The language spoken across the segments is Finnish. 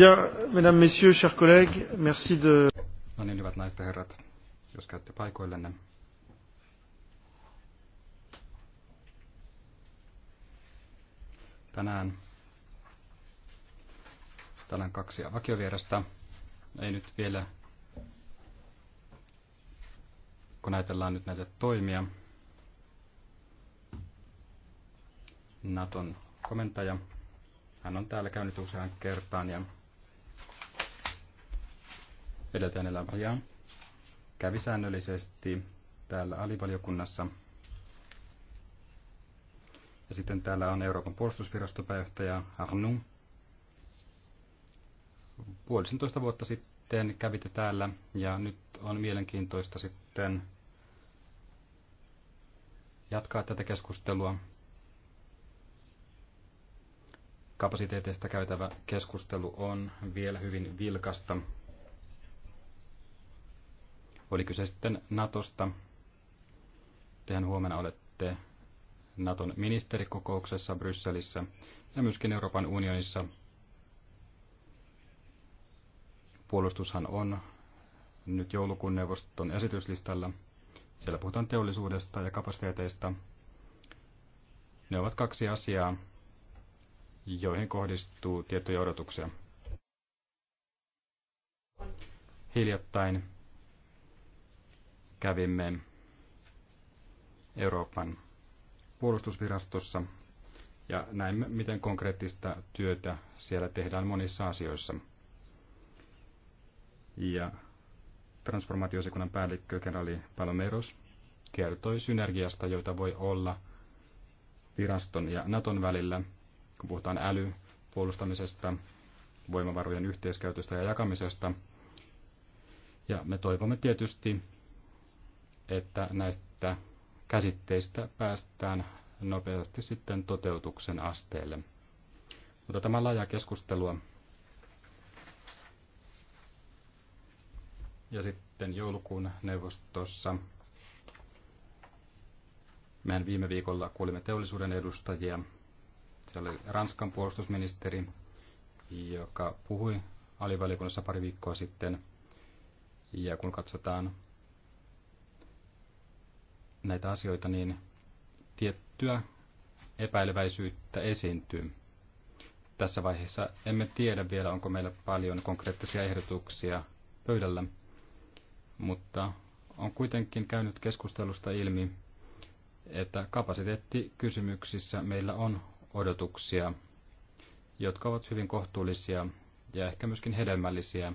Bien, mesdames, messieurs, chers collègues, merci de... No niin, hyvät naiset ja herrat, jos käytte paikoillenne. Tänään täällä on kaksi vakiovierasta. Ei nyt vielä, kun näytellään nyt näitä toimia. Naton komentaja. Hän on täällä käynyt useaan kertaan ja Edeltäjän elämää kävi säännöllisesti täällä alivaliokunnassa. Ja sitten täällä on Euroopan puolustusviraston pääjohtaja Arnu. Puolisentoista vuotta sitten kävitte täällä ja nyt on mielenkiintoista sitten jatkaa tätä keskustelua. Kapasiteeteista käytävä keskustelu on vielä hyvin vilkasta. Oli kyse sitten Natosta. Tehän huomenna olette Naton ministerikokouksessa Brysselissä ja myöskin Euroopan unionissa. Puolustushan on nyt joulukuun neuvoston esityslistalla. Siellä puhutaan teollisuudesta ja kapasiteeteista. Ne ovat kaksi asiaa, joihin kohdistuu tiettyjä odotuksia. Hiljattain kävimme Euroopan puolustusvirastossa ja näimme, miten konkreettista työtä siellä tehdään monissa asioissa. Ja transformaatiosekunnan päällikkö kenraali Palomeros kertoi synergiasta, joita voi olla viraston ja Naton välillä, kun puhutaan älypuolustamisesta, voimavarojen yhteiskäytöstä ja jakamisesta. Ja me toivomme tietysti, että näistä käsitteistä päästään nopeasti sitten toteutuksen asteelle. Mutta tämä laaja keskustelua. Ja sitten joulukuun neuvostossa mehän viime viikolla kuulimme teollisuuden edustajia. Siellä oli Ranskan puolustusministeri, joka puhui alivälikunnassa pari viikkoa sitten. Ja kun katsotaan näitä asioita, niin tiettyä epäileväisyyttä esiintyy. Tässä vaiheessa emme tiedä vielä, onko meillä paljon konkreettisia ehdotuksia pöydällä, mutta on kuitenkin käynyt keskustelusta ilmi, että kapasiteettikysymyksissä meillä on odotuksia, jotka ovat hyvin kohtuullisia ja ehkä myöskin hedelmällisiä.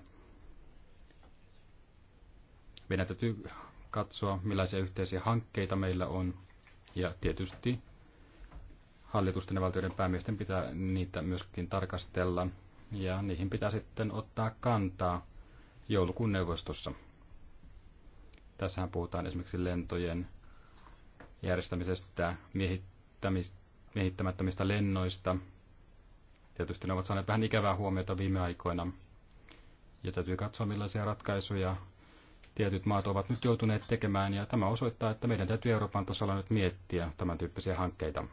Meidän täytyy katsoa, millaisia yhteisiä hankkeita meillä on. Ja tietysti hallitusten ja valtioiden päämiesten pitää niitä myöskin tarkastella. Ja niihin pitää sitten ottaa kantaa joulukuun neuvostossa. Tässähän puhutaan esimerkiksi lentojen järjestämisestä, miehittämättömistä lennoista. Tietysti ne ovat saaneet vähän ikävää huomiota viime aikoina. Ja täytyy katsoa, millaisia ratkaisuja tietyt maat ovat nyt joutuneet tekemään, ja tämä osoittaa, että meidän täytyy Euroopan tasolla nyt miettiä tämän tyyppisiä hankkeita.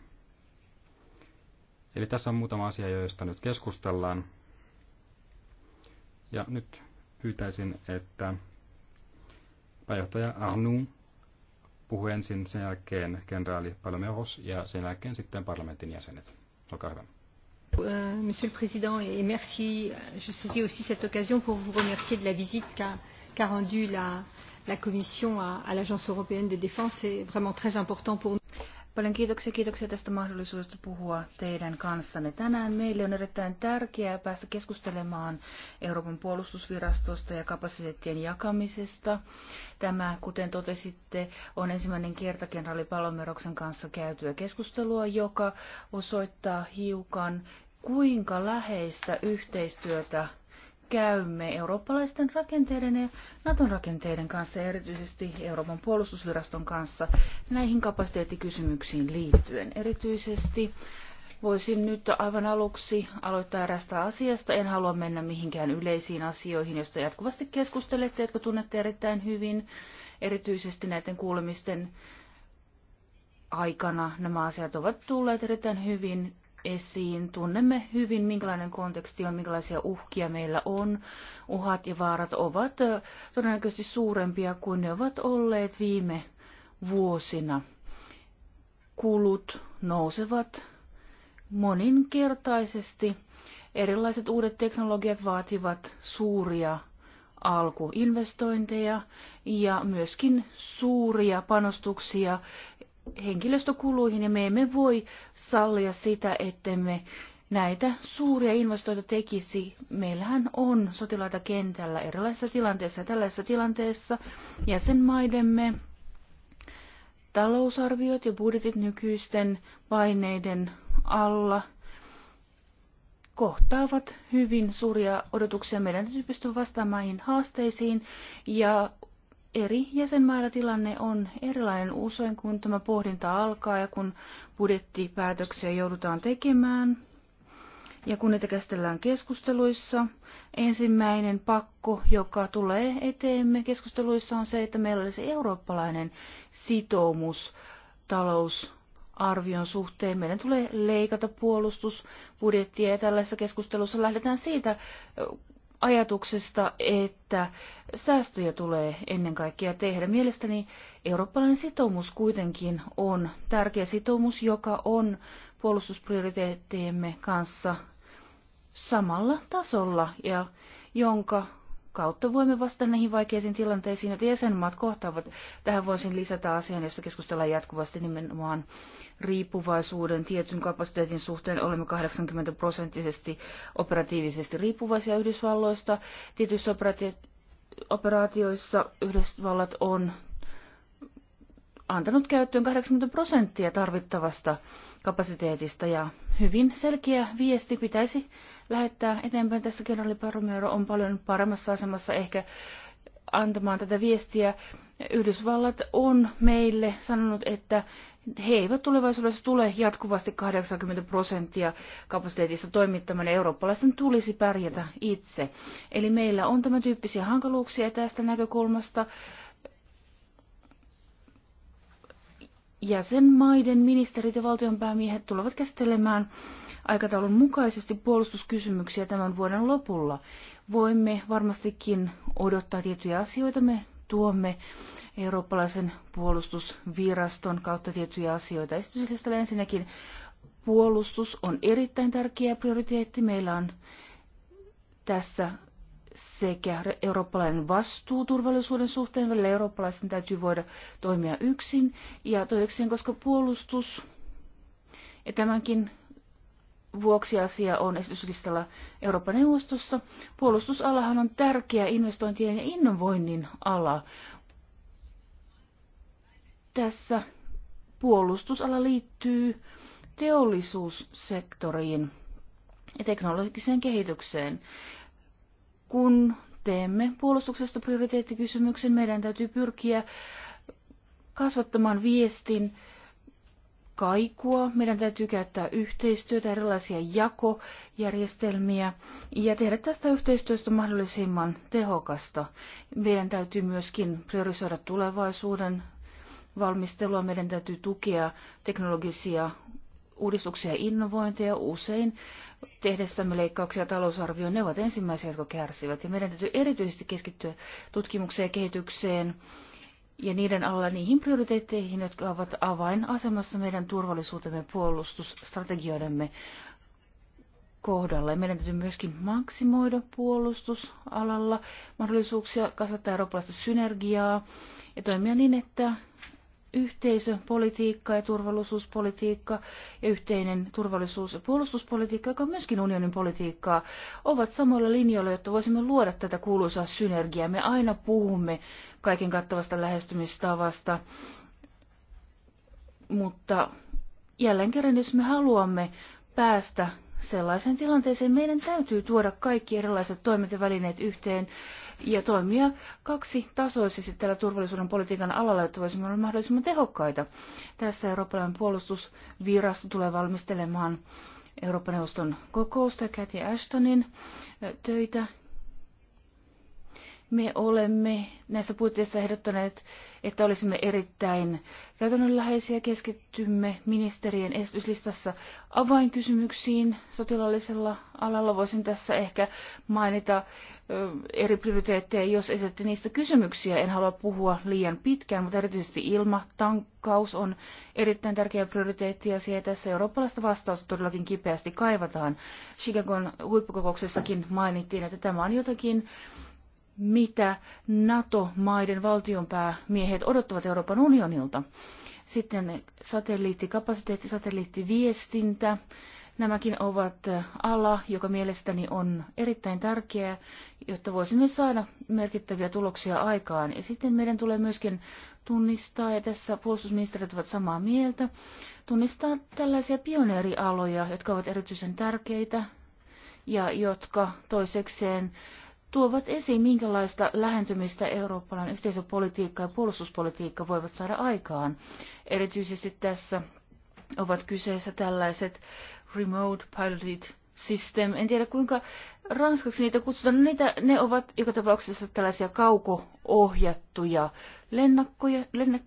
Eli tässä on muutama asia, joista nyt keskustellaan. Ja nyt pyytäisin, että pääjohtaja Arnu puhuu ensin, sen jälkeen kenraali Palomeros ja sen jälkeen sitten parlamentin jäsenet. Olkaa hyvä. Euh, monsieur le Président, et merci. Je saisis aussi cette occasion pour vous remercier de la visite qu'a qu'a rendu la, la Commission à, à l'Agence européenne de défense est vraiment très important pour nous. Paljon kiitoksia, kiitoksia tästä mahdollisuudesta puhua teidän kanssanne tänään. Meille on erittäin tärkeää päästä keskustelemaan Euroopan puolustusvirastosta ja kapasiteettien jakamisesta. Tämä, kuten totesitte, on ensimmäinen kerta kenraali Palomeroksen kanssa käytyä keskustelua, joka osoittaa hiukan, kuinka läheistä yhteistyötä käymme eurooppalaisten rakenteiden ja Naton rakenteiden kanssa ja erityisesti Euroopan puolustusviraston kanssa näihin kapasiteettikysymyksiin liittyen. Erityisesti voisin nyt aivan aluksi aloittaa erästä asiasta. En halua mennä mihinkään yleisiin asioihin, joista jatkuvasti keskustelette, jotka tunnette erittäin hyvin. Erityisesti näiden kuulemisten aikana nämä asiat ovat tulleet erittäin hyvin esiin. Tunnemme hyvin, minkälainen konteksti on, minkälaisia uhkia meillä on. Uhat ja vaarat ovat todennäköisesti suurempia kuin ne ovat olleet viime vuosina. Kulut nousevat moninkertaisesti. Erilaiset uudet teknologiat vaativat suuria alkuinvestointeja ja myöskin suuria panostuksia henkilöstökuluihin ja me emme voi sallia sitä, ettemme näitä suuria investointeja tekisi. Meillähän on sotilaita kentällä erilaisissa tilanteissa ja tällaisessa tilanteessa jäsenmaidemme talousarviot ja budjetit nykyisten paineiden alla kohtaavat hyvin suuria odotuksia. Meidän täytyy pystyä vastaamaan haasteisiin ja eri jäsenmailla tilanne on erilainen usein, kun tämä pohdinta alkaa ja kun budjettipäätöksiä joudutaan tekemään ja kun niitä käsitellään keskusteluissa. Ensimmäinen pakko, joka tulee eteemme keskusteluissa, on se, että meillä olisi eurooppalainen sitoumus talous arvion suhteen. Meidän tulee leikata puolustusbudjettia ja tällaisessa keskustelussa lähdetään siitä, ajatuksesta, että säästöjä tulee ennen kaikkea tehdä. Mielestäni eurooppalainen sitoumus kuitenkin on tärkeä sitoumus, joka on puolustusprioriteettiemme kanssa samalla tasolla ja jonka kautta voimme vastata näihin vaikeisiin tilanteisiin, joita jäsenmaat kohtaavat. Tähän voisin lisätä asian, josta keskustellaan jatkuvasti nimenomaan riippuvaisuuden tietyn kapasiteetin suhteen. Olemme 80 prosenttisesti operatiivisesti riippuvaisia Yhdysvalloista. Tietyissä operaatioissa Yhdysvallat on antanut käyttöön 80 prosenttia tarvittavasta kapasiteetista ja hyvin selkeä viesti pitäisi lähettää eteenpäin. Tässä kenraali Paromero on paljon paremmassa asemassa ehkä antamaan tätä viestiä. Yhdysvallat on meille sanonut, että he eivät tulevaisuudessa tule jatkuvasti 80 prosenttia kapasiteetista toimittamaan ja eurooppalaisten tulisi pärjätä itse. Eli meillä on tämän tyyppisiä hankaluuksia tästä näkökulmasta. Jäsenmaiden ministerit ja valtionpäämiehet tulevat käsittelemään aikataulun mukaisesti puolustuskysymyksiä tämän vuoden lopulla. Voimme varmastikin odottaa tiettyjä asioita. Me tuomme eurooppalaisen puolustusviraston kautta tiettyjä asioita. Esityslistalla ensinnäkin puolustus on erittäin tärkeä prioriteetti. Meillä on tässä sekä eurooppalainen vastuu turvallisuuden suhteen, välillä eurooppalaisten täytyy voida toimia yksin. Ja toiseksi, koska puolustus, ja tämänkin vuoksi asia on esityslistalla Euroopan neuvostossa. Puolustusalahan on tärkeä investointien ja innovoinnin ala. Tässä puolustusala liittyy teollisuussektoriin ja teknologiseen kehitykseen. Kun teemme puolustuksesta prioriteettikysymyksen, meidän täytyy pyrkiä kasvattamaan viestin kaikua. Meidän täytyy käyttää yhteistyötä, erilaisia jakojärjestelmiä ja tehdä tästä yhteistyöstä mahdollisimman tehokasta. Meidän täytyy myöskin priorisoida tulevaisuuden valmistelua. Meidän täytyy tukea teknologisia uudistuksia ja innovointeja usein tehdessämme leikkauksia talousarvioon, ne ovat ensimmäisiä, jotka kärsivät. Ja meidän täytyy erityisesti keskittyä tutkimukseen ja kehitykseen, ja niiden alla niihin prioriteetteihin, jotka ovat avainasemassa meidän turvallisuutemme ja puolustusstrategioidemme kohdalla. Meidän täytyy myöskin maksimoida puolustusalalla mahdollisuuksia kasvattaa eurooppalaista synergiaa ja toimia niin, että yhteisöpolitiikka ja turvallisuuspolitiikka ja yhteinen turvallisuus- ja puolustuspolitiikka, joka on myöskin unionin politiikkaa, ovat samoilla linjoilla, jotta voisimme luoda tätä kuuluisaa synergiaa. Me aina puhumme kaiken kattavasta lähestymistavasta, mutta jälleen kerran, jos me haluamme päästä sellaiseen tilanteeseen meidän täytyy tuoda kaikki erilaiset toimintavälineet yhteen ja toimia kaksi tasoisesti tällä turvallisuuden politiikan alalla, jotta voisimme olla mahdollisimman tehokkaita. Tässä Euroopan puolustusvirasto tulee valmistelemaan Euroopan neuvoston kokousta, Cathy Ashtonin töitä me olemme näissä puitteissa ehdottaneet, että olisimme erittäin käytännönläheisiä, keskittymme ministerien esityslistassa avainkysymyksiin sotilaallisella alalla. Voisin tässä ehkä mainita eri prioriteetteja, jos esitätte niistä kysymyksiä. En halua puhua liian pitkään, mutta erityisesti ilma, tankkaus on erittäin tärkeä prioriteetti ja siihen tässä eurooppalaista vastausta todellakin kipeästi kaivataan. Chicagon huippukokouksessakin mainittiin, että tämä on jotakin, mitä NATO-maiden valtionpäämiehet odottavat Euroopan unionilta. Sitten satelliittikapasiteetti, satelliittiviestintä. Nämäkin ovat äh, ala, joka mielestäni on erittäin tärkeä, jotta voisimme saada merkittäviä tuloksia aikaan. Ja sitten meidän tulee myöskin tunnistaa, ja tässä puolustusministerit ovat samaa mieltä, tunnistaa tällaisia pioneerialoja, jotka ovat erityisen tärkeitä ja jotka toisekseen tuovat esiin, minkälaista lähentymistä eurooppalainen yhteisöpolitiikka ja puolustuspolitiikka voivat saada aikaan. Erityisesti tässä ovat kyseessä tällaiset remote piloted system. En tiedä kuinka ranskaksi niitä kutsutaan. No niitä, ne ovat joka tapauksessa tällaisia kaukoohjattuja lennakkoja, lenne,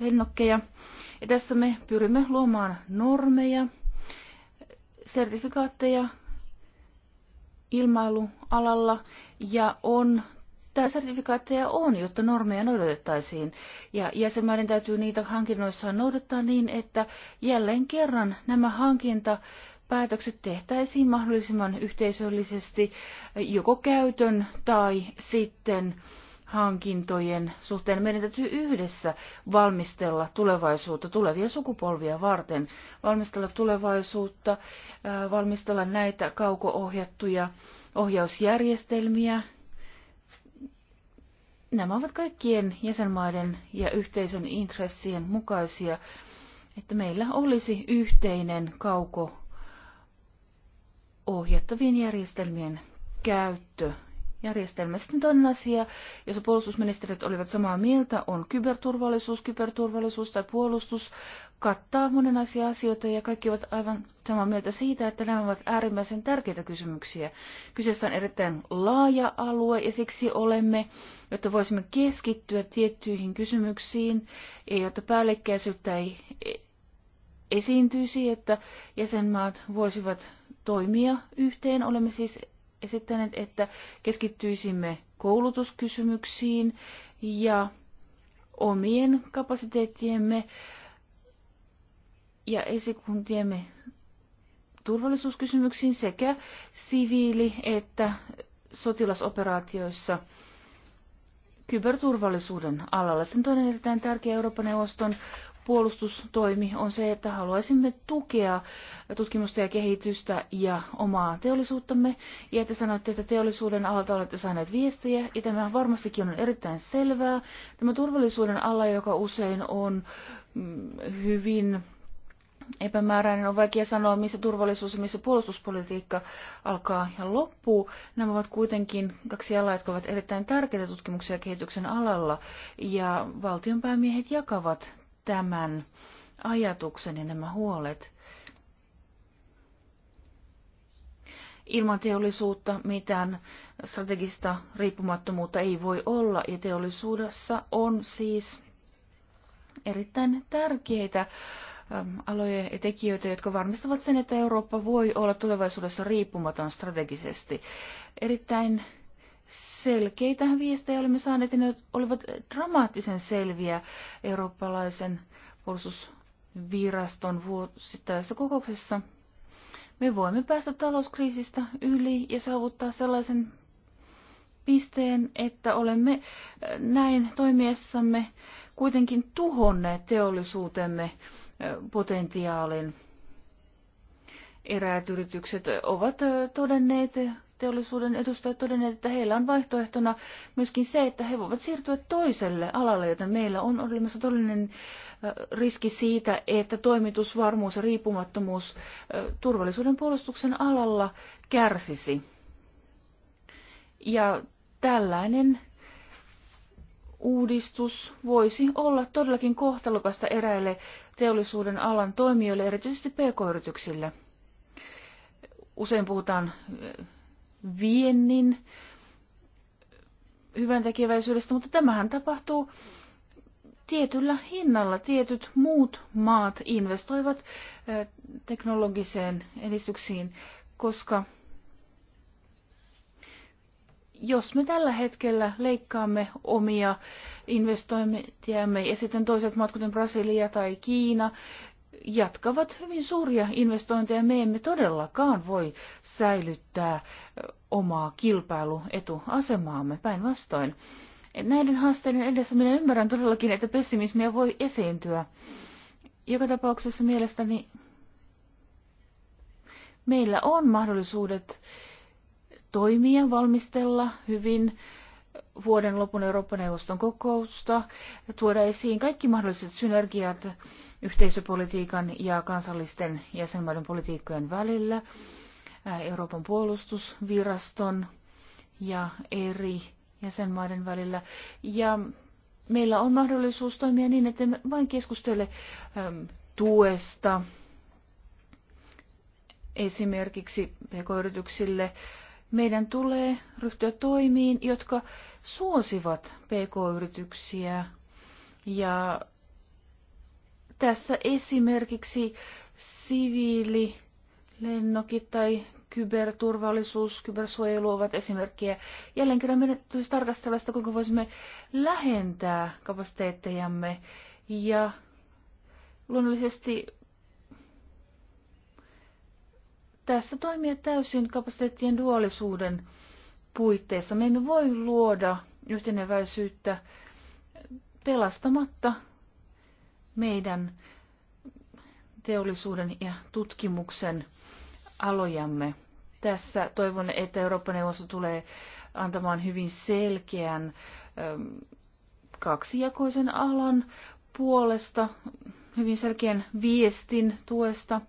lennokkeja. Ja tässä me pyrimme luomaan normeja, sertifikaatteja ilmailualalla ja on tämä sertifikaatteja on, jotta normeja noudatettaisiin. Ja jäsenmaiden täytyy niitä hankinnoissaan noudattaa niin, että jälleen kerran nämä hankinta tehtäisiin mahdollisimman yhteisöllisesti joko käytön tai sitten äh, hankintojen suhteen. Meidän täytyy yhdessä valmistella tulevaisuutta tulevia sukupolvia varten, valmistella tulevaisuutta, valmistella näitä kauko-ohjattuja ohjausjärjestelmiä. Nämä ovat kaikkien jäsenmaiden ja yhteisön intressien mukaisia, että meillä olisi yhteinen kauko ohjattavien järjestelmien käyttö järjestelmä. Sitten toinen asia, jos puolustusministerit olivat samaa mieltä, on kyberturvallisuus. Kyberturvallisuus tai puolustus kattaa monenlaisia asioita ja kaikki ovat aivan samaa mieltä siitä, että nämä ovat äärimmäisen tärkeitä kysymyksiä. Kyseessä on erittäin laaja alue ja siksi olemme, jotta voisimme keskittyä tiettyihin kysymyksiin ja jotta päällekkäisyyttä ei e- esiintyisi, että jäsenmaat voisivat toimia yhteen. Olemme siis esittäneet, että keskittyisimme koulutuskysymyksiin ja omien kapasiteettiemme ja esikuntiemme turvallisuuskysymyksiin sekä siviili- että sotilasoperaatioissa kyberturvallisuuden alalla. Sen toinen erittäin tärkeä Euroopan neuvoston puolustustoimi on se, että haluaisimme tukea tutkimusta ja kehitystä ja omaa teollisuuttamme. Ja te sanoitte, että teollisuuden alalta olette saaneet viestejä, ja tämä varmastikin on erittäin selvää. Tämä turvallisuuden ala, joka usein on mm, hyvin epämääräinen, on vaikea sanoa, missä turvallisuus ja missä puolustuspolitiikka alkaa ja loppuu. Nämä ovat kuitenkin kaksi alaa, jotka ovat erittäin tärkeitä tutkimuksen ja kehityksen alalla, ja valtionpäämiehet jakavat tämän ajatuksen ja nämä huolet. Ilman teollisuutta mitään strategista riippumattomuutta ei voi olla, ja teollisuudessa on siis erittäin tärkeitä aloja ja tekijöitä, jotka varmistavat sen, että Eurooppa voi olla tulevaisuudessa riippumaton strategisesti. Erittäin selkeitä viestejä olemme saaneet, ja ne olivat dramaattisen selviä eurooppalaisen puolustusviraston vuosittaisessa kokouksessa. Me voimme päästä talouskriisistä yli ja saavuttaa sellaisen pisteen, että olemme äh, näin toimiessamme kuitenkin tuhonneet teollisuutemme äh, potentiaalin. Eräät yritykset ovat äh, todenneet teollisuuden edustajat todenneet, että heillä on vaihtoehtona myöskin se, että he voivat siirtyä toiselle alalle, joten meillä on olemassa todellinen riski siitä, että toimitusvarmuus ja riippumattomuus turvallisuuden puolustuksen alalla kärsisi. Ja tällainen uudistus voisi olla todellakin kohtalokasta eräille teollisuuden alan toimijoille, erityisesti pk-yrityksille. Usein puhutaan viennin hyvän tekeväisyydestä, mutta tämähän tapahtuu tietyllä hinnalla. Tietyt muut maat investoivat teknologiseen edistyksiin, koska jos me tällä hetkellä leikkaamme omia investointiamme ja sitten toiset maat, kuten Brasilia tai Kiina, jatkavat hyvin suuria investointeja. Me emme todellakaan voi säilyttää omaa kilpailuetuasemaamme päinvastoin. Näiden haasteiden edessä minä ymmärrän todellakin, että pessimismiä voi esiintyä. Joka tapauksessa mielestäni meillä on mahdollisuudet toimia, valmistella hyvin vuoden lopun Eurooppa-neuvoston kokousta tuoda esiin kaikki mahdolliset synergiat yhteisöpolitiikan ja kansallisten jäsenmaiden politiikkojen välillä, Euroopan puolustusviraston ja eri jäsenmaiden välillä. Ja meillä on mahdollisuus toimia niin, että me vain keskustele tuesta esimerkiksi pk-yrityksille, meidän tulee ryhtyä toimiin, jotka suosivat pk-yrityksiä ja tässä esimerkiksi siviili, lennokit tai kyberturvallisuus, kybersuojelu ovat esimerkkejä. Jälleen kerran meidän tulisi tarkastella sitä, kuinka voisimme lähentää kapasiteettejamme ja luonnollisesti tässä toimia täysin kapasiteettien duaalisuuden puitteissa. Me emme voi luoda yhteneväisyyttä pelastamatta meidän teollisuuden ja tutkimuksen alojamme. Tässä toivon, että Euroopan neuvosto tulee antamaan hyvin selkeän ähm, kaksijakoisen alan puolesta, hyvin selkeän viestin tuesta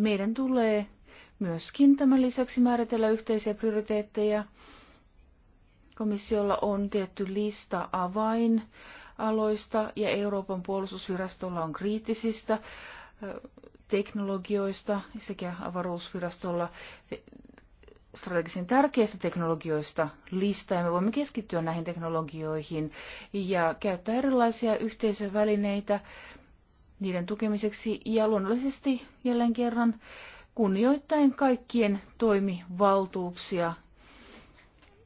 meidän tulee myöskin tämän lisäksi määritellä yhteisiä prioriteetteja. Komissiolla on tietty lista avainaloista ja Euroopan puolustusvirastolla on kriittisistä teknologioista sekä avaruusvirastolla strategisen tärkeistä teknologioista lista ja me voimme keskittyä näihin teknologioihin ja käyttää erilaisia yhteisövälineitä, välineitä niiden tukemiseksi ja luonnollisesti jälleen kerran kunnioittain kaikkien toimivaltuuksia.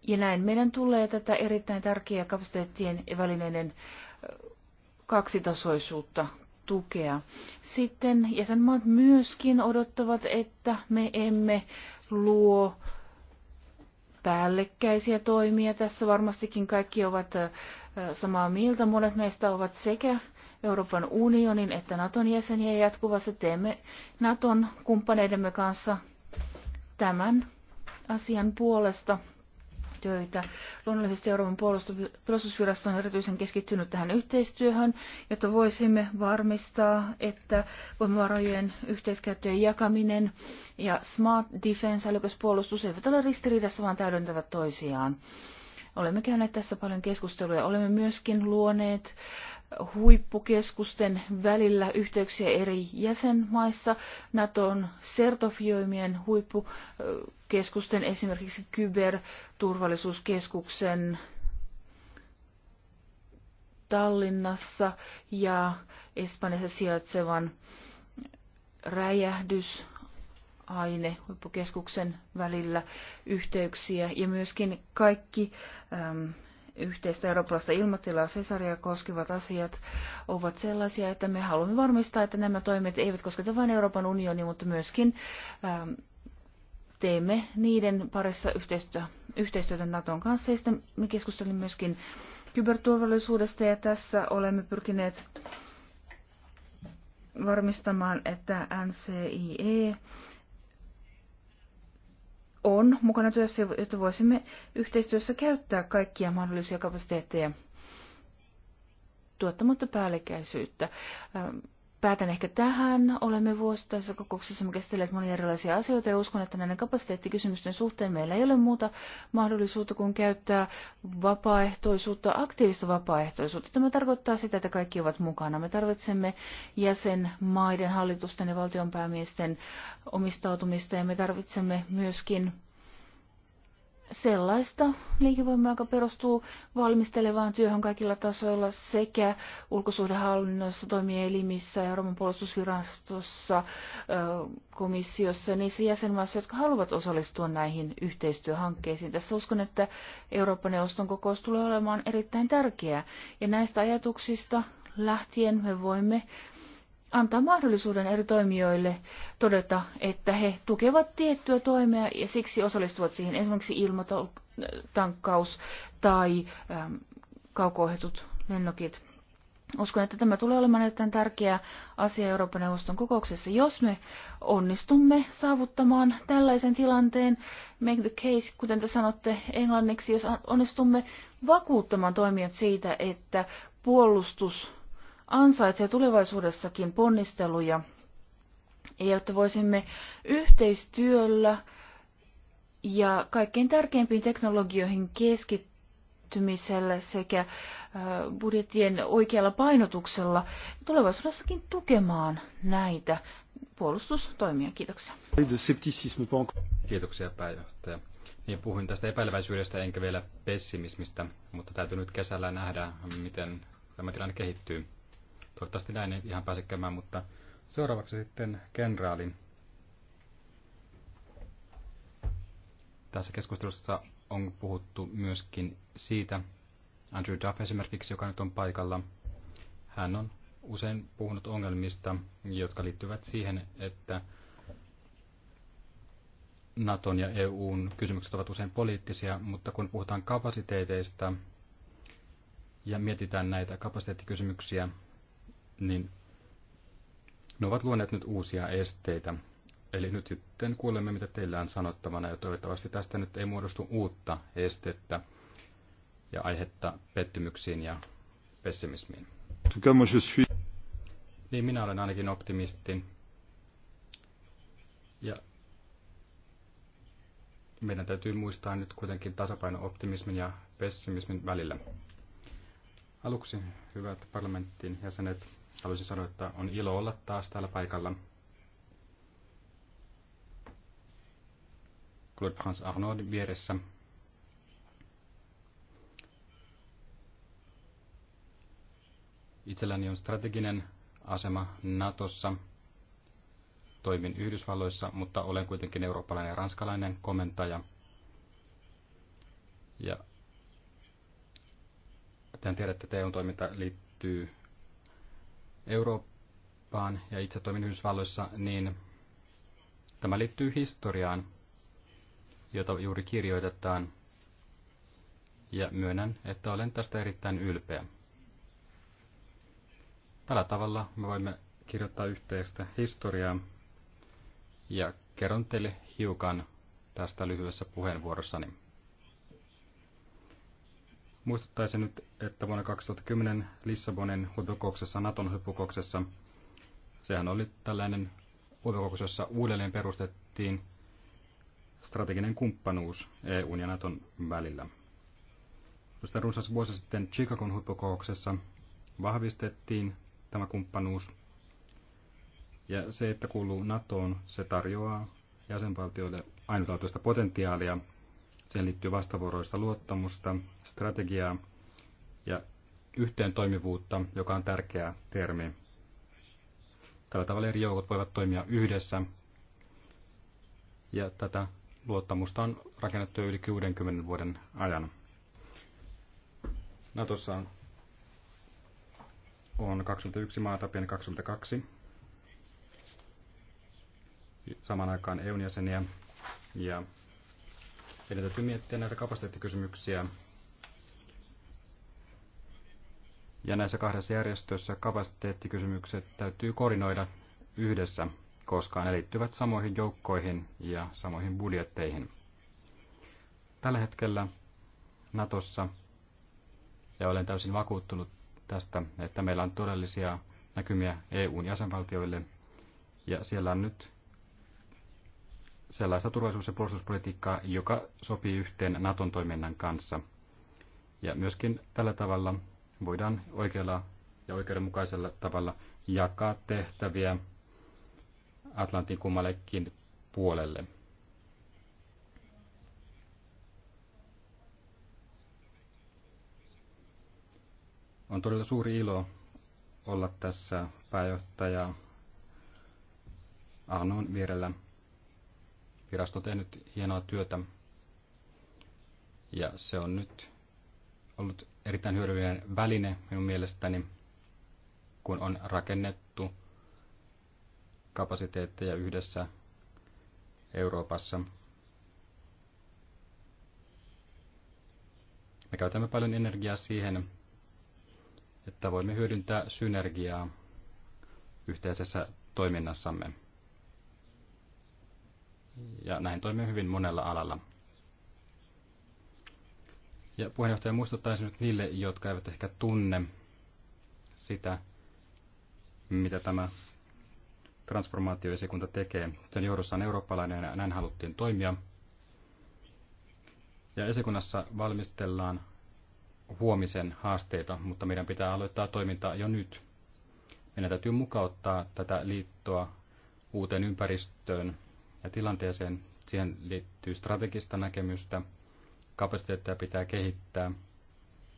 Ja näin meidän tulee tätä erittäin tärkeää kapasiteettien ja välineiden kaksitasoisuutta tukea. Sitten jäsenmaat myöskin odottavat, että me emme luo päällekkäisiä toimia. Tässä varmastikin kaikki ovat samaa mieltä. Monet meistä ovat sekä Euroopan unionin että Naton jäseniä jatkuvasti teemme Naton kumppaneidemme kanssa tämän asian puolesta töitä. Luonnollisesti Euroopan puolustusvirasto on erityisen keskittynyt tähän yhteistyöhön, jotta voisimme varmistaa, että voimavarojen yhteiskäyttöjen jakaminen ja smart defense, älykäs puolustus eivät ole ristiriidassa, vaan täydentävät toisiaan. Olemme käyneet tässä paljon keskusteluja. Olemme myöskin luoneet huippukeskusten välillä yhteyksiä eri jäsenmaissa. Naton sertofioimien huippukeskusten, esimerkiksi kyberturvallisuuskeskuksen Tallinnassa ja Espanjassa sijaitsevan räjähdys Ainehuippukeskuksen huippukeskuksen välillä yhteyksiä ja myöskin kaikki äm, yhteistä eurooppalaista ilmatilaa Cesaria koskevat asiat ovat sellaisia, että me haluamme varmistaa, että nämä toimet eivät kosketa vain Euroopan unionia, mutta myöskin äm, teemme niiden parissa yhteistyötä, yhteistyötä Naton kanssa. Ja sitten me keskustelimme myöskin kyberturvallisuudesta ja tässä olemme pyrkineet varmistamaan, että NCIE on mukana työssä, jotta voisimme yhteistyössä käyttää kaikkia mahdollisia kapasiteetteja tuottamatta päällekkäisyyttä. Ähm, päätän ehkä tähän. Olemme vuosittaisessa kokouksessa käsitelleet monia erilaisia asioita ja uskon, että näiden kapasiteettikysymysten suhteen meillä ei ole muuta mahdollisuutta kuin käyttää vapaaehtoisuutta, aktiivista vapaaehtoisuutta. Tämä tarkoittaa sitä, että kaikki ovat mukana. Me tarvitsemme jäsenmaiden, hallitusten ja valtionpäämiesten omistautumista ja me tarvitsemme myöskin sellaista liikevoimaa, joka perustuu valmistelevaan työhön kaikilla tasoilla sekä ulkosuhdehallinnossa, toimielimissä, Euroopan puolustusvirastossa, komissiossa, niissä jäsenmaissa, jotka haluavat osallistua näihin yhteistyöhankkeisiin. Tässä uskon, että Eurooppa-neuvoston kokous tulee olemaan erittäin tärkeä. Ja näistä ajatuksista lähtien me voimme antaa mahdollisuuden eri toimijoille todeta, että he tukevat tiettyä toimea ja siksi osallistuvat siihen esimerkiksi ilmatankkaus tai äm, kauko-ohjatut lennokit. Uskon, että tämä tulee olemaan erittäin tärkeä asia Euroopan neuvoston kokouksessa. Jos me onnistumme saavuttamaan tällaisen tilanteen, make the case, kuten te sanotte englanniksi, jos onnistumme vakuuttamaan toimijat siitä, että puolustus ansaitsee tulevaisuudessakin ponnisteluja, jotta voisimme yhteistyöllä ja kaikkein tärkeimpiin teknologioihin keskittymisellä sekä budjettien oikealla painotuksella tulevaisuudessakin tukemaan näitä puolustustoimia. Kiitoksia. Kiitoksia pääjohtaja. Niin puhuin tästä epäileväisyydestä enkä vielä pessimismistä, mutta täytyy nyt kesällä nähdä, miten tämä tilanne kehittyy. Toivottavasti näin ei ihan pääse käymään, mutta seuraavaksi sitten kenraalin. Tässä keskustelussa on puhuttu myöskin siitä, Andrew Duff esimerkiksi, joka nyt on paikalla, hän on usein puhunut ongelmista, jotka liittyvät siihen, että Naton ja EUn kysymykset ovat usein poliittisia, mutta kun puhutaan kapasiteeteista ja mietitään näitä kapasiteettikysymyksiä, niin ne ovat luoneet nyt uusia esteitä. Eli nyt sitten kuulemme, mitä teillä on sanottavana, ja toivottavasti tästä nyt ei muodostu uutta estettä ja aihetta pettymyksiin ja pessimismiin. Niin minä olen ainakin optimisti. Ja meidän täytyy muistaa nyt kuitenkin tasapaino optimismin ja pessimismin välillä. Aluksi, hyvät parlamentin jäsenet, Haluaisin sanoa, että on ilo olla taas täällä paikalla. Claude Hans Arnaud vieressä. Itselläni on strateginen asema Natossa. Toimin Yhdysvalloissa, mutta olen kuitenkin eurooppalainen ja ranskalainen komentaja. Ja tehän tiedätte, että EUn toiminta liittyy Eurooppaan ja itse toimin Yhdysvalloissa, niin tämä liittyy historiaan, jota juuri kirjoitetaan. Ja myönnän, että olen tästä erittäin ylpeä. Tällä tavalla me voimme kirjoittaa yhteistä historiaa ja kerron teille hiukan tästä lyhyessä puheenvuorossani. Muistuttaisin nyt, että vuonna 2010 Lissabonin huippukouksessa, Naton huippukouksessa, sehän oli tällainen huippukokous, jossa uudelleen perustettiin strateginen kumppanuus EUn ja Naton välillä. Sitten runsas vuosi sitten Chicagon huippukouksessa vahvistettiin tämä kumppanuus. Ja se, että kuuluu NATOon, se tarjoaa jäsenvaltioille ainutlaatuista potentiaalia – Siihen liittyy vastavuoroista luottamusta, strategiaa ja yhteen toimivuutta, joka on tärkeä termi. Tällä tavalla eri joukot voivat toimia yhdessä ja tätä luottamusta on rakennettu yli 60 vuoden ajan. Natossa on, 21 maata, pieni 22. Samaan aikaan eu jäseniä ja Eli täytyy miettiä näitä kapasiteettikysymyksiä. Ja näissä kahdessa järjestössä kapasiteettikysymykset täytyy koordinoida yhdessä, koska ne liittyvät samoihin joukkoihin ja samoihin budjetteihin. Tällä hetkellä Natossa, ja olen täysin vakuuttunut tästä, että meillä on todellisia näkymiä EUn jäsenvaltioille, ja siellä on nyt sellaista turvallisuus- ja puolustuspolitiikkaa, joka sopii yhteen Naton toiminnan kanssa. Ja myöskin tällä tavalla voidaan oikealla ja oikeudenmukaisella tavalla jakaa tehtäviä Atlantin kummallekin puolelle. On todella suuri ilo olla tässä pääjohtaja Arnon vierellä Virasto on tehnyt hienoa työtä ja se on nyt ollut erittäin hyödyllinen väline minun mielestäni, kun on rakennettu kapasiteetteja yhdessä Euroopassa. Me käytämme paljon energiaa siihen, että voimme hyödyntää synergiaa yhteisessä toiminnassamme. Ja näin toimii hyvin monella alalla. Ja puheenjohtaja muistuttaisi nyt niille, jotka eivät ehkä tunne sitä, mitä tämä transformaatioesikunta tekee. Sen johdossa on eurooppalainen ja näin haluttiin toimia. Ja esikunnassa valmistellaan huomisen haasteita, mutta meidän pitää aloittaa toimintaa jo nyt. Meidän täytyy mukauttaa tätä liittoa uuteen ympäristöön ja tilanteeseen. Siihen liittyy strategista näkemystä, kapasiteettia pitää kehittää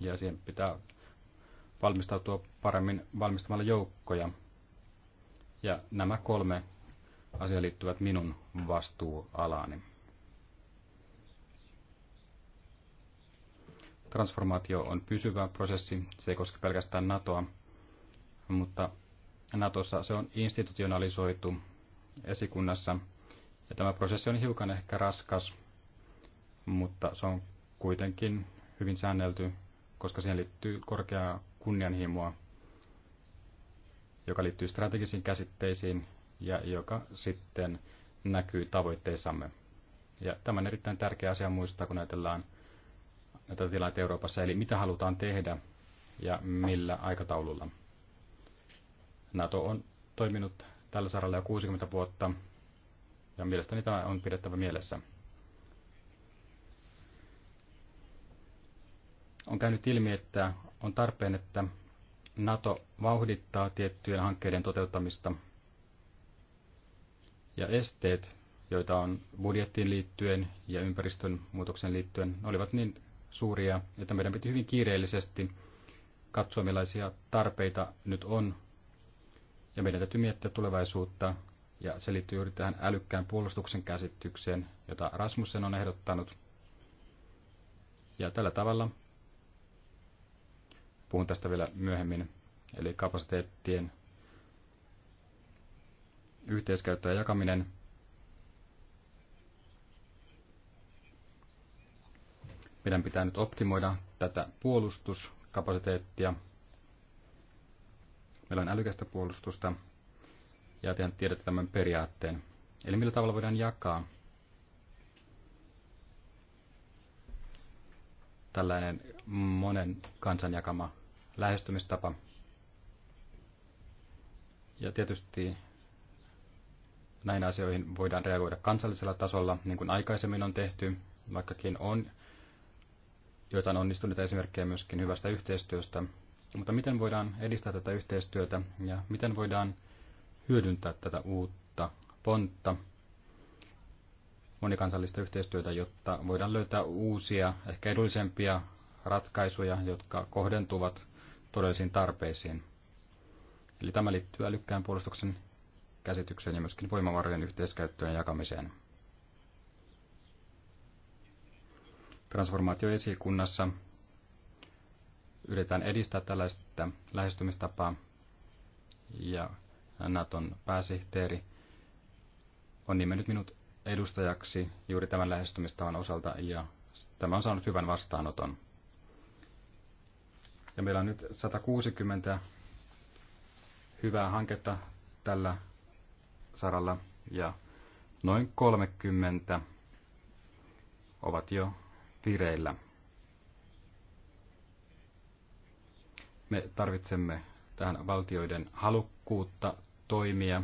ja siihen pitää valmistautua paremmin valmistamalla joukkoja. Ja nämä kolme asiaa liittyvät minun vastuualaani. Transformaatio on pysyvä prosessi, se ei koske pelkästään NATOa, mutta NATOssa se on institutionalisoitu esikunnassa – ja tämä prosessi on hiukan ehkä raskas, mutta se on kuitenkin hyvin säännelty, koska siihen liittyy korkeaa kunnianhimoa, joka liittyy strategisiin käsitteisiin ja joka sitten näkyy tavoitteissamme. Ja tämä on erittäin tärkeä asia muistaa, kun ajatellaan näitä tilanteita Euroopassa, eli mitä halutaan tehdä ja millä aikataululla. NATO on toiminut tällä saralla jo 60 vuotta, ja mielestäni tämä on pidettävä mielessä. On käynyt ilmi, että on tarpeen, että NATO vauhdittaa tiettyjen hankkeiden toteuttamista ja esteet, joita on budjettiin liittyen ja ympäristön muutoksen liittyen, olivat niin suuria, että meidän piti hyvin kiireellisesti katsoa, millaisia tarpeita nyt on. Ja meidän täytyy miettiä tulevaisuutta ja se liittyy juuri tähän älykkään puolustuksen käsitykseen, jota Rasmussen on ehdottanut. Ja tällä tavalla, puhun tästä vielä myöhemmin, eli kapasiteettien yhteiskäyttö ja jakaminen. Meidän pitää nyt optimoida tätä puolustuskapasiteettia. Meillä on älykästä puolustusta, ja tehän tiedätte tämän periaatteen. Eli millä tavalla voidaan jakaa tällainen monen kansan jakama lähestymistapa. Ja tietysti näin asioihin voidaan reagoida kansallisella tasolla, niin kuin aikaisemmin on tehty, vaikkakin on joitain onnistuneita esimerkkejä myöskin hyvästä yhteistyöstä. Mutta miten voidaan edistää tätä yhteistyötä ja miten voidaan hyödyntää tätä uutta pontta monikansallista yhteistyötä, jotta voidaan löytää uusia, ehkä edullisempia ratkaisuja, jotka kohdentuvat todellisiin tarpeisiin. Eli tämä liittyy älykkään puolustuksen käsitykseen ja myöskin voimavarojen yhteiskäyttöön ja jakamiseen. Transformaatioesikunnassa yritetään edistää tällaista lähestymistapaa ja Naton pääsihteeri, on nimennyt minut edustajaksi juuri tämän lähestymistavan osalta ja tämä on saanut hyvän vastaanoton. Ja meillä on nyt 160 hyvää hanketta tällä saralla ja noin 30 ovat jo vireillä. Me tarvitsemme tähän valtioiden halukkuutta toimia.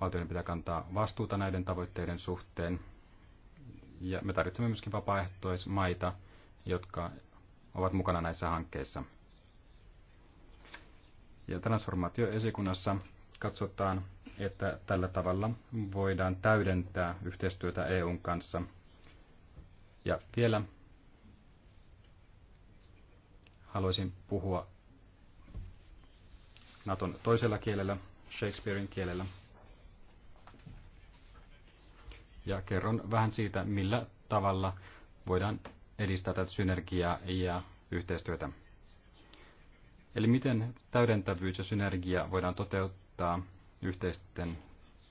Valtioiden pitää kantaa vastuuta näiden tavoitteiden suhteen. Ja me tarvitsemme myöskin vapaaehtoismaita, jotka ovat mukana näissä hankkeissa. Ja transformaatioesikunnassa katsotaan, että tällä tavalla voidaan täydentää yhteistyötä EUn kanssa. Ja vielä haluaisin puhua Naton toisella kielellä, Shakespearein kielellä. Ja kerron vähän siitä, millä tavalla voidaan edistää tätä synergiaa ja yhteistyötä. Eli miten täydentävyys ja synergia voidaan toteuttaa yhteisten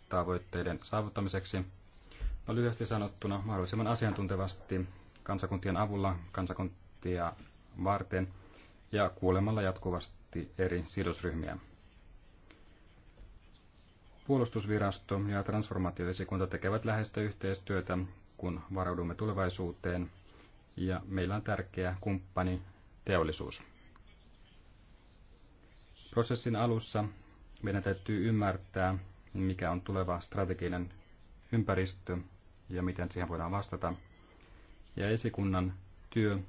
tavoitteiden saavuttamiseksi. No lyhyesti sanottuna mahdollisimman asiantuntevasti kansakuntien avulla, kansakuntia varten ja kuulemalla jatkuvasti kohti eri sidosryhmiä. Puolustusvirasto ja transformaatioesikunta tekevät läheistä yhteistyötä, kun varaudumme tulevaisuuteen, ja meillä on tärkeä kumppani teollisuus. Prosessin alussa meidän täytyy ymmärtää, mikä on tuleva strateginen ympäristö ja miten siihen voidaan vastata. Ja esikunnan työ,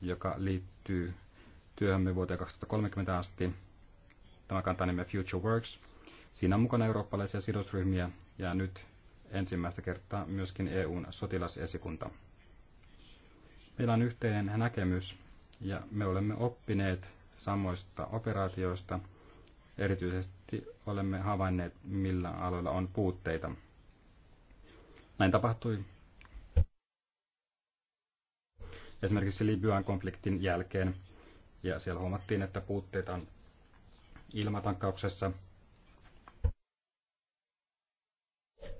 joka liittyy työhömme vuoteen 2030 asti. Tämä kantaa nimeä Future Works. Siinä on mukana eurooppalaisia sidosryhmiä ja nyt ensimmäistä kertaa myöskin EUn sotilasesikunta. Meillä on yhteinen näkemys ja me olemme oppineet samoista operaatioista. Erityisesti olemme havainneet, millä aloilla on puutteita. Näin tapahtui esimerkiksi Libyan konfliktin jälkeen ja siellä huomattiin, että puutteita on ilmatankkauksessa,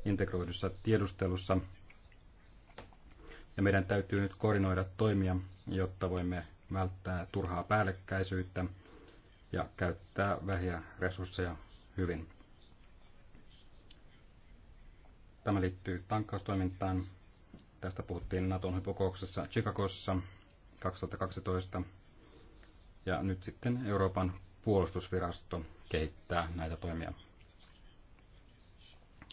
integroidussa tiedustelussa. Ja meidän täytyy nyt koordinoida toimia, jotta voimme välttää turhaa päällekkäisyyttä ja käyttää vähiä resursseja hyvin. Tämä liittyy tankkaustoimintaan. Tästä puhuttiin Naton hypokouksessa Chicagossa 2012 ja nyt sitten Euroopan puolustusvirasto kehittää näitä toimia.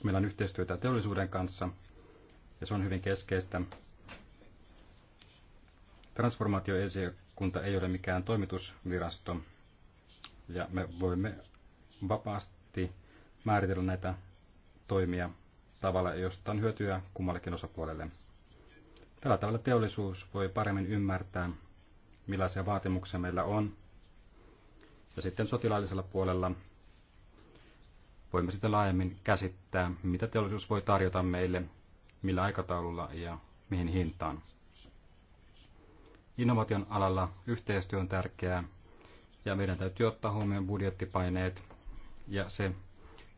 Meillä on yhteistyötä teollisuuden kanssa, ja se on hyvin keskeistä. kunta ei ole mikään toimitusvirasto, ja me voimme vapaasti määritellä näitä toimia tavalla, josta on hyötyä kummallekin osapuolelle. Tällä tavalla teollisuus voi paremmin ymmärtää, millaisia vaatimuksia meillä on. Ja sitten sotilaallisella puolella voimme sitten laajemmin käsittää, mitä teollisuus voi tarjota meille, millä aikataululla ja mihin hintaan. Innovaation alalla yhteistyö on tärkeää ja meidän täytyy ottaa huomioon budjettipaineet ja se,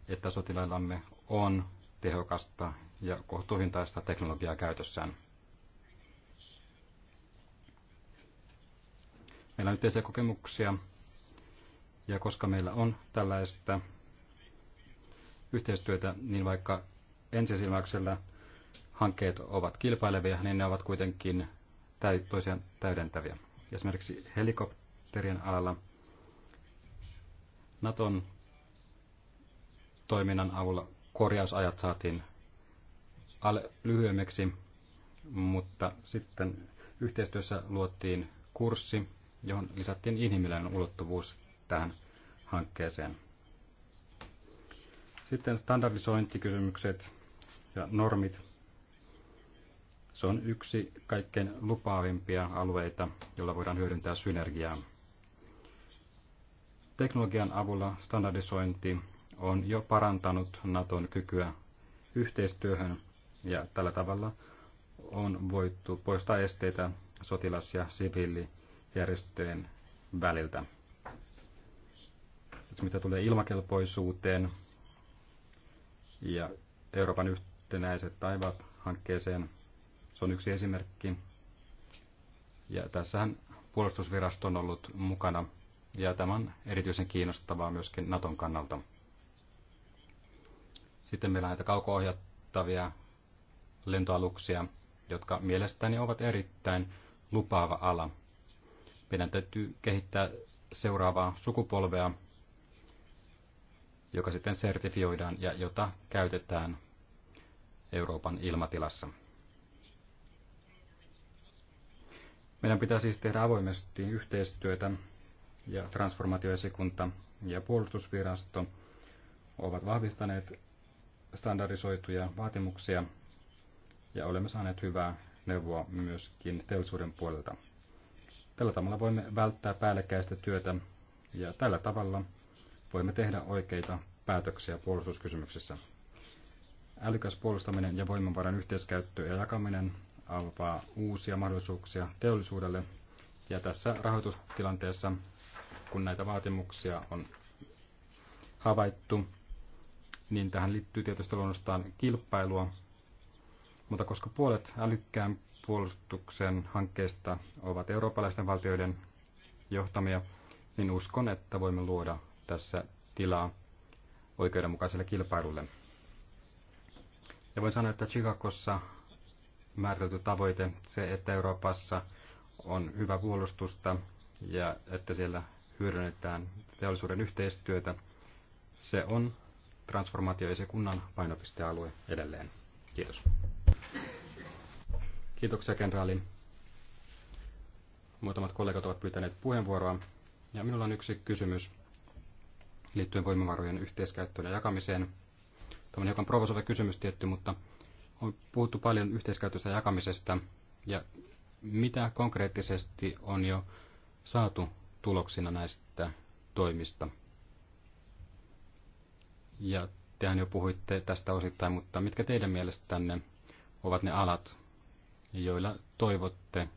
että sotilaillamme on tehokasta ja kohtuuhintaista teknologiaa käytössään. Meillä on yhteisiä kokemuksia ja koska meillä on tällaista yhteistyötä, niin vaikka ensisilmäyksellä hankkeet ovat kilpailevia, niin ne ovat kuitenkin toisiaan täydentäviä. Esimerkiksi helikopterien alalla Naton toiminnan avulla korjausajat saatiin lyhyemmiksi, mutta sitten yhteistyössä luotiin kurssi, johon lisättiin inhimillinen ulottuvuus tähän hankkeeseen. Sitten standardisointikysymykset ja normit. Se on yksi kaikkein lupaavimpia alueita, jolla voidaan hyödyntää synergiaa. Teknologian avulla standardisointi on jo parantanut Naton kykyä yhteistyöhön ja tällä tavalla on voitu poistaa esteitä sotilas- ja siviili- järjestöjen väliltä. Mitä tulee ilmakelpoisuuteen ja Euroopan yhtenäiset taivaat hankkeeseen, se on yksi esimerkki. Ja tässähän puolustusvirasto on ollut mukana ja tämä on erityisen kiinnostavaa myöskin Naton kannalta. Sitten meillä on näitä kaukoohjattavia lentoaluksia, jotka mielestäni ovat erittäin lupaava ala meidän täytyy kehittää seuraavaa sukupolvea, joka sitten sertifioidaan ja jota käytetään Euroopan ilmatilassa. Meidän pitää siis tehdä avoimesti yhteistyötä ja transformaatioesikunta ja puolustusvirasto ovat vahvistaneet standardisoituja vaatimuksia ja olemme saaneet hyvää neuvoa myöskin teollisuuden puolelta. Tällä tavalla voimme välttää päällekkäistä työtä ja tällä tavalla voimme tehdä oikeita päätöksiä puolustuskysymyksessä. Älykäs puolustaminen ja voimavaran yhteiskäyttö ja jakaminen avaa uusia mahdollisuuksia teollisuudelle. Ja tässä rahoitustilanteessa, kun näitä vaatimuksia on havaittu, niin tähän liittyy tietysti luonnostaan kilpailua. Mutta koska puolet älykkään puolustuksen hankkeista ovat eurooppalaisten valtioiden johtamia, niin uskon, että voimme luoda tässä tilaa oikeudenmukaiselle kilpailulle. Ja voin sanoa, että Chicagossa määritelty tavoite, se, että Euroopassa on hyvä puolustusta ja että siellä hyödynnetään teollisuuden yhteistyötä, se on transformaatio- ja kunnan painopistealue edelleen. Kiitos. Kiitoksia, kenraali. Muutamat kollegat ovat pyytäneet puheenvuoroa. Ja minulla on yksi kysymys liittyen voimavarojen yhteiskäyttöön ja jakamiseen. Tämä on hiukan provosoiva kysymys tietty, mutta on puhuttu paljon yhteiskäytöstä ja jakamisesta. Ja mitä konkreettisesti on jo saatu tuloksina näistä toimista? Ja tehän jo puhuitte tästä osittain, mutta mitkä teidän mielestänne ovat ne alat, joilla toivotte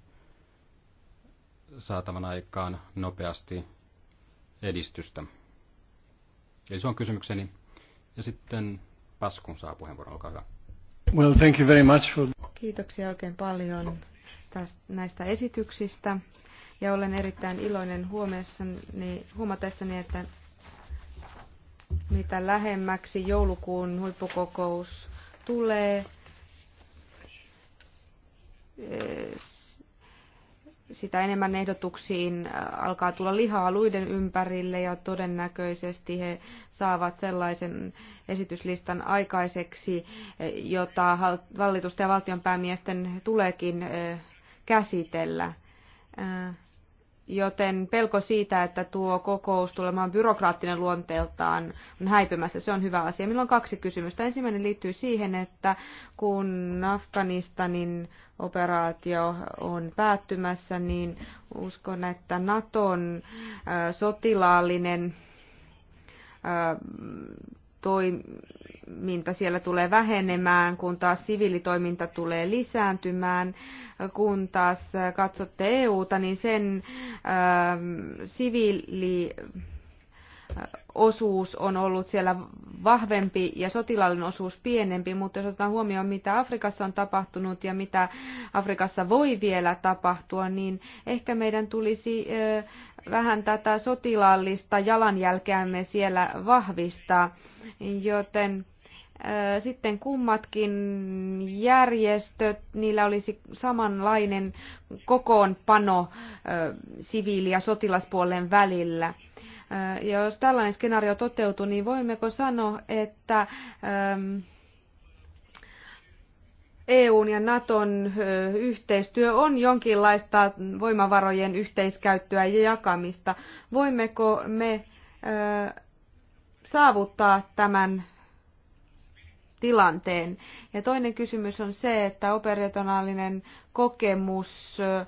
saatavan aikaan nopeasti edistystä. Eli se on kysymykseni. Ja sitten Paskun saa puheenvuoron, olkaa hyvä. Well, thank you very much for... Kiitoksia oikein paljon tästä, näistä esityksistä. Ja olen erittäin iloinen huomatessani, että mitä lähemmäksi joulukuun huippukokous tulee, sitä enemmän ehdotuksiin alkaa tulla lihaa luiden ympärille ja todennäköisesti he saavat sellaisen esityslistan aikaiseksi, jota hallitusten ja valtionpäämiesten tuleekin käsitellä joten pelko siitä, että tuo kokous tulemaan byrokraattinen luonteeltaan on häipymässä, se on hyvä asia. Minulla on kaksi kysymystä. Ensimmäinen liittyy siihen, että kun Afganistanin operaatio on päättymässä, niin uskon, että Naton sotilaallinen toiminta siellä tulee vähenemään, kun taas siviilitoiminta tulee lisääntymään. Kun taas katsotte EUta, niin sen äh, siviili osuus on ollut siellä vahvempi ja sotilaallinen osuus pienempi, mutta jos otetaan huomioon, mitä Afrikassa on tapahtunut ja mitä Afrikassa voi vielä tapahtua, niin ehkä meidän tulisi vähän tätä sotilaallista jalanjälkeämme siellä vahvistaa, joten sitten kummatkin järjestöt, niillä olisi samanlainen kokoonpano siviili- ja sotilaspuolen välillä. Ja jos tällainen skenaario toteutuu, niin voimmeko sanoa, että ähm, EUn ja Naton yhteistyö on jonkinlaista voimavarojen yhteiskäyttöä ja jakamista. Voimmeko me saavuttaa tämän tilanteen? Ja toinen kysymys on se, että operationaalinen kokemus äh,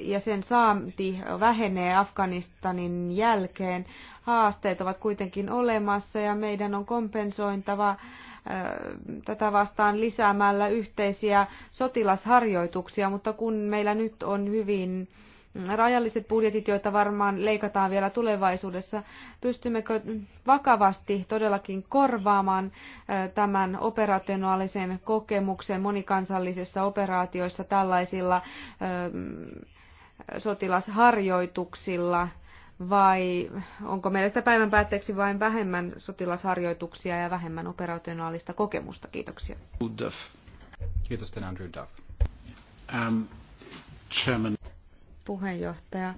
ja sen saanti vähenee Afganistanin jälkeen. Haasteet ovat kuitenkin olemassa ja meidän on kompensointava tätä vastaan lisäämällä yhteisiä sotilasharjoituksia, mutta kun meillä nyt on hyvin rajalliset budjetit, joita varmaan leikataan vielä tulevaisuudessa, pystymmekö vakavasti todellakin korvaamaan tämän operationaalisen kokemuksen monikansallisissa operaatioissa tällaisilla sotilasharjoituksilla vai onko meillä sitä päivän päätteeksi vain vähemmän sotilasharjoituksia ja vähemmän operationaalista kokemusta? Kiitoksia. Duff. Kiitos Andrew Duff. Um, chairman puheenjohtaja.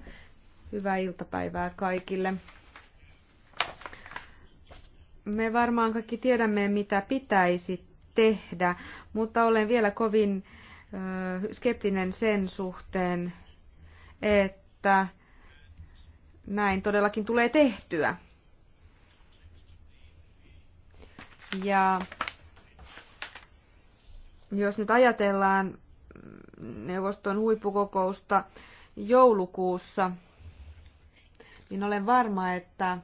Hyvää iltapäivää kaikille. Me varmaan kaikki tiedämme, mitä pitäisi tehdä, mutta olen vielä kovin skeptinen sen suhteen, että näin todellakin tulee tehtyä. Ja jos nyt ajatellaan neuvoston huippukokousta joulukuussa, niin olen varma, että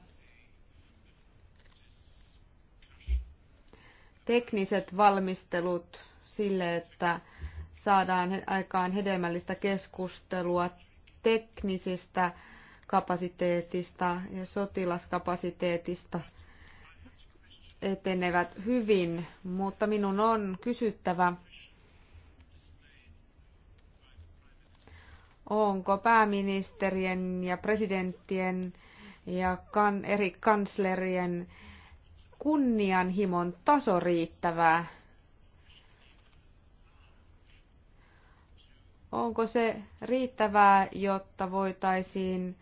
tekniset valmistelut sille, että saadaan aikaan hedelmällistä keskustelua teknisistä kapasiteetista ja sotilaskapasiteetista etenevät hyvin, mutta minun on kysyttävä, onko pääministerien ja presidenttien ja kan, eri kanslerien kunnianhimon taso riittävää? Onko se riittävää, jotta voitaisiin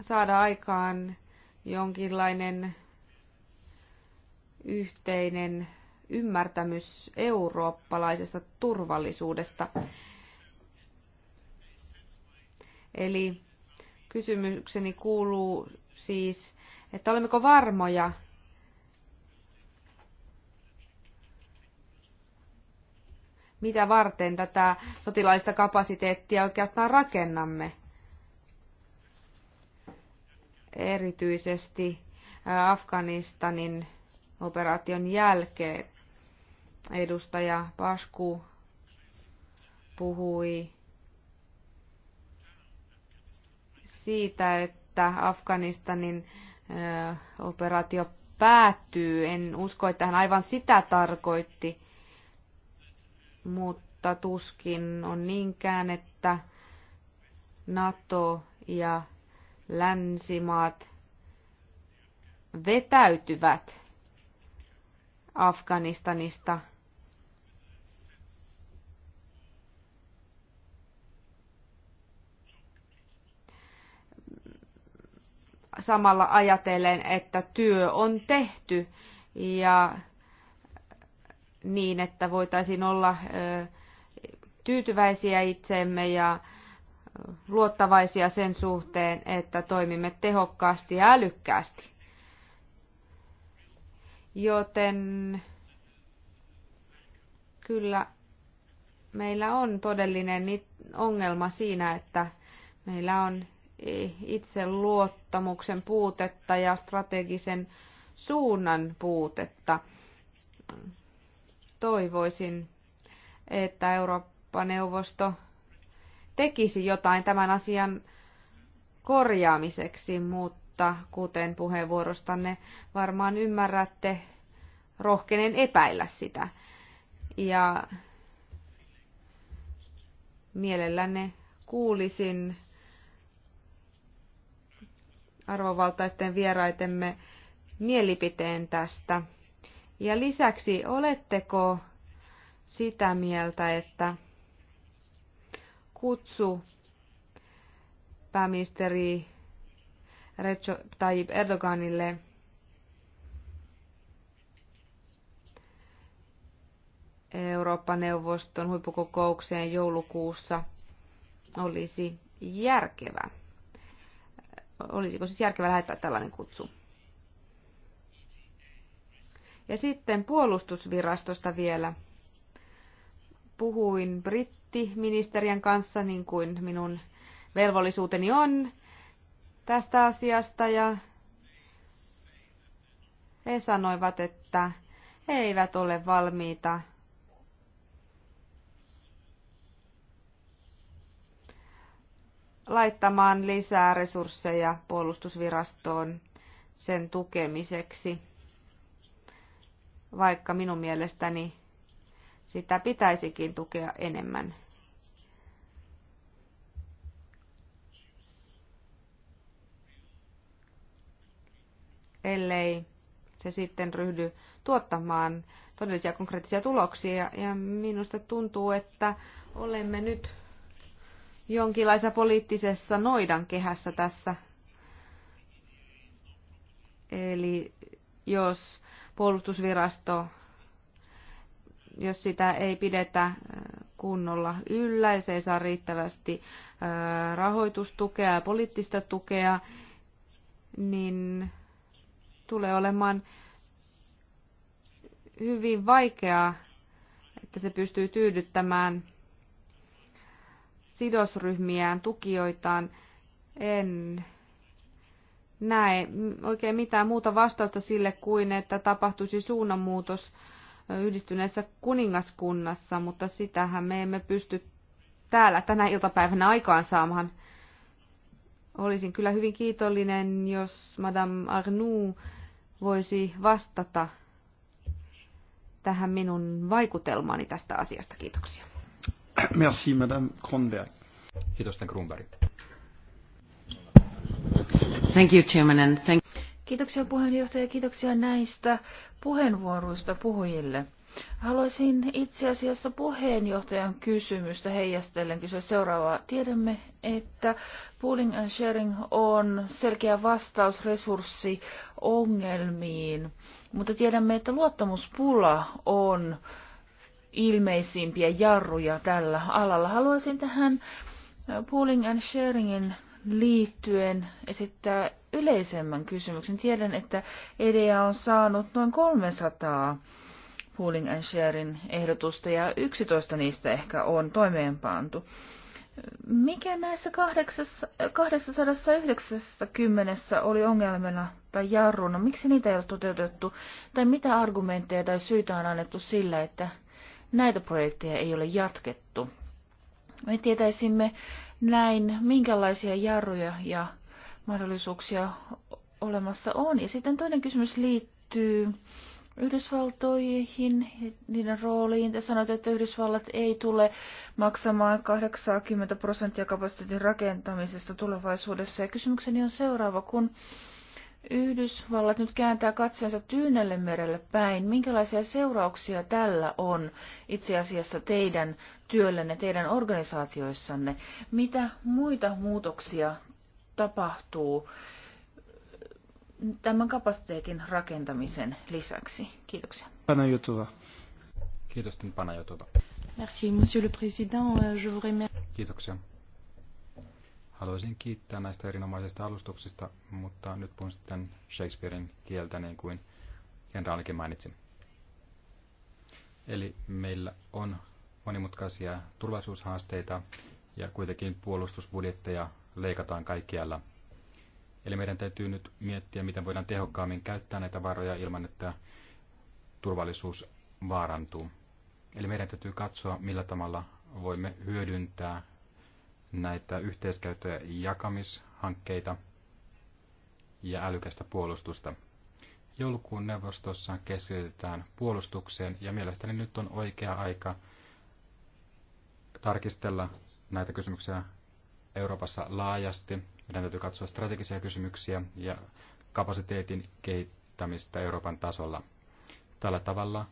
saada aikaan jonkinlainen yhteinen ymmärtämys eurooppalaisesta turvallisuudesta. Eli kysymykseni kuuluu siis, että olemmeko varmoja, mitä varten tätä sotilaallista kapasiteettia oikeastaan rakennamme. Erityisesti Afganistanin operaation jälkeen edustaja Pasku puhui siitä, että Afganistanin operaatio päättyy. En usko, että hän aivan sitä tarkoitti, mutta tuskin on niinkään, että NATO ja länsimaat vetäytyvät Afganistanista – samalla ajatellen, että työ on tehty ja niin, että voitaisiin olla tyytyväisiä itsemme ja luottavaisia sen suhteen, että toimimme tehokkaasti ja älykkäästi. Joten kyllä meillä on todellinen ongelma siinä, että meillä on itseluottamuksen puutetta ja strategisen suunnan puutetta. Toivoisin, että Eurooppa-neuvosto tekisi jotain tämän asian korjaamiseksi, mutta kuten puheenvuorostanne varmaan ymmärrätte, rohkenen epäillä sitä. Ja mielelläni kuulisin arvovaltaisten vieraitemme mielipiteen tästä? Ja lisäksi, oletteko sitä mieltä, että kutsu pääministeri Recep Tayyip Erdoganille Eurooppa-neuvoston huippukokoukseen joulukuussa olisi järkevä olisiko siis järkevää lähettää tällainen kutsu. Ja sitten puolustusvirastosta vielä. Puhuin brittiministeriön kanssa, niin kuin minun velvollisuuteni on tästä asiasta, ja he sanoivat, että he eivät ole valmiita laittamaan lisää resursseja puolustusvirastoon sen tukemiseksi, vaikka minun mielestäni sitä pitäisikin tukea enemmän. ellei se sitten ryhdy tuottamaan todellisia konkreettisia tuloksia. Ja minusta tuntuu, että olemme nyt jonkinlaisessa poliittisessa noidan kehässä tässä. Eli jos puolustusvirasto, jos sitä ei pidetä äh, kunnolla yllä ja se ei saa riittävästi äh, rahoitustukea ja poliittista tukea, niin tulee olemaan hyvin vaikeaa, että se pystyy tyydyttämään – sidosryhmiään, tukijoitaan. En näe oikein mitään muuta vastausta sille kuin, että tapahtuisi suunnanmuutos yhdistyneessä kuningaskunnassa, mutta sitähän me emme pysty täällä tänä iltapäivänä aikaansaamaan. Olisin kyllä hyvin kiitollinen, jos Madame Arnoux voisi vastata tähän minun vaikutelmaani tästä asiasta. Kiitoksia. Merci, Madame Kronberg. Kiitos, Kronberg. Thank you, Chairman, and thank Kiitoksia puheenjohtaja, kiitoksia näistä puheenvuoroista puhujille. Haluaisin itse asiassa puheenjohtajan kysymystä heijastellen kysyä seuraavaa. Tiedämme, että pooling and sharing on selkeä vastaus resurssiongelmiin, mutta tiedämme, että luottamuspula on ilmeisimpiä jarruja tällä alalla. Haluaisin tähän pooling and sharingin liittyen esittää yleisemmän kysymyksen. Tiedän, että EDEA on saanut noin 300 pooling and sharing ehdotusta ja 11 niistä ehkä on toimeenpantu. Mikä näissä 290 oli ongelmana tai jarruna? Miksi niitä ei ole toteutettu? Tai mitä argumentteja tai syitä on annettu sillä, että näitä projekteja ei ole jatkettu. Me tietäisimme näin, minkälaisia jarruja ja mahdollisuuksia olemassa on. Ja sitten toinen kysymys liittyy Yhdysvaltoihin ja niiden rooliin. Te sanoitte, että Yhdysvallat ei tule maksamaan 80 prosenttia kapasiteetin rakentamisesta tulevaisuudessa. Ja kysymykseni on seuraava, kun Yhdysvallat nyt kääntää katseensa Tyynelle merelle päin. Minkälaisia seurauksia tällä on itse asiassa teidän työllenne, teidän organisaatioissanne? Mitä muita muutoksia tapahtuu tämän kapasiteetin rakentamisen lisäksi? Kiitoksia. Panajotova. Kiitos, Panajotova. Merci, monsieur le président. Euh, je vous remercie. Kiitoksia, Haluaisin kiittää näistä erinomaisista alustuksista, mutta nyt puhun sitten Shakespearein kieltä, niin kuin kenraalikin mainitsin. Eli meillä on monimutkaisia turvallisuushaasteita ja kuitenkin puolustusbudjetteja leikataan kaikkialla. Eli meidän täytyy nyt miettiä, miten voidaan tehokkaammin käyttää näitä varoja ilman, että turvallisuus vaarantuu. Eli meidän täytyy katsoa, millä tavalla voimme hyödyntää näitä yhteiskäyttö- ja jakamishankkeita ja älykästä puolustusta. Joulukuun neuvostossa keskitytään puolustukseen ja mielestäni nyt on oikea aika tarkistella näitä kysymyksiä Euroopassa laajasti. Meidän täytyy katsoa strategisia kysymyksiä ja kapasiteetin kehittämistä Euroopan tasolla. Tällä tavalla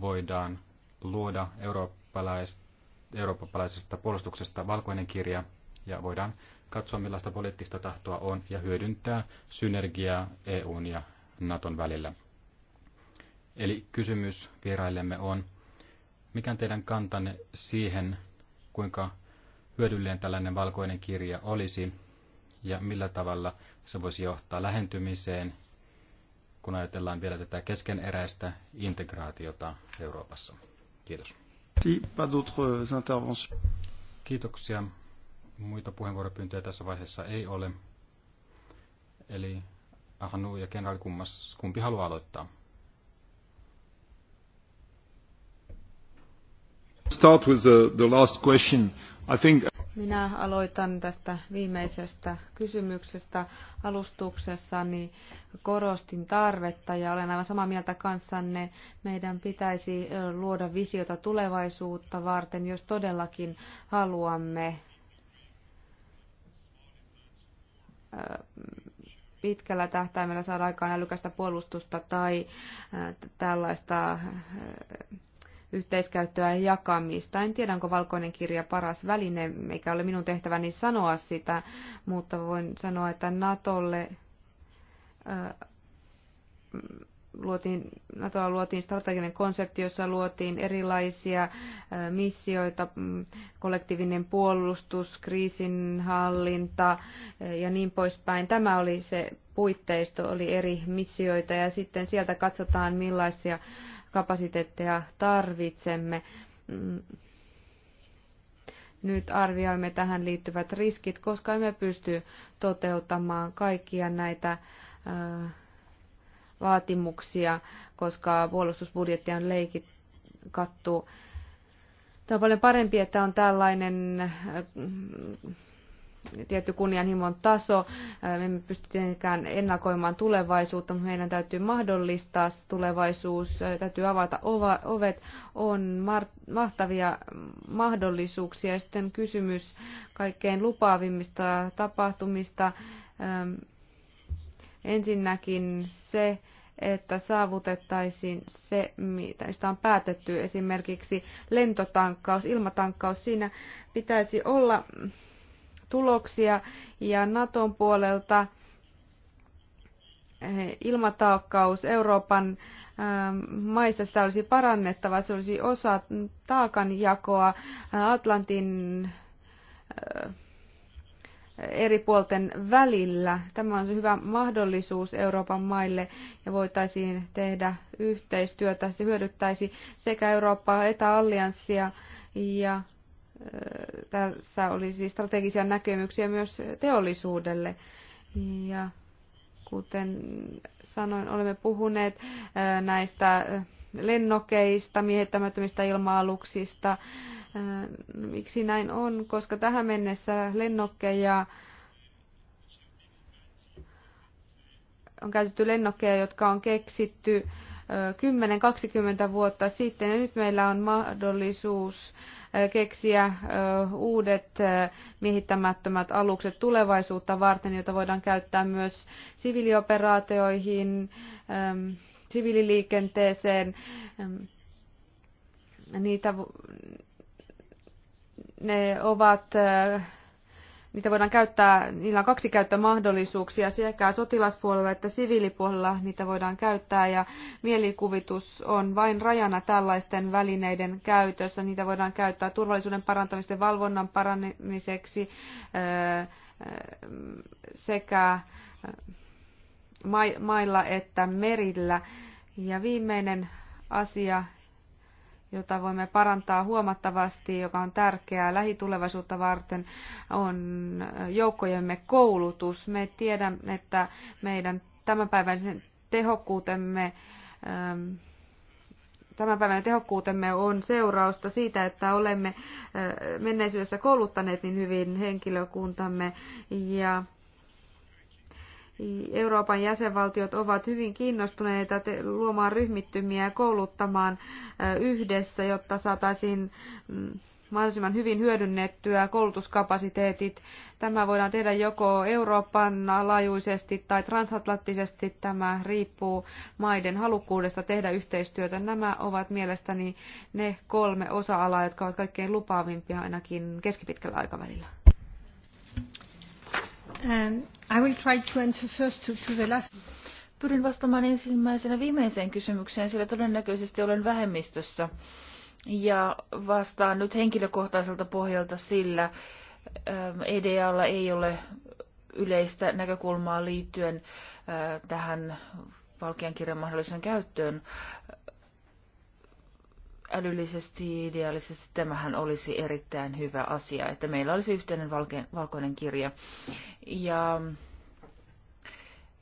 voidaan luoda eurooppalaista eurooppalaisesta puolustuksesta valkoinen kirja ja voidaan katsoa, millaista poliittista tahtoa on ja hyödyntää synergiaa EUn ja Naton välillä. Eli kysymys vieraillemme on, mikä on teidän kantanne siihen, kuinka hyödyllinen tällainen valkoinen kirja olisi ja millä tavalla se voisi johtaa lähentymiseen, kun ajatellaan vielä tätä keskeneräistä integraatiota Euroopassa. Kiitos. Kiitoksia. Muita puheenvuoropyyntöjä tässä vaiheessa ei ole. Eli Ahanu ja kenraali kummas, kumpi haluaa aloittaa? Start with the, the last question. I think... Minä aloitan tästä viimeisestä kysymyksestä. Alustuksessani korostin tarvetta ja olen aivan samaa mieltä kanssanne. Meidän pitäisi luoda visiota tulevaisuutta varten, jos todellakin haluamme pitkällä tähtäimellä saada aikaan älykästä puolustusta tai tällaista yhteiskäyttöä ja jakamista. En tiedä, onko valkoinen kirja paras väline, eikä ole minun tehtäväni sanoa sitä, mutta voin sanoa, että Natolle luotiin, NATOlla luotiin strateginen konsepti, jossa luotiin erilaisia missioita, mm, kollektiivinen puolustus, kriisinhallinta ja niin poispäin. Tämä oli se puitteisto, oli eri missioita ja sitten sieltä katsotaan millaisia kapasiteetteja tarvitsemme. Nyt arvioimme tähän liittyvät riskit, koska emme pysty toteuttamaan kaikkia näitä vaatimuksia, koska puolustusbudjetti on leikattu. Tämä on paljon parempi, että on tällainen tietty kunnianhimon taso. Me emme pysty tietenkään ennakoimaan tulevaisuutta, mutta meidän täytyy mahdollistaa tulevaisuus, täytyy avata ovet. On mahtavia mahdollisuuksia. Ja sitten kysymys kaikkein lupaavimmista tapahtumista. Ensinnäkin se, että saavutettaisiin se, mitä on päätetty, esimerkiksi lentotankkaus, ilmatankkaus. Siinä pitäisi olla tuloksia ja Naton puolelta eh, ilmataakkaus Euroopan eh, maissa sitä olisi parannettava. Se olisi osa taakanjakoa eh, Atlantin eri puolten välillä. Tämä on hyvä mahdollisuus Euroopan maille ja voitaisiin tehdä yhteistyötä. Se hyödyttäisi sekä Eurooppaa että allianssia ja tässä olisi strategisia näkemyksiä myös teollisuudelle. Ja kuten sanoin, olemme puhuneet näistä lennokeista, miehittämättömistä ilma-aluksista. Miksi näin on? Koska tähän mennessä lennokkeja on käytetty lennokkeja, jotka on keksitty 10-20 vuotta sitten. Ja nyt meillä on mahdollisuus keksiä uudet miehittämättömät alukset tulevaisuutta varten, joita voidaan käyttää myös siviilioperaatioihin, siviililiikenteeseen. Niitä, ne ovat niitä voidaan käyttää, niillä on kaksi käyttömahdollisuuksia sekä sotilaspuolella että siviilipuolella niitä voidaan käyttää ja mielikuvitus on vain rajana tällaisten välineiden käytössä. Niitä voidaan käyttää turvallisuuden parantamisen valvonnan parannemiseksi sekä mailla että merillä. Ja viimeinen asia, jota voimme parantaa huomattavasti, joka on tärkeää lähitulevaisuutta varten, on joukkojemme koulutus. Me tiedämme, että meidän tämänpäiväisen tehokkuutemme ähm, tämän päivän tehokkuutemme on seurausta siitä, että olemme äh, menneisyydessä kouluttaneet niin hyvin henkilökuntamme ja Euroopan jäsenvaltiot ovat hyvin kiinnostuneita luomaan ryhmittymiä ja kouluttamaan yhdessä, jotta saataisiin mm, mahdollisimman hyvin hyödynnettyä koulutuskapasiteetit. Tämä voidaan tehdä joko Euroopan laajuisesti tai transatlanttisesti. Tämä riippuu maiden halukkuudesta tehdä yhteistyötä. Nämä ovat mielestäni ne kolme osa-alaa, jotka ovat kaikkein lupaavimpia ainakin keskipitkällä aikavälillä. Um, Pyrin vastaamaan ensimmäisenä viimeiseen kysymykseen, sillä todennäköisesti olen vähemmistössä. Ja vastaan nyt henkilökohtaiselta pohjalta sillä um, EDAlla ei ole yleistä näkökulmaa liittyen uh, tähän valkean kirjan mahdolliseen käyttöön älyllisesti, ideaalisesti tämähän olisi erittäin hyvä asia, että meillä olisi yhteinen valkoinen kirja. Ja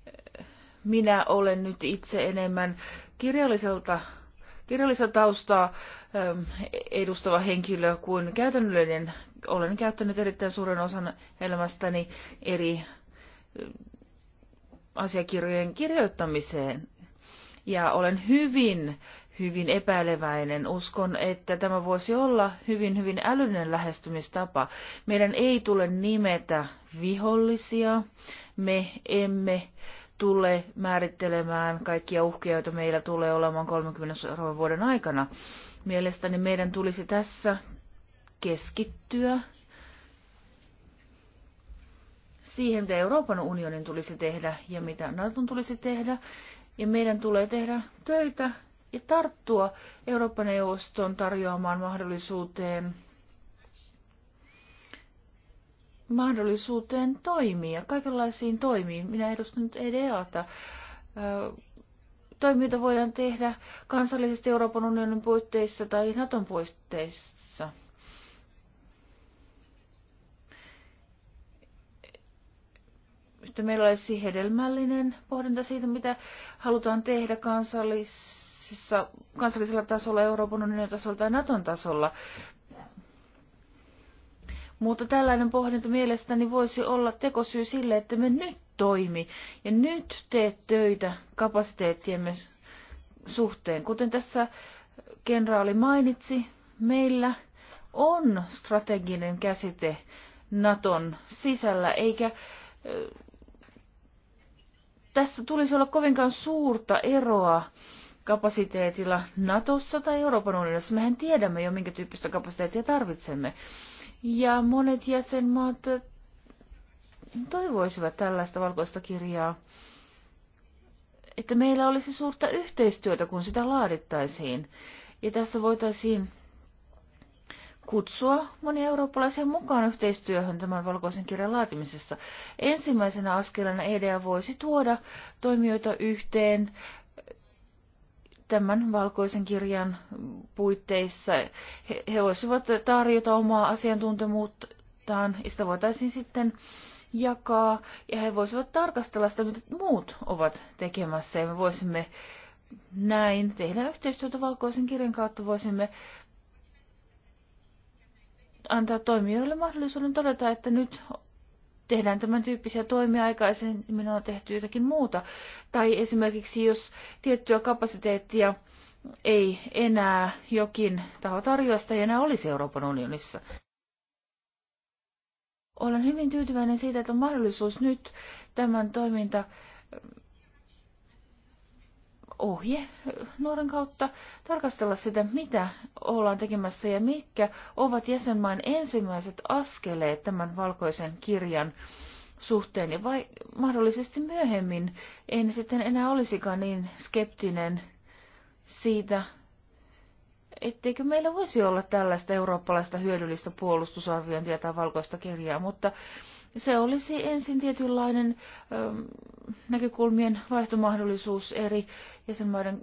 eh, minä olen nyt itse enemmän kirjalliselta kirjallista taustaa ehm, edustava henkilö kuin käytännöllinen. Olen käyttänyt erittäin suuren osan elämästäni eri eh, asiakirjojen kirjoittamiseen. Ja olen hyvin hyvin epäileväinen. Uskon, että tämä voisi olla hyvin, hyvin älyllinen lähestymistapa. Meidän ei tule nimetä vihollisia. Me emme tule määrittelemään kaikkia uhkia, joita meillä tulee olemaan 30 vuoden aikana. Mielestäni meidän tulisi tässä keskittyä siihen, mitä Euroopan unionin tulisi tehdä ja mitä Naton tulisi tehdä. Ja meidän tulee tehdä töitä ja tarttua Euroopan neuvoston tarjoamaan mahdollisuuteen mahdollisuuteen toimia, kaikenlaisiin toimiin. Minä edustan nyt EDAta. Toimijoita voidaan tehdä kansallisesti Euroopan unionin puitteissa tai Naton puitteissa. Että meillä olisi hedelmällinen pohdinta siitä, mitä halutaan tehdä kansallis kansallisissa, kansallisella tasolla, Euroopan unionin tasolla tai Naton tasolla. Mutta tällainen pohdinta mielestäni voisi olla tekosyy sille, että me nyt toimi ja nyt tee töitä kapasiteettiemme suhteen. Kuten tässä kenraali mainitsi, meillä on strateginen käsite Naton sisällä, eikä tässä tulisi olla kovinkaan suurta eroa kapasiteetilla Natossa tai Euroopan unionissa. Mehän tiedämme jo, minkä tyyppistä kapasiteettia tarvitsemme. Ja monet jäsenmaat toivoisivat tällaista valkoista kirjaa, että meillä olisi suurta yhteistyötä, kun sitä laadittaisiin. Ja tässä voitaisiin kutsua monia eurooppalaisia mukaan yhteistyöhön tämän valkoisen kirjan laatimisessa. Ensimmäisenä askeleena EDA voisi tuoda toimijoita yhteen tämän valkoisen kirjan puitteissa. He, he voisivat tarjota omaa asiantuntemuuttaan, sitä voitaisiin sitten jakaa, ja he voisivat tarkastella sitä, mitä muut ovat tekemässä, ja me voisimme näin tehdä yhteistyötä valkoisen kirjan kautta, voisimme antaa toimijoille mahdollisuuden todeta, että nyt tehdään tämän tyyppisiä toimia aikaisemmin on niin tehty jotakin muuta. Tai esimerkiksi jos tiettyä kapasiteettia ei enää jokin taho tarjoa, ei enää olisi Euroopan unionissa. Olen hyvin tyytyväinen siitä, että on mahdollisuus nyt tämän toiminta ohje nuoren kautta tarkastella sitä, mitä ollaan tekemässä ja mitkä ovat jäsenmaan ensimmäiset askeleet tämän valkoisen kirjan suhteen. Ja vai mahdollisesti myöhemmin en sitten enää olisikaan niin skeptinen siitä, etteikö meillä voisi olla tällaista eurooppalaista hyödyllistä puolustusarviointia tai valkoista kirjaa, mutta se olisi ensin tietynlainen ähm, näkökulmien vaihtomahdollisuus eri jäsenmaiden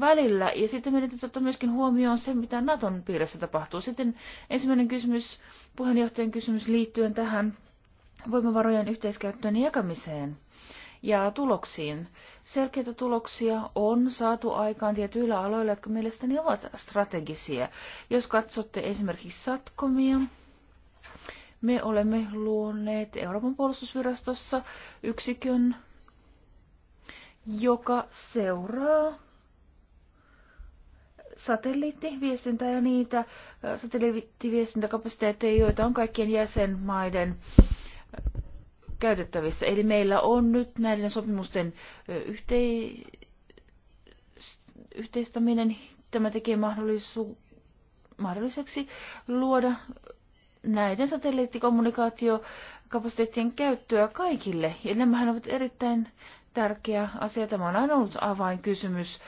välillä. Ja sitten meidän täytyy ottaa myöskin huomioon se, mitä Naton piirissä tapahtuu. Sitten ensimmäinen kysymys, puheenjohtajan kysymys liittyen tähän voimavarojen yhteiskäyttöön ja jakamiseen ja tuloksiin. Selkeitä tuloksia on saatu aikaan tietyillä aloilla, jotka mielestäni ovat strategisia. Jos katsotte esimerkiksi satkomia, me olemme luoneet Euroopan puolustusvirastossa yksikön, joka seuraa satelliittiviestintä ja niitä äh, satelliittiviestintäkapasiteetteja, joita on kaikkien jäsenmaiden äh, käytettävissä. Eli meillä on nyt näiden sopimusten äh, yhtei, yhteistäminen. Tämä tekee mahdollisu, mahdolliseksi luoda näiden satelliittikommunikaatiokapasiteettien käyttöä kaikille. Ja nämähän ovat erittäin tärkeä asia. Tämä on aina ollut avainkysymys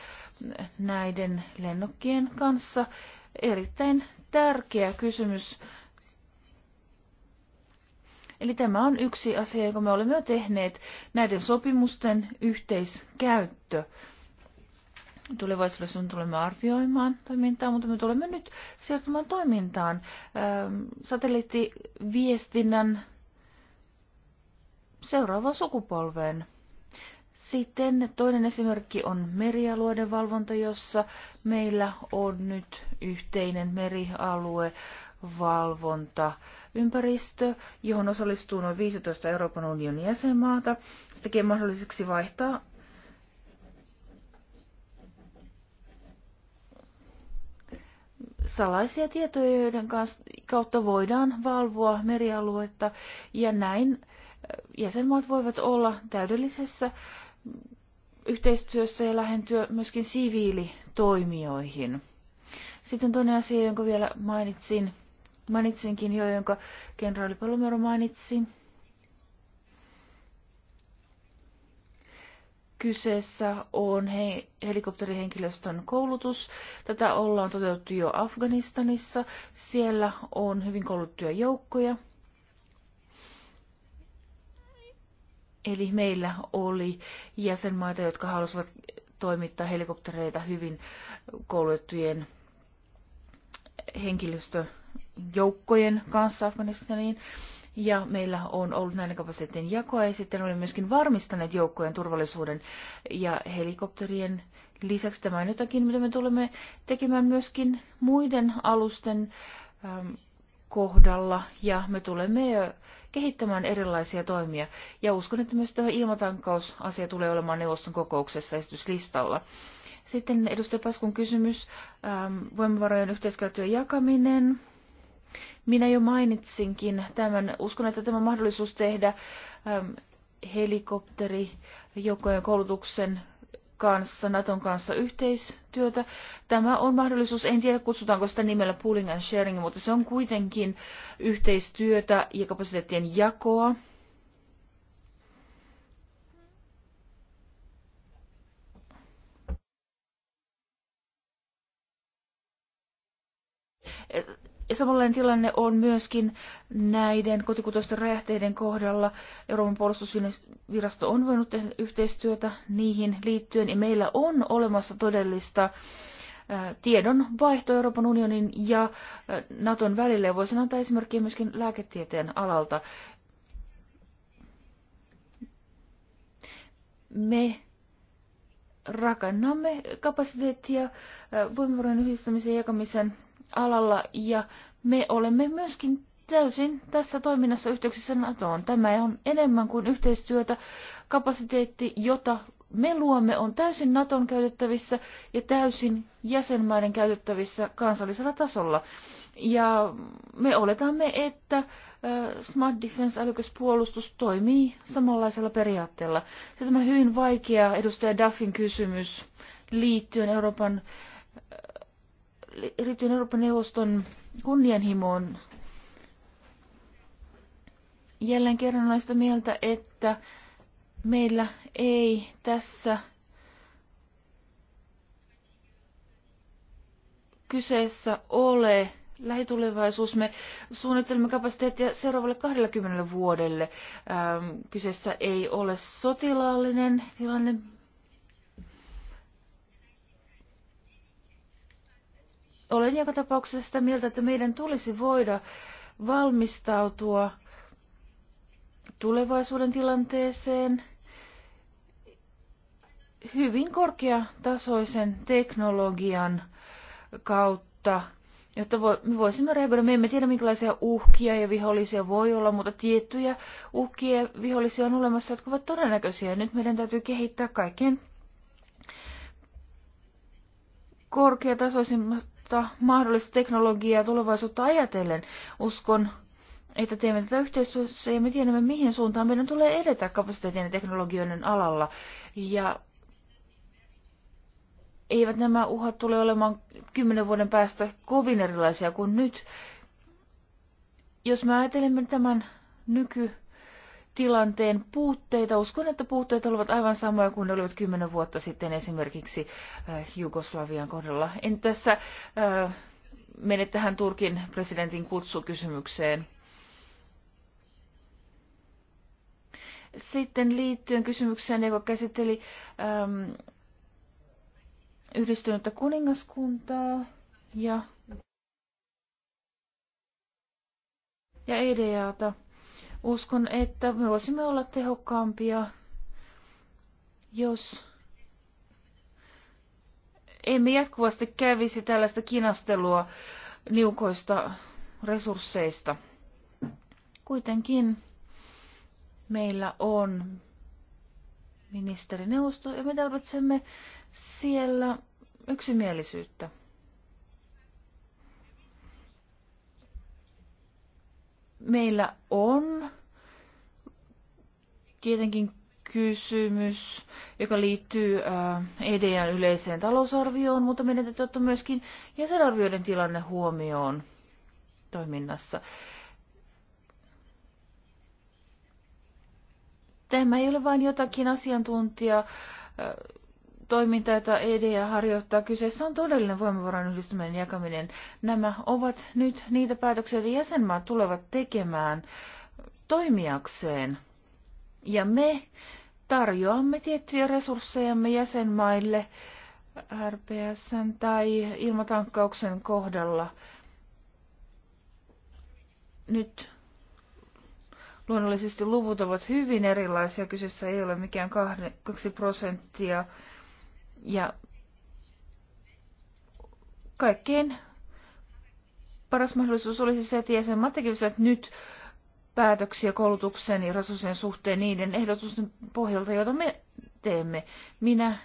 näiden lennokkien kanssa. Erittäin tärkeä kysymys. Eli tämä on yksi asia, jonka me olemme jo tehneet, näiden sopimusten yhteiskäyttö tulevaisuudessa me tulemme arvioimaan toimintaa, mutta me tulemme nyt siirtymään toimintaan. Satelliittiviestinnän seuraavaan sukupolveen. Sitten toinen esimerkki on merialueiden valvonta, jossa meillä on nyt yhteinen merialue valvonta ympäristö, johon osallistuu noin 15 Euroopan unionin jäsenmaata. Se tekee mahdolliseksi vaihtaa salaisia tietoja, joiden kautta voidaan valvoa merialuetta, ja näin äh, jäsenmaat voivat olla täydellisessä yhteistyössä ja lähentyä myöskin siviilitoimijoihin. Sitten toinen asia, jonka vielä mainitsin, mainitsinkin jo, jonka kenraali Palomero mainitsi, Kyseessä on he, helikopterihenkilöstön koulutus. Tätä ollaan toteutettu jo Afganistanissa. Siellä on hyvin kouluttuja joukkoja. Eli meillä oli jäsenmaita, jotka halusivat toimittaa helikoptereita hyvin koulutettujen henkilöstöjoukkojen kanssa Afganistaniin ja meillä on ollut näiden kapasiteettien jakoa ja sitten olemme myöskin varmistaneet joukkojen turvallisuuden ja helikopterien lisäksi tämä on jotakin, mitä me tulemme tekemään myöskin muiden alusten äm, kohdalla ja me tulemme kehittämään erilaisia toimia. Ja uskon, että myös tämä ilmatankkausasia tulee olemaan neuvoston kokouksessa esityslistalla. Sitten edustaja Paskun kysymys, äm, voimavarojen yhteiskäyttöön jakaminen. Minä jo mainitsinkin tämän. Uskon, että tämä mahdollisuus tehdä ähm, helikopterijoukkojen koulutuksen kanssa, Naton kanssa yhteistyötä. Tämä on mahdollisuus, en tiedä kutsutaanko sitä nimellä pooling and sharing, mutta se on kuitenkin yhteistyötä ja kapasiteettien jakoa. Ja samanlainen tilanne on myöskin näiden kotikutoisten räjähteiden kohdalla. Euroopan puolustusvirasto on voinut tehdä yhteistyötä niihin liittyen, ja meillä on olemassa todellista tiedon vaihto Euroopan unionin ja Naton välillä. Ja voisin antaa esimerkkiä myöskin lääketieteen alalta. Me rakennamme kapasiteettia voimavarojen yhdistämisen ja jakamisen alalla ja me olemme myöskin täysin tässä toiminnassa yhteyksissä NATOon. Tämä on enemmän kuin yhteistyötä. Kapasiteetti, jota me luomme, on täysin NATOn käytettävissä ja täysin jäsenmaiden käytettävissä kansallisella tasolla. Ja me oletamme, että äh, Smart Defense, älykäs puolustus, toimii samanlaisella periaatteella. Se tämä hyvin vaikea edustaja Duffin kysymys liittyen Euroopan äh, erityinen Euroopan neuvoston kunnianhimoon jälleen kerran naista mieltä, että meillä ei tässä kyseessä ole lähitulevaisuus. Me suunnittelemme kapasiteettia seuraavalle 20 vuodelle. Ähm, kyseessä ei ole sotilaallinen tilanne, olen joka tapauksessa sitä mieltä, että meidän tulisi voida valmistautua tulevaisuuden tilanteeseen hyvin korkeatasoisen teknologian kautta, jotta me voisimme reagoida. Me emme tiedä, minkälaisia uhkia ja vihollisia voi olla, mutta tiettyjä uhkia ja vihollisia on olemassa, jotka ovat todennäköisiä. Nyt meidän täytyy kehittää kaikkein korkeatasoisimmat uutta mahdollista teknologiaa tulevaisuutta ajatellen. Uskon, että teemme tätä yhteistyössä ja me tiedämme, mihin suuntaan meidän tulee edetä kapasiteetien ja teknologioiden alalla. Ja eivät nämä uhat tule olemaan kymmenen vuoden päästä kovin erilaisia kuin nyt. Jos me ajattelemme tämän nyky tilanteen puutteita. Uskon, että puutteet olivat aivan samoja kuin ne olivat kymmenen vuotta sitten esimerkiksi äh, Jugoslavian kohdalla. En tässä äh, mene tähän Turkin presidentin kutsukysymykseen. Sitten liittyen kysymykseen, joka käsitteli ähm, yhdistynyttä kuningaskuntaa ja, ja EDAta. Uskon, että me voisimme olla tehokkaampia, jos emme jatkuvasti kävisi tällaista kinastelua niukoista resursseista. Kuitenkin meillä on ministerineuvosto ja me tarvitsemme siellä yksimielisyyttä. meillä on tietenkin kysymys, joka liittyy äh, EDN yleiseen talousarvioon, mutta meidän täytyy ottaa myöskin jäsenarvioiden tilanne huomioon toiminnassa. Tämä ei ole vain jotakin asiantuntija äh, toiminta, jota EDA harjoittaa, kyseessä on todellinen voimavaran yhdistyminen jakaminen. Nämä ovat nyt niitä päätöksiä, joita jäsenmaat tulevat tekemään toimijakseen. Ja me tarjoamme tiettyjä resurssejamme jäsenmaille RPS tai ilmatankkauksen kohdalla. Nyt luonnollisesti luvut ovat hyvin erilaisia. Kyseessä ei ole mikään 2 prosenttia ja kaikkein paras mahdollisuus olisi se, että jäsenmaat että nyt päätöksiä koulutuksen ja resurssien suhteen niiden ehdotusten pohjalta, joita me teemme. Minä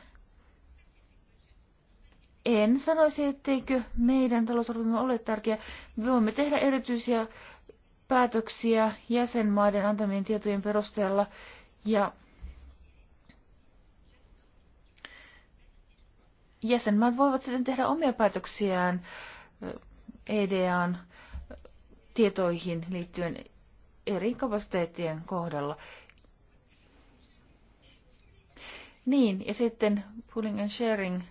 en sanoisi, etteikö meidän talousarvomme ole tärkeä. Me voimme tehdä erityisiä päätöksiä jäsenmaiden antamien tietojen perusteella ja jäsenmaat voivat sitten tehdä omia päätöksiään EDAn tietoihin liittyen eri kapasiteettien kohdalla. Niin, ja sitten pooling and sharing.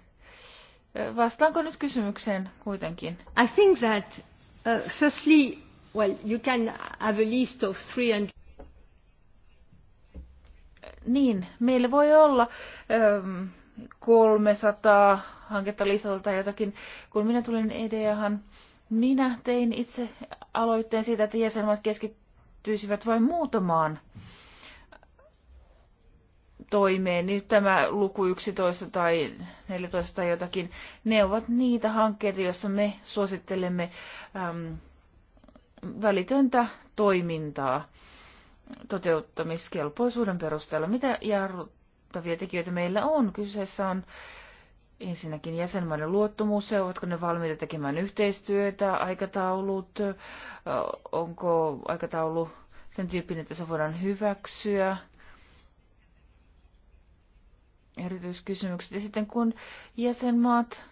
Vastaanko nyt kysymykseen kuitenkin? I think that uh, firstly, well, you can have a list of 300 niin, meillä voi olla Um, 300 hanketta lisätä tai jotakin. Kun minä tulin ideahan, minä tein itse aloitteen siitä, että jäsenmaat keskittyisivät vain muutamaan toimeen. Nyt tämä luku 11 tai 14 tai jotakin, ne ovat niitä hankkeita, joissa me suosittelemme äm, välitöntä toimintaa toteuttamiskelpoisuuden perusteella. Mitä jarrut? vaikuttavia tekijöitä meillä on. Kyseessä on ensinnäkin jäsenmaiden luottamus, ovatko ne valmiita tekemään yhteistyötä, aikataulut, onko aikataulu sen tyyppinen, että se voidaan hyväksyä, erityiskysymykset. Ja sitten kun jäsenmaat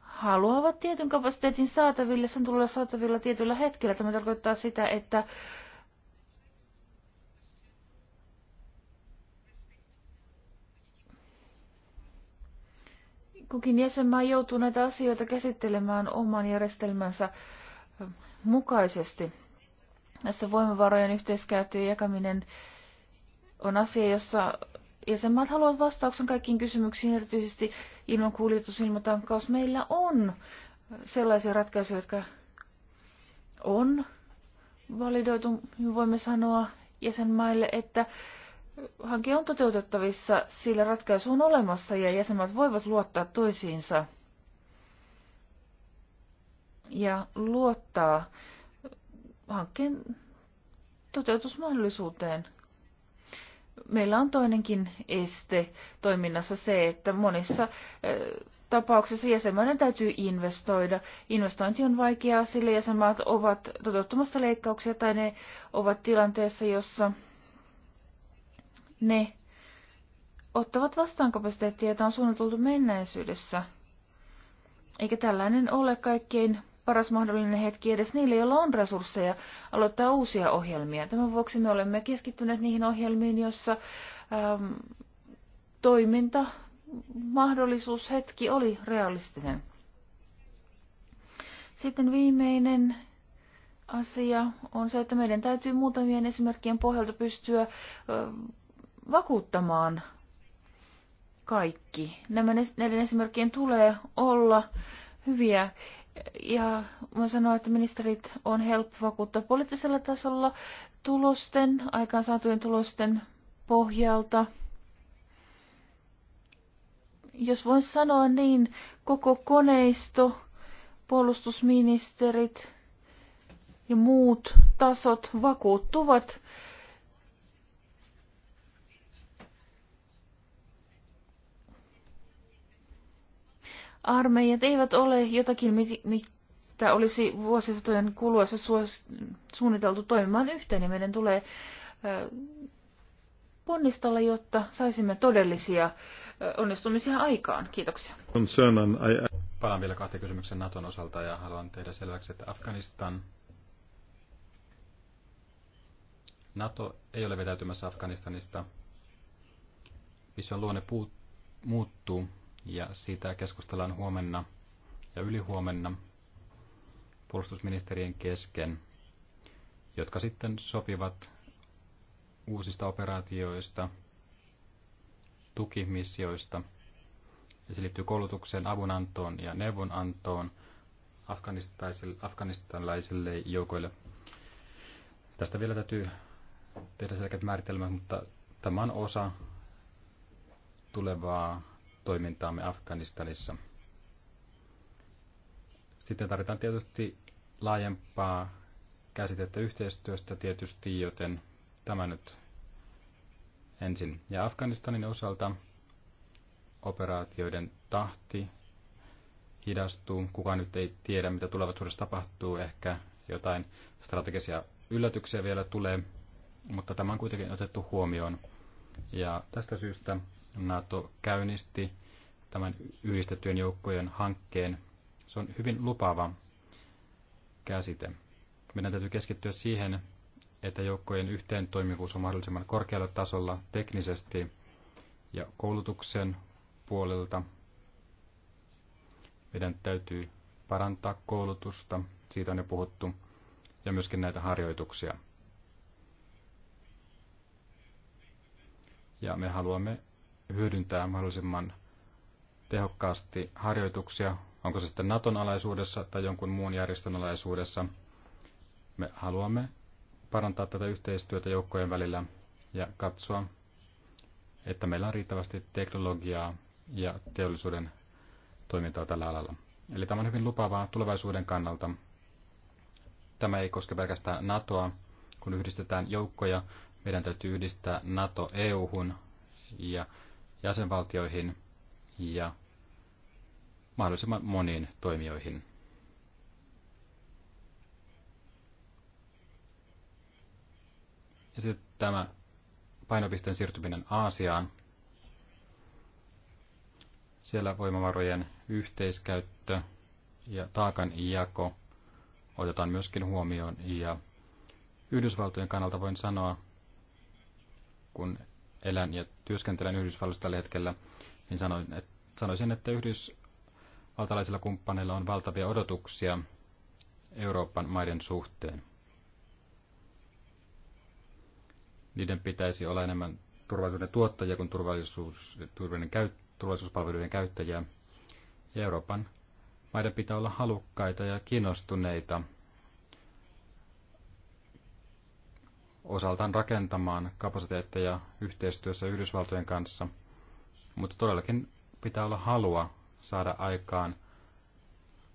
haluavat tietyn kapasiteetin saataville, sen tulee saatavilla tietyllä hetkellä. Tämä tarkoittaa sitä, että kukin jäsenmaa joutuu näitä asioita käsittelemään oman järjestelmänsä mukaisesti. Tässä voimavarojen yhteiskäyttö ja jakaminen on asia, jossa jäsenmaat haluavat vastauksen kaikkiin kysymyksiin, erityisesti ilman kuljetus, ilman tankkaus. Meillä on sellaisia ratkaisuja, jotka on validoitu, voimme sanoa jäsenmaille, että hanke on toteutettavissa, sillä ratkaisu on olemassa ja jäsenmaat voivat luottaa toisiinsa ja luottaa hankkeen toteutusmahdollisuuteen. Meillä on toinenkin este toiminnassa se, että monissa tapauksissa jäsenmaiden täytyy investoida. Investointi on vaikeaa, sillä jäsenmaat ovat toteuttamassa leikkauksia tai ne ovat tilanteessa, jossa ne ottavat vastaan kapasiteettia, jota on suunniteltu menneisyydessä. Eikä tällainen ole kaikkein paras mahdollinen hetki edes niille, joilla on resursseja aloittaa uusia ohjelmia. Tämän vuoksi me olemme keskittyneet niihin ohjelmiin, joissa ähm, toiminta, mahdollisuus, hetki oli realistinen. Sitten viimeinen asia on se, että meidän täytyy muutamien esimerkkien pohjalta pystyä ähm, vakuuttamaan kaikki. Nämä neljän esimerkkien tulee olla hyviä. Ja voin sanoa, että ministerit on helppo vakuuttaa poliittisella tasolla tulosten, aikaansaatujen tulosten pohjalta. Jos voin sanoa niin, koko koneisto, puolustusministerit ja muut tasot vakuuttuvat armeijat eivät ole jotakin, mitä olisi vuosisatojen kuluessa suunniteltu toimimaan yhteen, niin meidän tulee ponnistella, jotta saisimme todellisia onnistumisia aikaan. Kiitoksia. Palaan vielä kahteen kysymyksen Naton osalta ja haluan tehdä selväksi, että Afganistan NATO ei ole vetäytymässä Afganistanista, missä on luonne puut, muuttuu ja siitä keskustellaan huomenna ja ylihuomenna puolustusministerien kesken, jotka sitten sopivat uusista operaatioista, tukimissioista. Ja se liittyy koulutukseen, avunantoon ja neuvonantoon afganistanilaisille joukoille. Tästä vielä täytyy tehdä selkeät määritelmät, mutta tämä on osa tulevaa toimintaamme Afganistanissa. Sitten tarvitaan tietysti laajempaa käsitettä yhteistyöstä tietysti, joten tämä nyt ensin. Ja Afganistanin osalta operaatioiden tahti hidastuu. Kukaan nyt ei tiedä, mitä tulevaisuudessa tapahtuu. Ehkä jotain strategisia yllätyksiä vielä tulee, mutta tämä on kuitenkin otettu huomioon. Ja tästä syystä NATO käynnisti tämän yhdistettyjen joukkojen hankkeen. Se on hyvin lupaava käsite. Meidän täytyy keskittyä siihen, että joukkojen toimivuus on mahdollisimman korkealla tasolla teknisesti ja koulutuksen puolelta. Meidän täytyy parantaa koulutusta, siitä on jo puhuttu, ja myöskin näitä harjoituksia. Ja me haluamme hyödyntää mahdollisimman tehokkaasti harjoituksia, onko se sitten Naton alaisuudessa tai jonkun muun järjestön alaisuudessa. Me haluamme parantaa tätä yhteistyötä joukkojen välillä ja katsoa, että meillä on riittävästi teknologiaa ja teollisuuden toimintaa tällä alalla. Eli tämä on hyvin lupaavaa tulevaisuuden kannalta. Tämä ei koske pelkästään NATOa. Kun yhdistetään joukkoja, meidän täytyy yhdistää NATO EU-hun ja jäsenvaltioihin ja mahdollisimman moniin toimijoihin. Ja sitten tämä painopisteen siirtyminen Aasiaan. Siellä voimavarojen yhteiskäyttö ja jako otetaan myöskin huomioon. Ja Yhdysvaltojen kannalta voin sanoa, kun elän ja työskentelen Yhdysvalloissa tällä hetkellä, niin sanoin, että, sanoisin, että yhdysvaltalaisilla kumppaneilla on valtavia odotuksia Euroopan maiden suhteen. Niiden pitäisi olla enemmän turvallisuuden tuottajia kuin turvallisuus, turvallisuuden, turvallisuuspalveluiden käyttäjiä. Ja Euroopan maiden pitää olla halukkaita ja kiinnostuneita osaltaan rakentamaan kapasiteetteja yhteistyössä Yhdysvaltojen kanssa, mutta todellakin pitää olla halua saada aikaan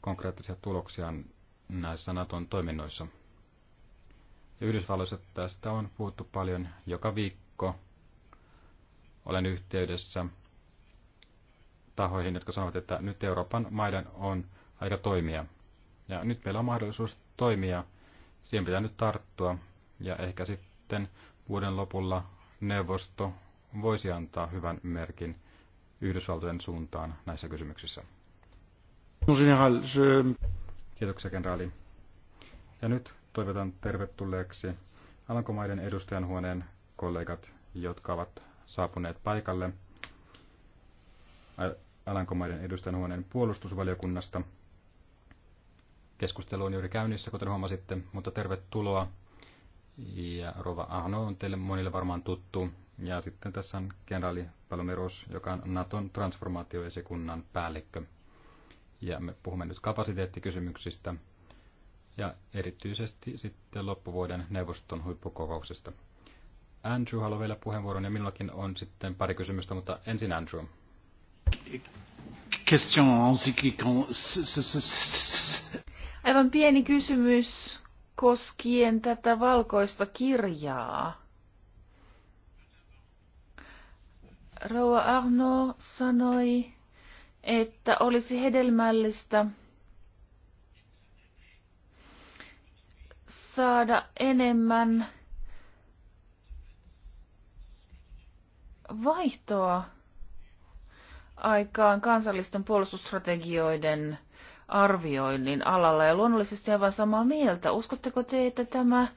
konkreettisia tuloksia näissä Naton toiminnoissa. Ja Yhdysvalloissa tästä on puhuttu paljon joka viikko. Olen yhteydessä tahoihin, jotka sanovat, että nyt Euroopan maiden on aika toimia. Ja nyt meillä on mahdollisuus toimia. Siihen pitää nyt tarttua ja ehkä sitten vuoden lopulla neuvosto voisi antaa hyvän merkin Yhdysvaltojen suuntaan näissä kysymyksissä. Kiitoksia, kenraali. Ja nyt toivotan tervetulleeksi Alankomaiden edustajanhuoneen kollegat, jotka ovat saapuneet paikalle Alankomaiden edustajanhuoneen puolustusvaliokunnasta. Keskustelu on juuri käynnissä, kuten huomasitte, mutta tervetuloa ja Rova Ahno on teille monille varmaan tuttu. Ja sitten tässä on kenraali Palomeros, joka on Naton transformaatioesikunnan päällikkö. Ja me puhumme nyt kapasiteettikysymyksistä ja erityisesti sitten loppuvuoden neuvoston huippukokouksesta. Andrew haluaa vielä puheenvuoron ja minullakin on sitten pari kysymystä, mutta ensin Andrew. Aivan pieni kysymys koskien tätä valkoista kirjaa. Rouva Arno sanoi, että olisi hedelmällistä saada enemmän vaihtoa aikaan kansallisten puolustusstrategioiden arvioinnin alalla. Ja luonnollisesti aivan samaa mieltä. Uskotteko te, että tämä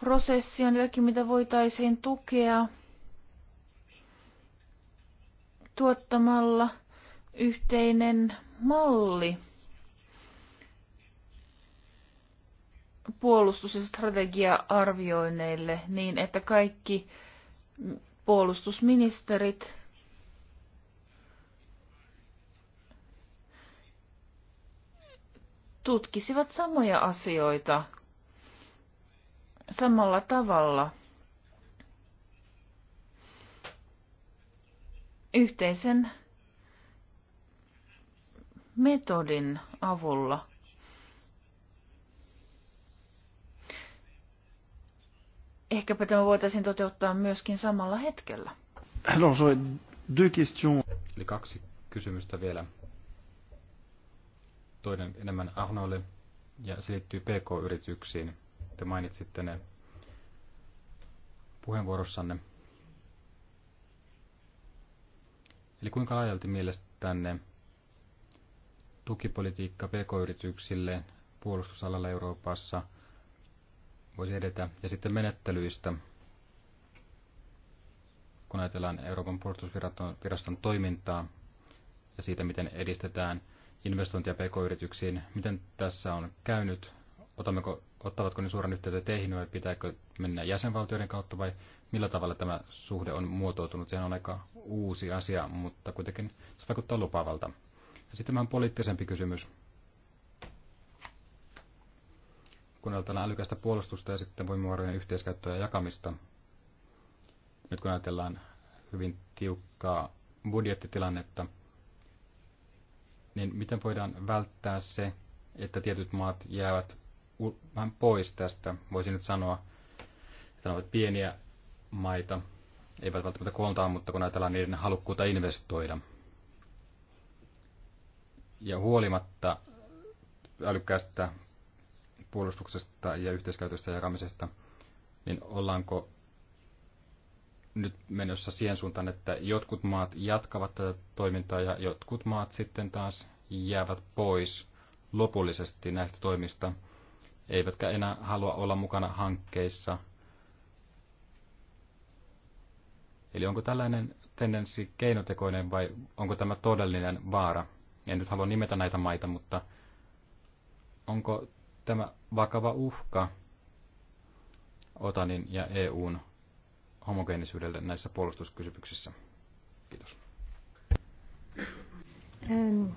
prosessi on jotakin, mitä voitaisiin tukea tuottamalla yhteinen malli puolustus- ja strategia-arvioinneille niin, että kaikki puolustusministerit tutkisivat samoja asioita samalla tavalla. Yhteisen metodin avulla. Ehkäpä tämä voitaisiin toteuttaa myöskin samalla hetkellä. Alors, deux questions. Eli kaksi kysymystä vielä toinen enemmän Ahnoille ja se liittyy PK-yrityksiin. Te mainitsitte ne puheenvuorossanne. Eli kuinka laajalti mielestänne tukipolitiikka PK-yrityksille puolustusalalla Euroopassa voisi edetä? Ja sitten menettelyistä, kun ajatellaan Euroopan puolustusviraston toimintaa ja siitä, miten edistetään – investointia pk-yrityksiin. Miten tässä on käynyt? Otammeko, ottavatko ne suoran yhteyttä teihin vai pitääkö mennä jäsenvaltioiden kautta vai millä tavalla tämä suhde on muotoutunut? Sehän on aika uusi asia, mutta kuitenkin se vaikuttaa lupaavalta. Ja sitten vähän poliittisempi kysymys. Kun ajatellaan älykästä puolustusta ja sitten voimavarojen yhteiskäyttöä ja jakamista, nyt kun ajatellaan hyvin tiukkaa budjettitilannetta, niin miten voidaan välttää se, että tietyt maat jäävät vähän pois tästä? Voisin nyt sanoa, että ne ovat pieniä maita, eivät välttämättä kooltaan, mutta kun ajatellaan niiden halukkuutta investoida. Ja huolimatta älykkäästä puolustuksesta ja yhteiskäytöstä ja jakamisesta, niin ollaanko nyt menossa siihen suuntaan, että jotkut maat jatkavat tätä toimintaa ja jotkut maat sitten taas jäävät pois lopullisesti näistä toimista, eivätkä enää halua olla mukana hankkeissa. Eli onko tällainen tendenssi keinotekoinen vai onko tämä todellinen vaara? En nyt halua nimetä näitä maita, mutta onko tämä vakava uhka Otanin ja EUn homogeenisyydelle näissä puolustuskysymyksissä. Kiitos. Um,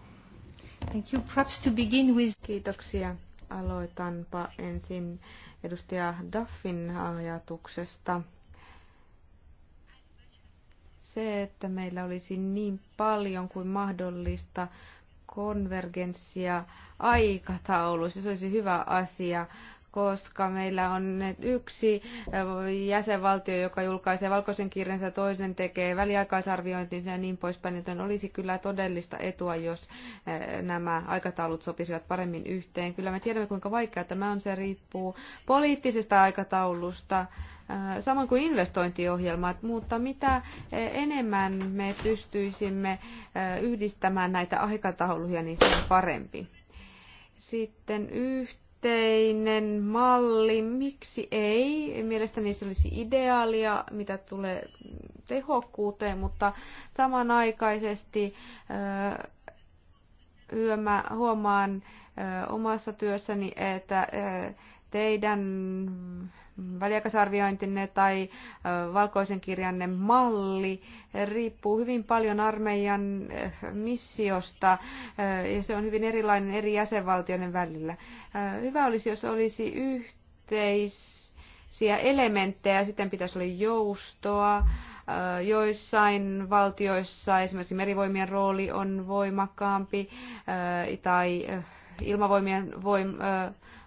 thank you. Perhaps to begin with... Kiitoksia. Aloitanpa ensin edustaja Duffin ajatuksesta. Se, että meillä olisi niin paljon kuin mahdollista konvergenssia aikatauluissa, se olisi hyvä asia koska meillä on yksi eh, jäsenvaltio, joka julkaisee valkoisen kirjansa, toinen tekee väliaikaisarviointinsa ja niin poispäin, joten olisi kyllä todellista etua, jos eh, nämä aikataulut sopisivat paremmin yhteen. Kyllä me tiedämme, kuinka vaikeaa tämä on, se riippuu poliittisesta aikataulusta, eh, samoin kuin investointiohjelmat, mutta mitä enemmän me pystyisimme yhdistämään näitä aikatauluja, niin se on parempi. Sitten yhteen yhteinen malli, miksi ei? Mielestäni se olisi ideaalia, mitä tulee tehokkuuteen, mutta samanaikaisesti huomaan omassa työssäni, että teidän väliaikaisarviointinne tai valkoisen kirjanne malli riippuu hyvin paljon armeijan missiosta ja se on hyvin erilainen eri jäsenvaltioiden välillä. Hyvä olisi, jos olisi yhteisiä elementtejä, sitten pitäisi olla joustoa. Joissain valtioissa esimerkiksi merivoimien rooli on voimakkaampi tai ilmavoimien voim,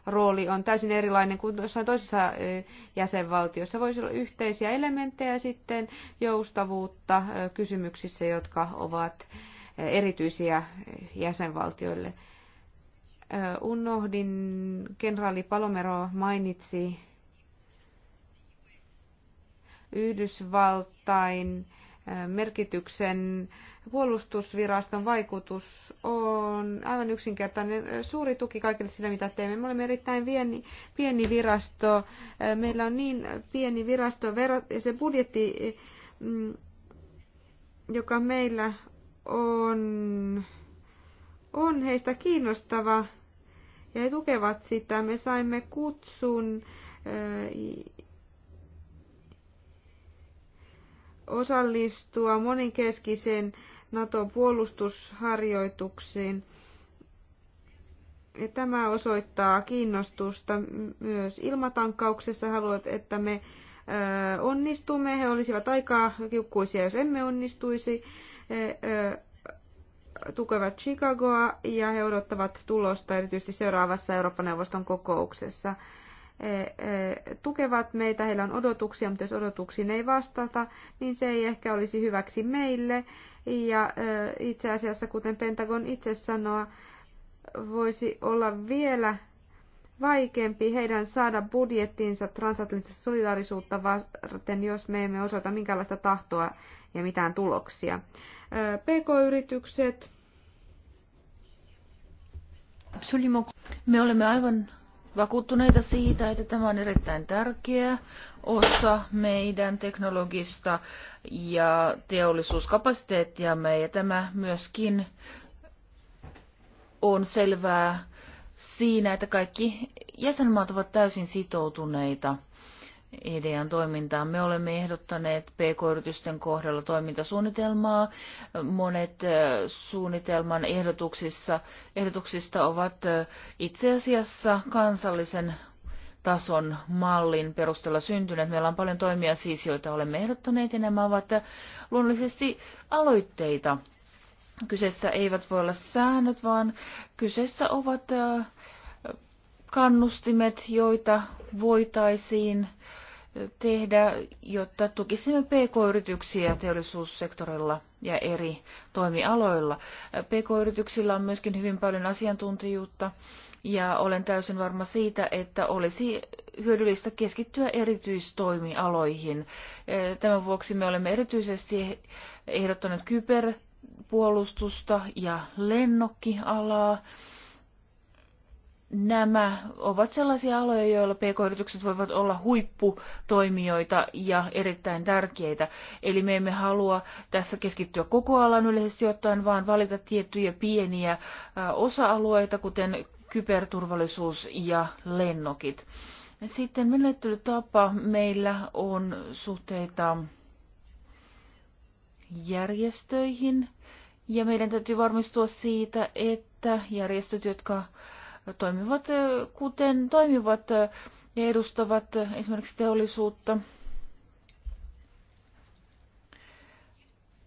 rooli on täysin erilainen kuin jossain toisessa eh, jäsenvaltiossa. Voisi olla yhteisiä elementtejä sitten joustavuutta eh, kysymyksissä, jotka ovat eh, erityisiä jäsenvaltioille. Unohdin, kenraali Palomero mainitsi Yhdysvaltain merkityksen. Puolustusviraston vaikutus on aivan yksinkertainen. Suuri tuki kaikille sille, mitä teemme. Me olemme erittäin pieni, pieni virasto. Meillä on niin pieni virasto ja se budjetti, mm, joka meillä on, on heistä kiinnostava ja he tukevat sitä. Me saimme kutsun osallistua moninkeskisen Naton puolustusharjoituksiin. Ja tämä osoittaa kiinnostusta myös ilmatankkauksessa. Haluat, että me onnistumme. He olisivat aika kiukkuisia, jos emme onnistuisi. He tukevat Chicagoa ja he odottavat tulosta erityisesti seuraavassa Euroopan neuvoston kokouksessa. E, e, tukevat meitä, heillä on odotuksia, mutta jos odotuksiin ei vastata, niin se ei ehkä olisi hyväksi meille. Ja e, itse asiassa, kuten Pentagon itse sanoo, voisi olla vielä vaikeampi heidän saada budjettiinsa transatlanttista solidaarisuutta varten, jos me emme osoita minkäänlaista tahtoa ja mitään tuloksia. PK-yritykset. Me olemme aivan vakuuttuneita siitä, että tämä on erittäin tärkeä osa meidän teknologista ja teollisuuskapasiteettiamme. Ja tämä myöskin on selvää siinä, että kaikki jäsenmaat ovat täysin sitoutuneita – idean toimintaan. Me olemme ehdottaneet PK-yritysten kohdalla toimintasuunnitelmaa. Monet suunnitelman ehdotuksissa, ehdotuksista ovat itse asiassa kansallisen tason mallin perusteella syntyneet. Meillä on paljon toimia siis, joita olemme ehdottaneet, ja nämä ovat luonnollisesti aloitteita. Kyseessä eivät voi olla säännöt, vaan kyseessä ovat kannustimet, joita voitaisiin äh, tehdä, jotta tukisimme pk-yrityksiä teollisuussektorilla ja eri toimialoilla. PK-yrityksillä on myöskin hyvin paljon asiantuntijuutta ja olen täysin varma siitä, että olisi hyödyllistä keskittyä erityistoimialoihin. Tämän vuoksi me olemme erityisesti ehdottaneet kyberpuolustusta ja lennokkialaa nämä ovat sellaisia aloja, joilla pk-yritykset voivat olla huipputoimijoita ja erittäin tärkeitä. Eli me emme halua tässä keskittyä koko alan yleisesti ottaen, vaan valita tiettyjä pieniä osa-alueita, kuten kyberturvallisuus ja lennokit. Sitten menettelytapa meillä on suhteita järjestöihin, ja meidän täytyy varmistua siitä, että järjestöt, jotka toimivat kuten toimivat ja edustavat esimerkiksi teollisuutta.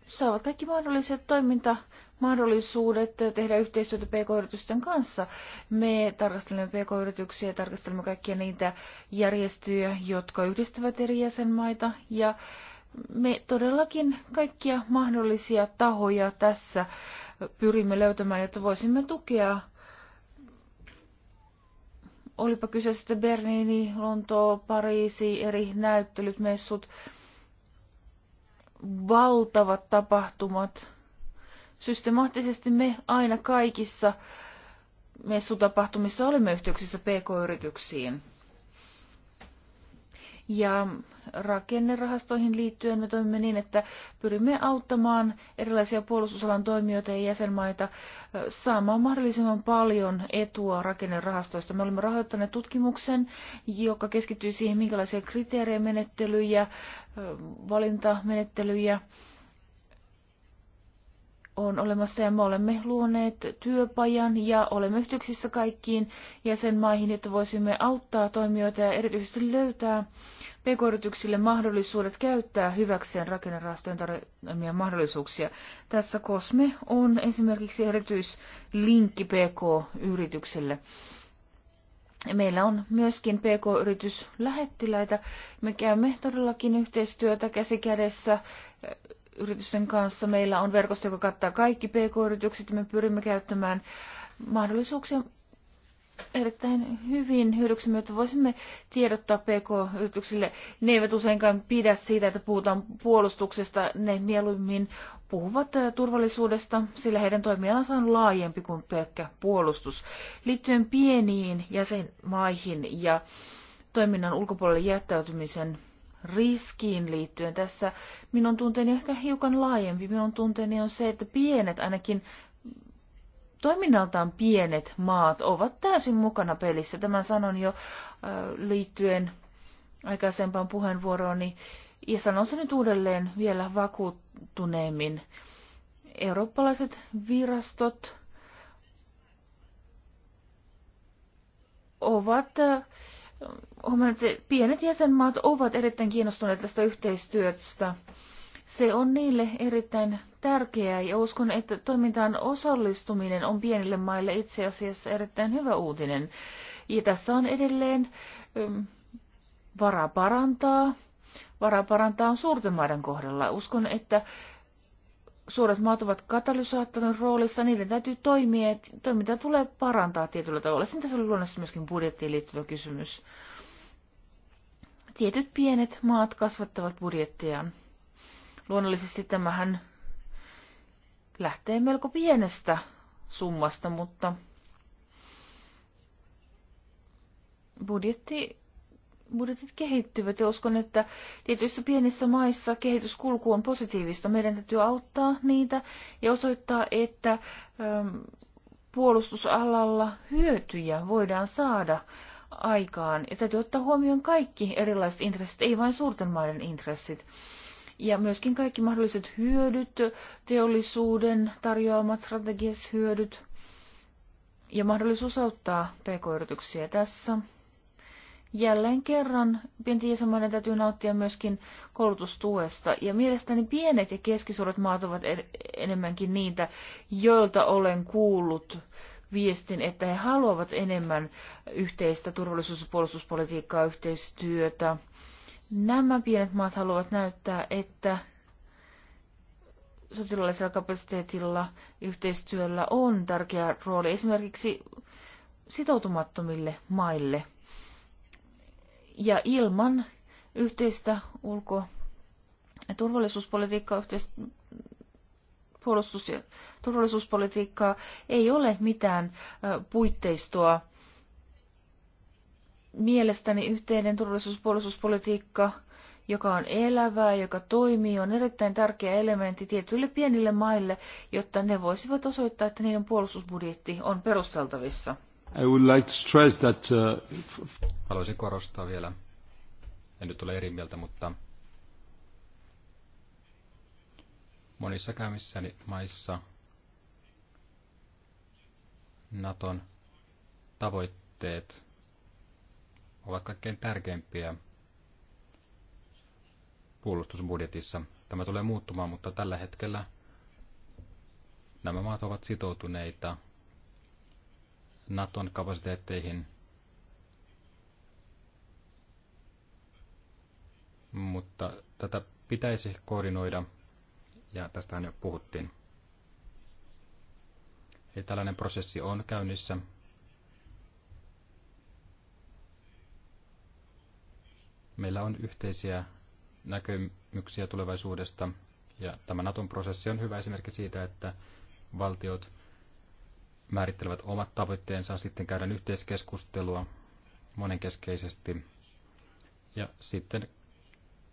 Saavat kaikki mahdolliset toimintamahdollisuudet tehdä yhteistyötä pk-yritysten kanssa. Me tarkastelemme pk-yrityksiä ja tarkastelemme kaikkia niitä järjestöjä, jotka yhdistävät eri jäsenmaita ja me todellakin kaikkia mahdollisia tahoja tässä pyrimme löytämään, jotta voisimme tukea Olipa kyse sitten Berniini, Lonto, Pariisi, eri näyttelyt, messut, valtavat tapahtumat. Systemaattisesti me aina kaikissa messutapahtumissa olemme yhteyksissä pk-yrityksiin. Ja rakennerahastoihin liittyen me toimimme niin, että pyrimme auttamaan erilaisia puolustusalan toimijoita ja jäsenmaita saamaan mahdollisimman paljon etua rakennerahastoista. Me olemme rahoittaneet tutkimuksen, joka keskittyy siihen, minkälaisia kriteerejä, menettelyjä, valintamenettelyjä, menettelyjä on olemassa ja me olemme luoneet työpajan ja olemme yhteyksissä kaikkiin jäsenmaihin, että voisimme auttaa toimijoita ja erityisesti löytää pk-yrityksille mahdollisuudet käyttää hyväkseen rakennerahastojen tarjoamia mahdollisuuksia. Tässä COSME on esimerkiksi erityislinkki pk-yritykselle. Meillä on myöskin PK-yrityslähettiläitä. Me käymme todellakin yhteistyötä käsikädessä yritysten kanssa. Meillä on verkosto, joka kattaa kaikki pk-yritykset me pyrimme käyttämään mahdollisuuksia erittäin hyvin hyödyksemme, että voisimme tiedottaa PK-yrityksille. Ne eivät useinkaan pidä siitä, että puhutaan puolustuksesta. Ne mieluummin puhuvat turvallisuudesta, sillä heidän toimialansa on laajempi kuin pelkkä puolustus. Liittyen pieniin jäsenmaihin ja toiminnan ulkopuolelle jättäytymisen riskiin liittyen. Tässä minun tunteeni ehkä hiukan laajempi. Minun tunteeni on se, että pienet, ainakin toiminnaltaan pienet maat ovat täysin mukana pelissä. Tämän sanon jo liittyen aikaisempaan puheenvuorooni. Ja sanon sen nyt uudelleen vielä vakuuttuneemmin. Eurooppalaiset virastot ovat huomannut, että pienet jäsenmaat ovat erittäin kiinnostuneet tästä yhteistyöstä. Se on niille erittäin tärkeää ja uskon, että toimintaan osallistuminen on pienille maille itse asiassa erittäin hyvä uutinen. Ja tässä on edelleen varaa parantaa. Varaa parantaa on suurten maiden kohdalla. Uskon, että suuret maat ovat katalysaattorin roolissa, niiden täytyy toimia, toiminta toimintaa tulee parantaa tietyllä tavalla. Sitten tässä oli luonnollisesti myöskin budjettiin liittyvä kysymys tietyt pienet maat kasvattavat budjettiaan. Luonnollisesti tämähän lähtee melko pienestä summasta, mutta budjetti, budjetit kehittyvät ja uskon, että tietyissä pienissä maissa kehityskulku on positiivista. Meidän täytyy auttaa niitä ja osoittaa, että äm, puolustusalalla hyötyjä voidaan saada aikaan. Ja täytyy ottaa huomioon kaikki erilaiset intressit, ei vain suurten maiden intressit. Ja myöskin kaikki mahdolliset hyödyt, teollisuuden tarjoamat strategiset hyödyt ja mahdollisuus auttaa pk-yrityksiä tässä. Jälleen kerran pienten jäsenmaiden täytyy nauttia myöskin koulutustuesta. Ja mielestäni pienet ja keskisuuret maat ovat enemmänkin niitä, joilta olen kuullut viestin, että he haluavat enemmän yhteistä turvallisuus- ja puolustuspolitiikkaa, yhteistyötä. Nämä pienet maat haluavat näyttää, että sotilaallisella kapasiteetilla yhteistyöllä on tärkeä rooli esimerkiksi sitoutumattomille maille. Ja ilman yhteistä ulko- ja turvallisuuspolitiikkaa yhteistyötä puolustus- ja turvallisuuspolitiikkaa, ei ole mitään puitteistoa. Mielestäni yhteinen turvallisuus- ja puolustuspolitiikka, joka on elävää, joka toimii, on erittäin tärkeä elementti tietyille pienille maille, jotta ne voisivat osoittaa, että niiden puolustusbudjetti on perusteltavissa. I would like to stress that, uh... Haluaisin korostaa vielä, en nyt ole eri mieltä, mutta Monissa käymissä maissa Naton tavoitteet ovat kaikkein tärkeimpiä puolustusbudjetissa. Tämä tulee muuttumaan, mutta tällä hetkellä nämä maat ovat sitoutuneita Naton kapasiteetteihin, mutta tätä pitäisi koordinoida ja tästähän jo puhuttiin. Eli tällainen prosessi on käynnissä. Meillä on yhteisiä näkemyksiä tulevaisuudesta, ja tämä Naton prosessi on hyvä esimerkki siitä, että valtiot määrittelevät omat tavoitteensa, sitten käydään yhteiskeskustelua monenkeskeisesti, ja sitten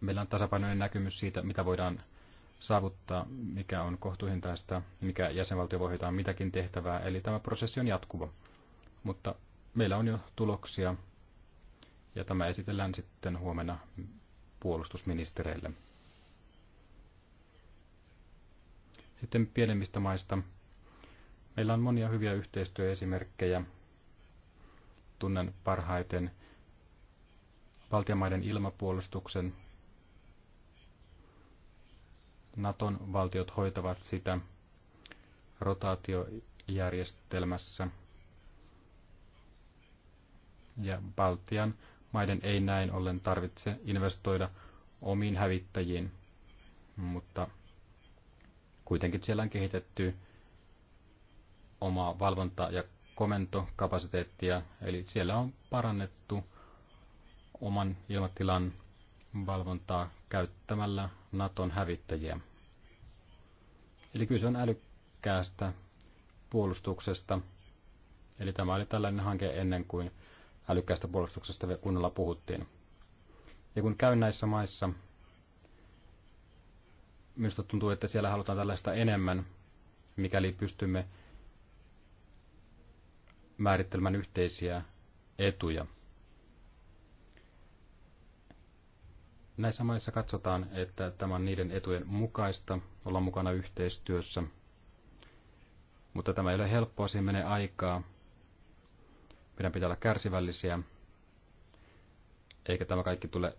meillä on tasapainoinen näkymys siitä, mitä voidaan saavuttaa, mikä on kohtuuhintaista, mikä jäsenvaltio voi hoitaa mitäkin tehtävää. Eli tämä prosessi on jatkuva. Mutta meillä on jo tuloksia ja tämä esitellään sitten huomenna puolustusministereille. Sitten pienemmistä maista. Meillä on monia hyviä yhteistyöesimerkkejä. Tunnen parhaiten valtiamaiden ilmapuolustuksen Naton valtiot hoitavat sitä rotaatiojärjestelmässä. Ja Baltian maiden ei näin ollen tarvitse investoida omiin hävittäjiin, mutta kuitenkin siellä on kehitetty omaa valvonta- ja komentokapasiteettia, eli siellä on parannettu oman ilmatilan valvontaa käyttämällä Naton hävittäjiä. Eli kyse on älykkäästä puolustuksesta. Eli tämä oli tällainen hanke ennen kuin älykkäästä puolustuksesta kunnolla puhuttiin. Ja kun käyn näissä maissa, minusta tuntuu, että siellä halutaan tällaista enemmän, mikäli pystymme määrittelemään yhteisiä etuja. Näissä maissa katsotaan, että tämä on niiden etujen mukaista olla mukana yhteistyössä, mutta tämä ei ole helppoa, siihen menee aikaa. Meidän pitää olla kärsivällisiä, eikä tämä kaikki tule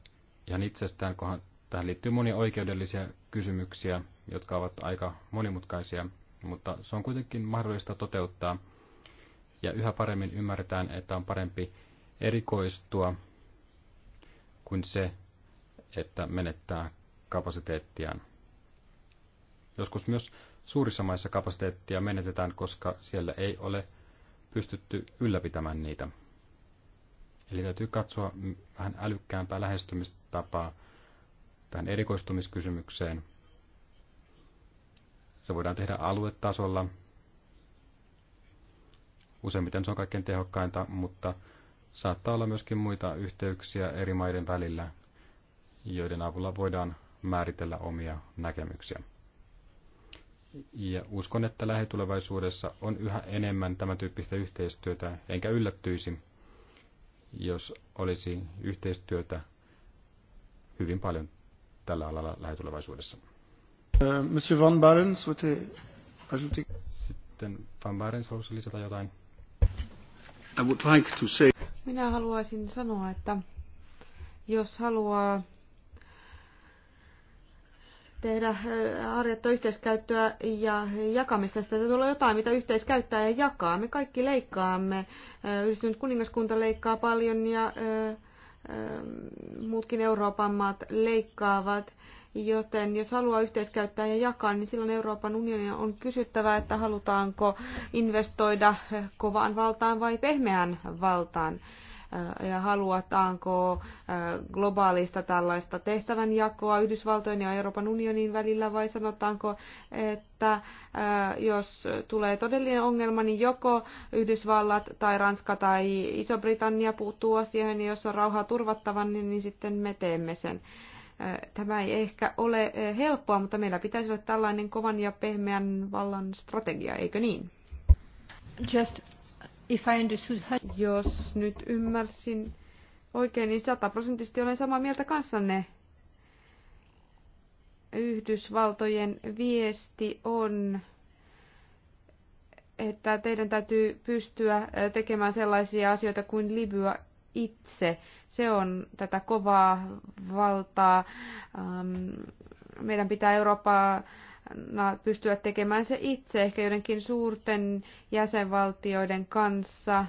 ihan itsestään, kunhan tähän liittyy monia oikeudellisia kysymyksiä, jotka ovat aika monimutkaisia, mutta se on kuitenkin mahdollista toteuttaa. Ja yhä paremmin ymmärretään, että on parempi erikoistua kuin se, että menettää kapasiteettiaan. Joskus myös suurissa maissa kapasiteettia menetetään, koska siellä ei ole pystytty ylläpitämään niitä. Eli täytyy katsoa vähän älykkäämpää lähestymistapaa tähän erikoistumiskysymykseen. Se voidaan tehdä aluetasolla. Useimmiten se on kaikkein tehokkainta, mutta saattaa olla myöskin muita yhteyksiä eri maiden välillä, joiden avulla voidaan määritellä omia näkemyksiä. Ja uskon, että lähitulevaisuudessa on yhä enemmän tämän tyyppistä yhteistyötä, enkä yllättyisi, jos olisi yhteistyötä hyvin paljon tällä alalla lähitulevaisuudessa. Äh, Monsieur Van Baren, Sitten Van Baren, haluaisi lisätä jotain? I would like to say... Minä haluaisin sanoa, että jos haluaa tehdä harjoittaa yhteiskäyttöä ja jakamista. Sitä täytyy olla jotain, mitä yhteiskäyttää ja jakaa. Me kaikki leikkaamme. Yhdistynyt kuningaskunta leikkaa paljon ja muutkin Euroopan maat leikkaavat. Joten jos haluaa yhteiskäyttää ja jakaa, niin silloin Euroopan unionin on kysyttävä, että halutaanko investoida kovaan valtaan vai pehmeään valtaan. Äh, ja haluataanko äh, globaalista tällaista tehtävänjakoa Yhdysvaltojen ja Euroopan unionin välillä vai sanotaanko, että äh, jos tulee todellinen ongelma, niin joko Yhdysvallat tai Ranska tai Iso-Britannia puuttuu asioihin ja jos on rauhaa turvattava, niin, niin sitten me teemme sen. Tämä ei ehkä ole helppoa, mutta meillä pitäisi olla tällainen kovan ja pehmeän vallan strategia, eikö niin? Just If I understood her... Jos nyt ymmärsin oikein, niin sataprosenttisesti olen samaa mieltä kanssanne. Yhdysvaltojen viesti on, että teidän täytyy pystyä tekemään sellaisia asioita kuin Libya itse. Se on tätä kovaa valtaa. Meidän pitää Eurooppaa pystyä tekemään se itse, ehkä joidenkin suurten jäsenvaltioiden kanssa,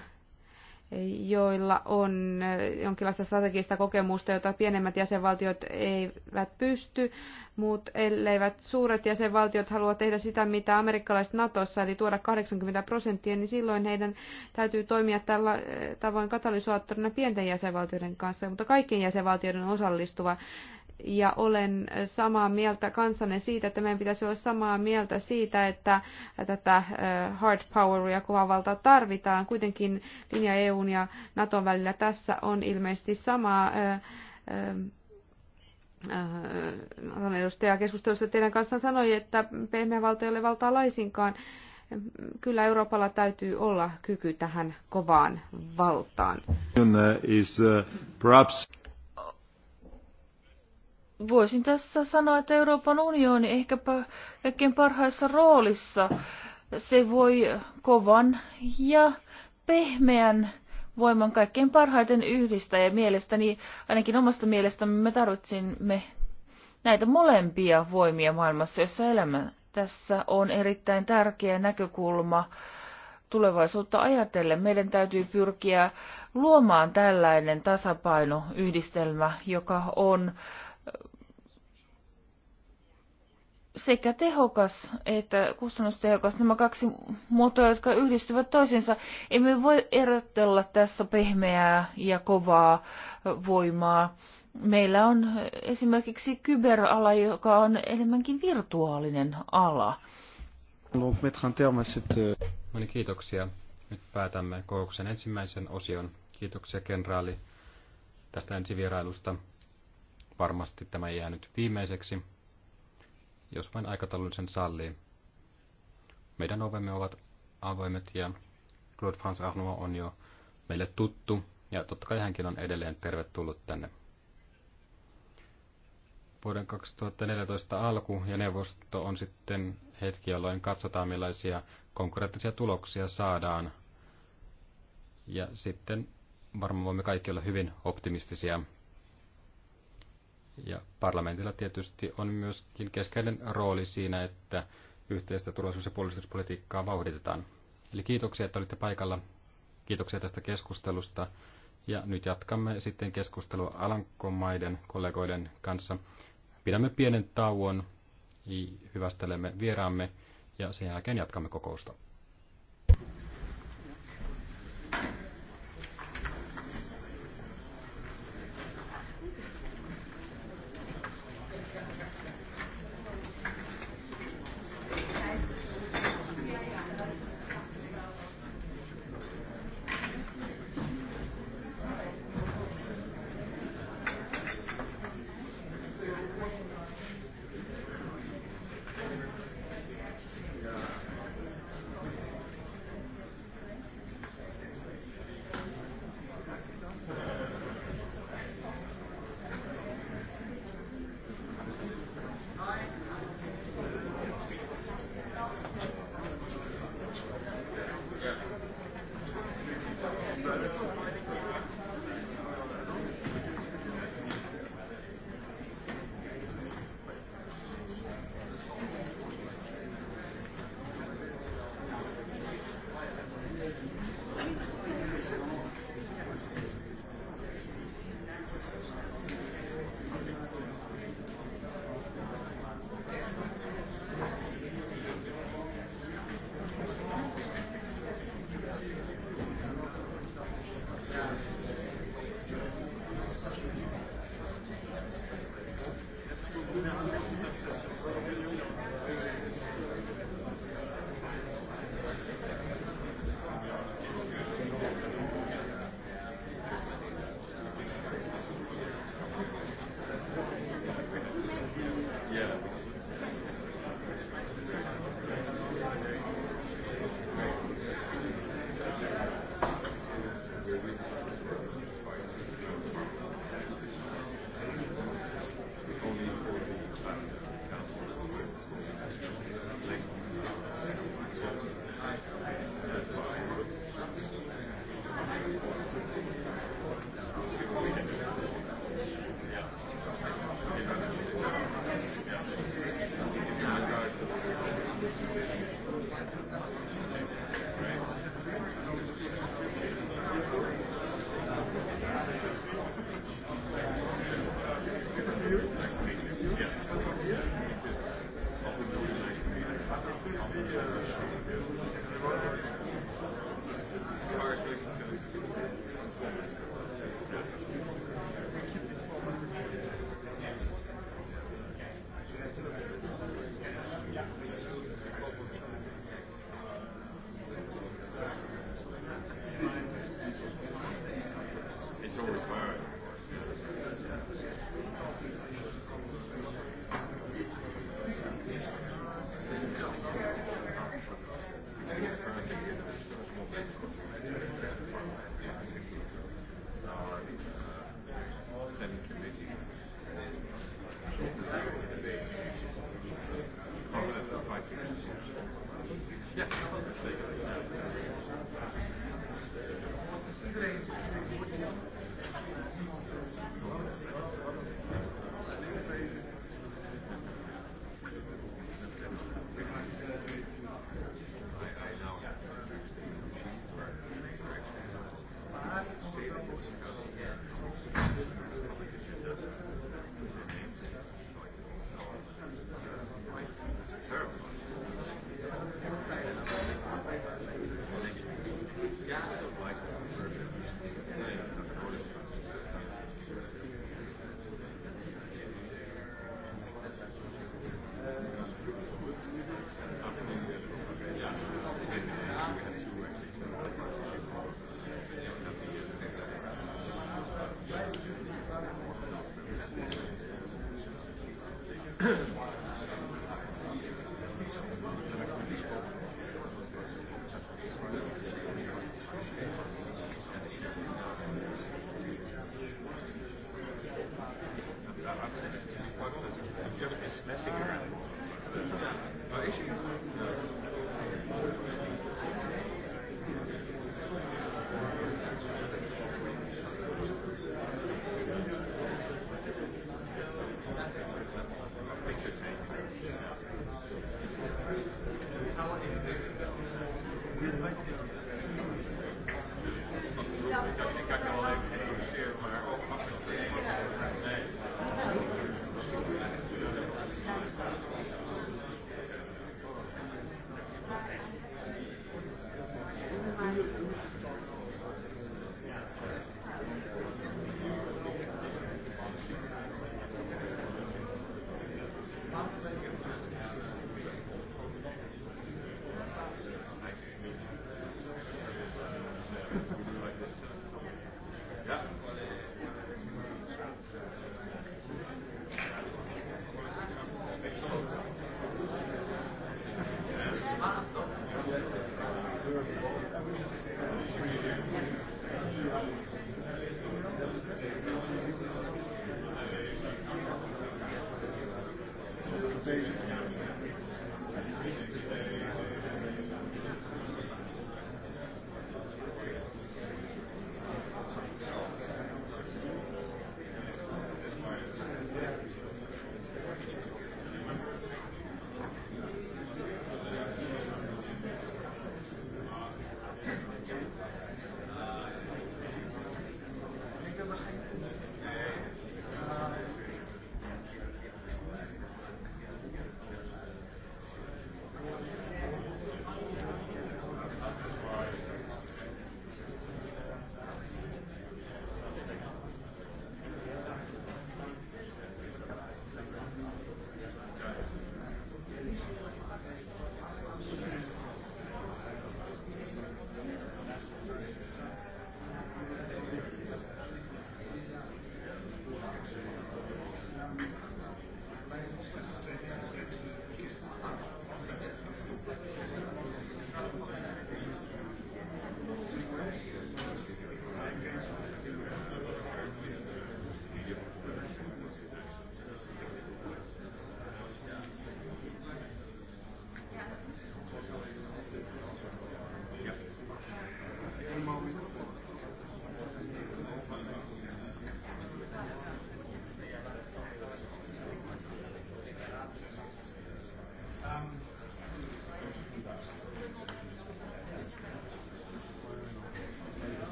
joilla on jonkinlaista strategista kokemusta, jota pienemmät jäsenvaltiot eivät pysty, mutta elleivät suuret jäsenvaltiot halua tehdä sitä, mitä amerikkalaiset Natossa, eli tuoda 80 prosenttia, niin silloin heidän täytyy toimia tällä tavoin katalysaattorina pienten jäsenvaltioiden kanssa, mutta kaikkien jäsenvaltioiden osallistuva ja olen samaa mieltä kanssanne siitä, että meidän pitäisi olla samaa mieltä siitä, että tätä äh, hard poweria valta tarvitaan. Kuitenkin linja EUn ja Naton välillä tässä on ilmeisesti samaa äh, äh, Naton edustaja keskustelussa teidän kanssa sanoi, että pehmeä valta ei ole valtaa laisinkaan. Kyllä Euroopalla täytyy olla kyky tähän kovaan valtaan. Is, uh, perhaps voisin tässä sanoa, että Euroopan unioni ehkäpä kaikkein parhaissa roolissa se voi kovan ja pehmeän voiman kaikkein parhaiten yhdistää ja mielestäni, ainakin omasta mielestämme me tarvitsimme näitä molempia voimia maailmassa, jossa elämä tässä on erittäin tärkeä näkökulma tulevaisuutta ajatellen. Meidän täytyy pyrkiä luomaan tällainen tasapainoyhdistelmä, joka on sekä tehokas että kustannustehokas, nämä kaksi muotoa, jotka yhdistyvät toisiinsa. Emme voi erottella tässä pehmeää ja kovaa voimaa. Meillä on esimerkiksi kyberala, joka on enemmänkin virtuaalinen ala. Moni euh, no niin, kiitoksia. Nyt päätämme kokouksen ensimmäisen osion. Kiitoksia kenraali tästä ensivierailusta. Varmasti tämä ei jäänyt viimeiseksi jos vain aikataulu sen sallii. Meidän ovemme ovat avoimet ja Claude France Arnois on jo meille tuttu ja totta kai hänkin on edelleen tervetullut tänne. Vuoden 2014 alku ja neuvosto on sitten hetki, jolloin katsotaan millaisia konkreettisia tuloksia saadaan. Ja sitten varmaan voimme kaikki olla hyvin optimistisia ja parlamentilla tietysti on myöskin keskeinen rooli siinä, että yhteistä turvallisuus- ja puolustuspolitiikkaa vauhditetaan. Eli kiitoksia, että olitte paikalla. Kiitoksia tästä keskustelusta. Ja nyt jatkamme sitten keskustelua Alankomaiden kollegoiden kanssa. Pidämme pienen tauon, hyvästelemme vieraamme ja sen jälkeen jatkamme kokousta.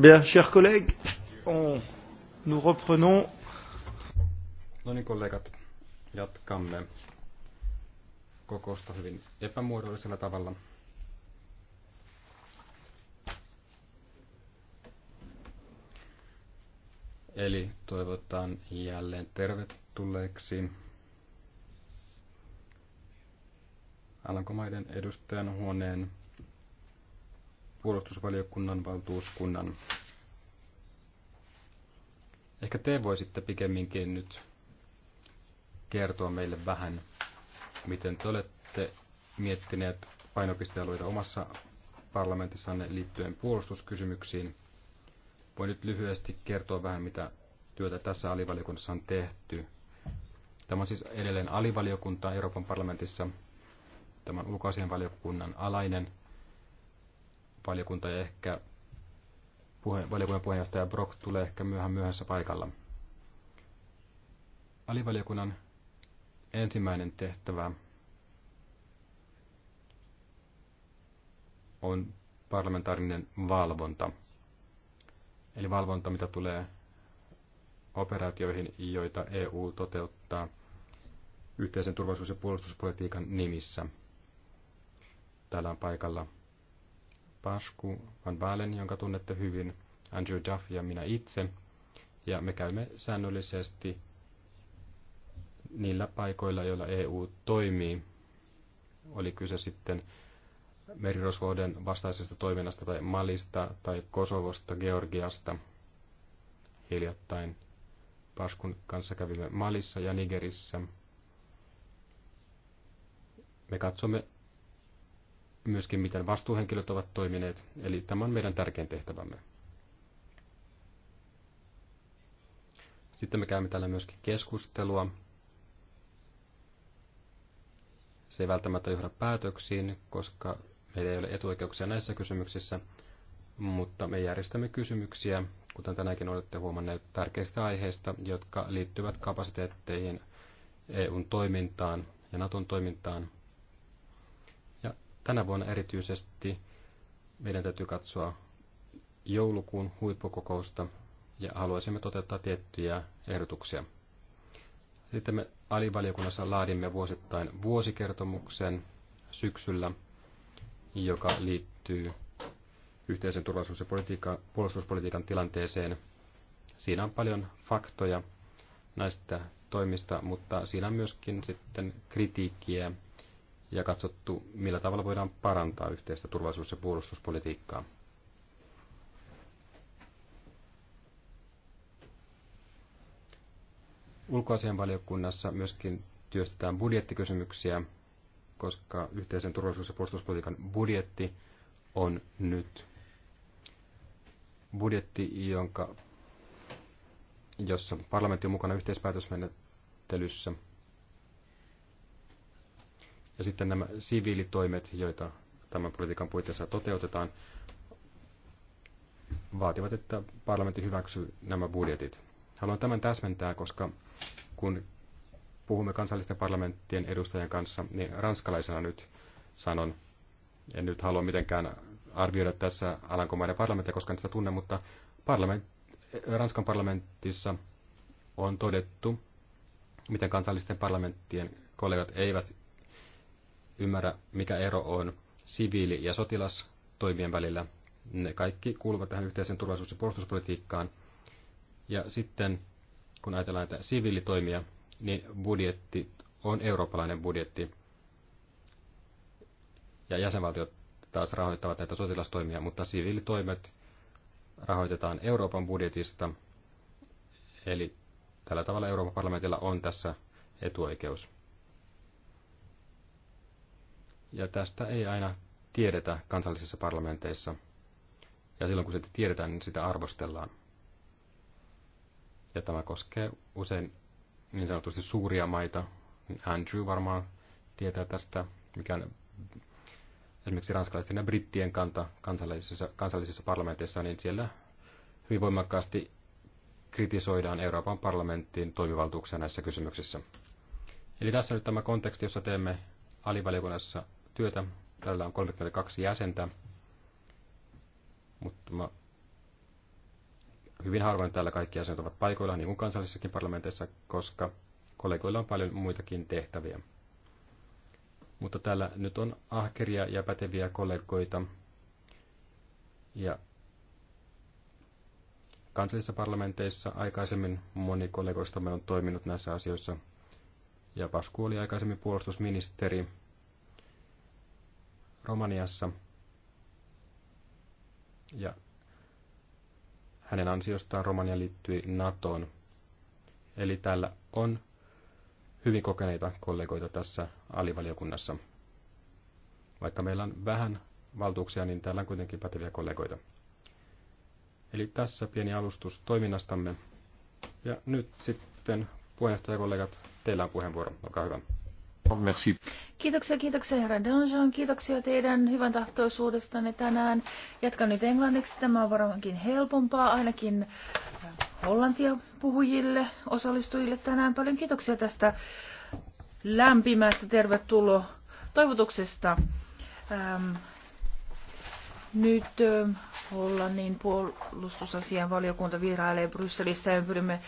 Bien, chers collègues, on, nous reprenons. No niin, kollegat, jatkamme kokousta hyvin epämuodollisella tavalla. Eli toivotan jälleen tervetulleeksi Alankomaiden edustajan huoneen puolustusvaliokunnan valtuuskunnan. Ehkä te voisitte pikemminkin nyt kertoa meille vähän, miten te olette miettineet painopistealueita omassa parlamentissanne liittyen puolustuskysymyksiin. Voin nyt lyhyesti kertoa vähän, mitä työtä tässä alivaliokunnassa on tehty. Tämä on siis edelleen alivaliokunta Euroopan parlamentissa. tämän ulkoasianvaliokunnan alainen valiokunta ja ehkä puhe, valiokunnan puheenjohtaja Brock tulee ehkä myöhään myöhässä paikalla. Alivaliokunnan ensimmäinen tehtävä on parlamentaarinen valvonta. Eli valvonta, mitä tulee operaatioihin, joita EU toteuttaa yhteisen turvallisuus- ja puolustuspolitiikan nimissä. Täällä on paikalla Pasku Van Baalen, jonka tunnette hyvin, Andrew Duff ja minä itse. Ja me käymme säännöllisesti niillä paikoilla, joilla EU toimii. Oli kyse sitten merirosvouden vastaisesta toiminnasta tai Malista tai Kosovosta, Georgiasta. Hiljattain Paskun kanssa kävimme Malissa ja Nigerissä. Me katsomme myöskin, miten vastuuhenkilöt ovat toimineet. Eli tämä on meidän tärkein tehtävämme. Sitten me käymme täällä myöskin keskustelua. Se ei välttämättä johda päätöksiin, koska meillä ei ole etuoikeuksia näissä kysymyksissä, mutta me järjestämme kysymyksiä, kuten tänäänkin olette huomanneet, tärkeistä aiheista, jotka liittyvät kapasiteetteihin, EUn toimintaan ja Naton toimintaan. Tänä vuonna erityisesti meidän täytyy katsoa joulukuun huippukokousta ja haluaisimme toteuttaa tiettyjä ehdotuksia. Sitten me alivaliokunnassa laadimme vuosittain vuosikertomuksen syksyllä, joka liittyy yhteisen turvallisuus- ja puolustuspolitiikan tilanteeseen. Siinä on paljon faktoja näistä toimista, mutta siinä on myöskin sitten kritiikkiä ja katsottu, millä tavalla voidaan parantaa yhteistä turvallisuus- ja puolustuspolitiikkaa. Ulkoasianvaliokunnassa myöskin työstetään budjettikysymyksiä, koska yhteisen turvallisuus- ja puolustuspolitiikan budjetti on nyt budjetti, jonka, jossa parlamentti on mukana yhteispäätösmenettelyssä – ja sitten nämä siviilitoimet, joita tämän politiikan puitteissa toteutetaan, vaativat, että parlamentti hyväksyy nämä budjetit. Haluan tämän täsmentää, koska kun puhumme kansallisten parlamenttien edustajien kanssa, niin ranskalaisena nyt sanon, en nyt halua mitenkään arvioida tässä Alankomaiden parlamenttia, koska en sitä tunne, mutta parlament, Ranskan parlamentissa on todettu, miten kansallisten parlamenttien kollegat eivät ymmärrä, mikä ero on siviili- ja sotilastoimien välillä. Ne kaikki kuuluvat tähän yhteisen turvallisuus- ja puolustuspolitiikkaan. Ja sitten, kun ajatellaan näitä siviilitoimia, niin budjetti on eurooppalainen budjetti. Ja jäsenvaltiot taas rahoittavat näitä sotilastoimia, mutta siviilitoimet rahoitetaan Euroopan budjetista. Eli tällä tavalla Euroopan parlamentilla on tässä etuoikeus ja tästä ei aina tiedetä kansallisissa parlamenteissa. Ja silloin kun sitä tiedetään, niin sitä arvostellaan. Ja tämä koskee usein niin sanotusti suuria maita. Niin Andrew varmaan tietää tästä, mikä on esimerkiksi ranskalaisten ja brittien kanta kansallisissa, kansallisissa parlamenteissa, niin siellä hyvin voimakkaasti kritisoidaan Euroopan parlamenttiin toimivaltuuksia näissä kysymyksissä. Eli tässä nyt tämä konteksti, jossa teemme alivaliokunnassa työtä. Täällä on 32 jäsentä, mutta mä hyvin harvoin täällä kaikki jäsenet ovat paikoilla, niin kuin kansallisissakin parlamenteissa, koska kollegoilla on paljon muitakin tehtäviä. Mutta täällä nyt on ahkeria ja päteviä kollegoita. Ja kansallisissa parlamenteissa aikaisemmin moni kollegoista on toiminut näissä asioissa. Ja Pasku oli aikaisemmin puolustusministeri Romaniassa. Ja hänen ansiostaan Romania liittyi NATOon. Eli täällä on hyvin kokeneita kollegoita tässä alivaliokunnassa. Vaikka meillä on vähän valtuuksia, niin täällä on kuitenkin päteviä kollegoita. Eli tässä pieni alustus toiminnastamme. Ja nyt sitten puheenjohtajakollegat, teillä on puheenvuoro. Olkaa hyvä. Merci. Kiitoksia, kiitoksia herra Donjon. Kiitoksia teidän hyvän tahtoisuudestanne tänään. Jatkan nyt englanniksi. Tämä on varmaankin helpompaa ainakin äh, hollantia puhujille, osallistujille tänään. Paljon kiitoksia tästä lämpimästä tervetuloa toivotuksesta. Ähm, nyt äh, Hollannin puolustusasian valiokunta vierailee Brysselissä ja pyrimme äh,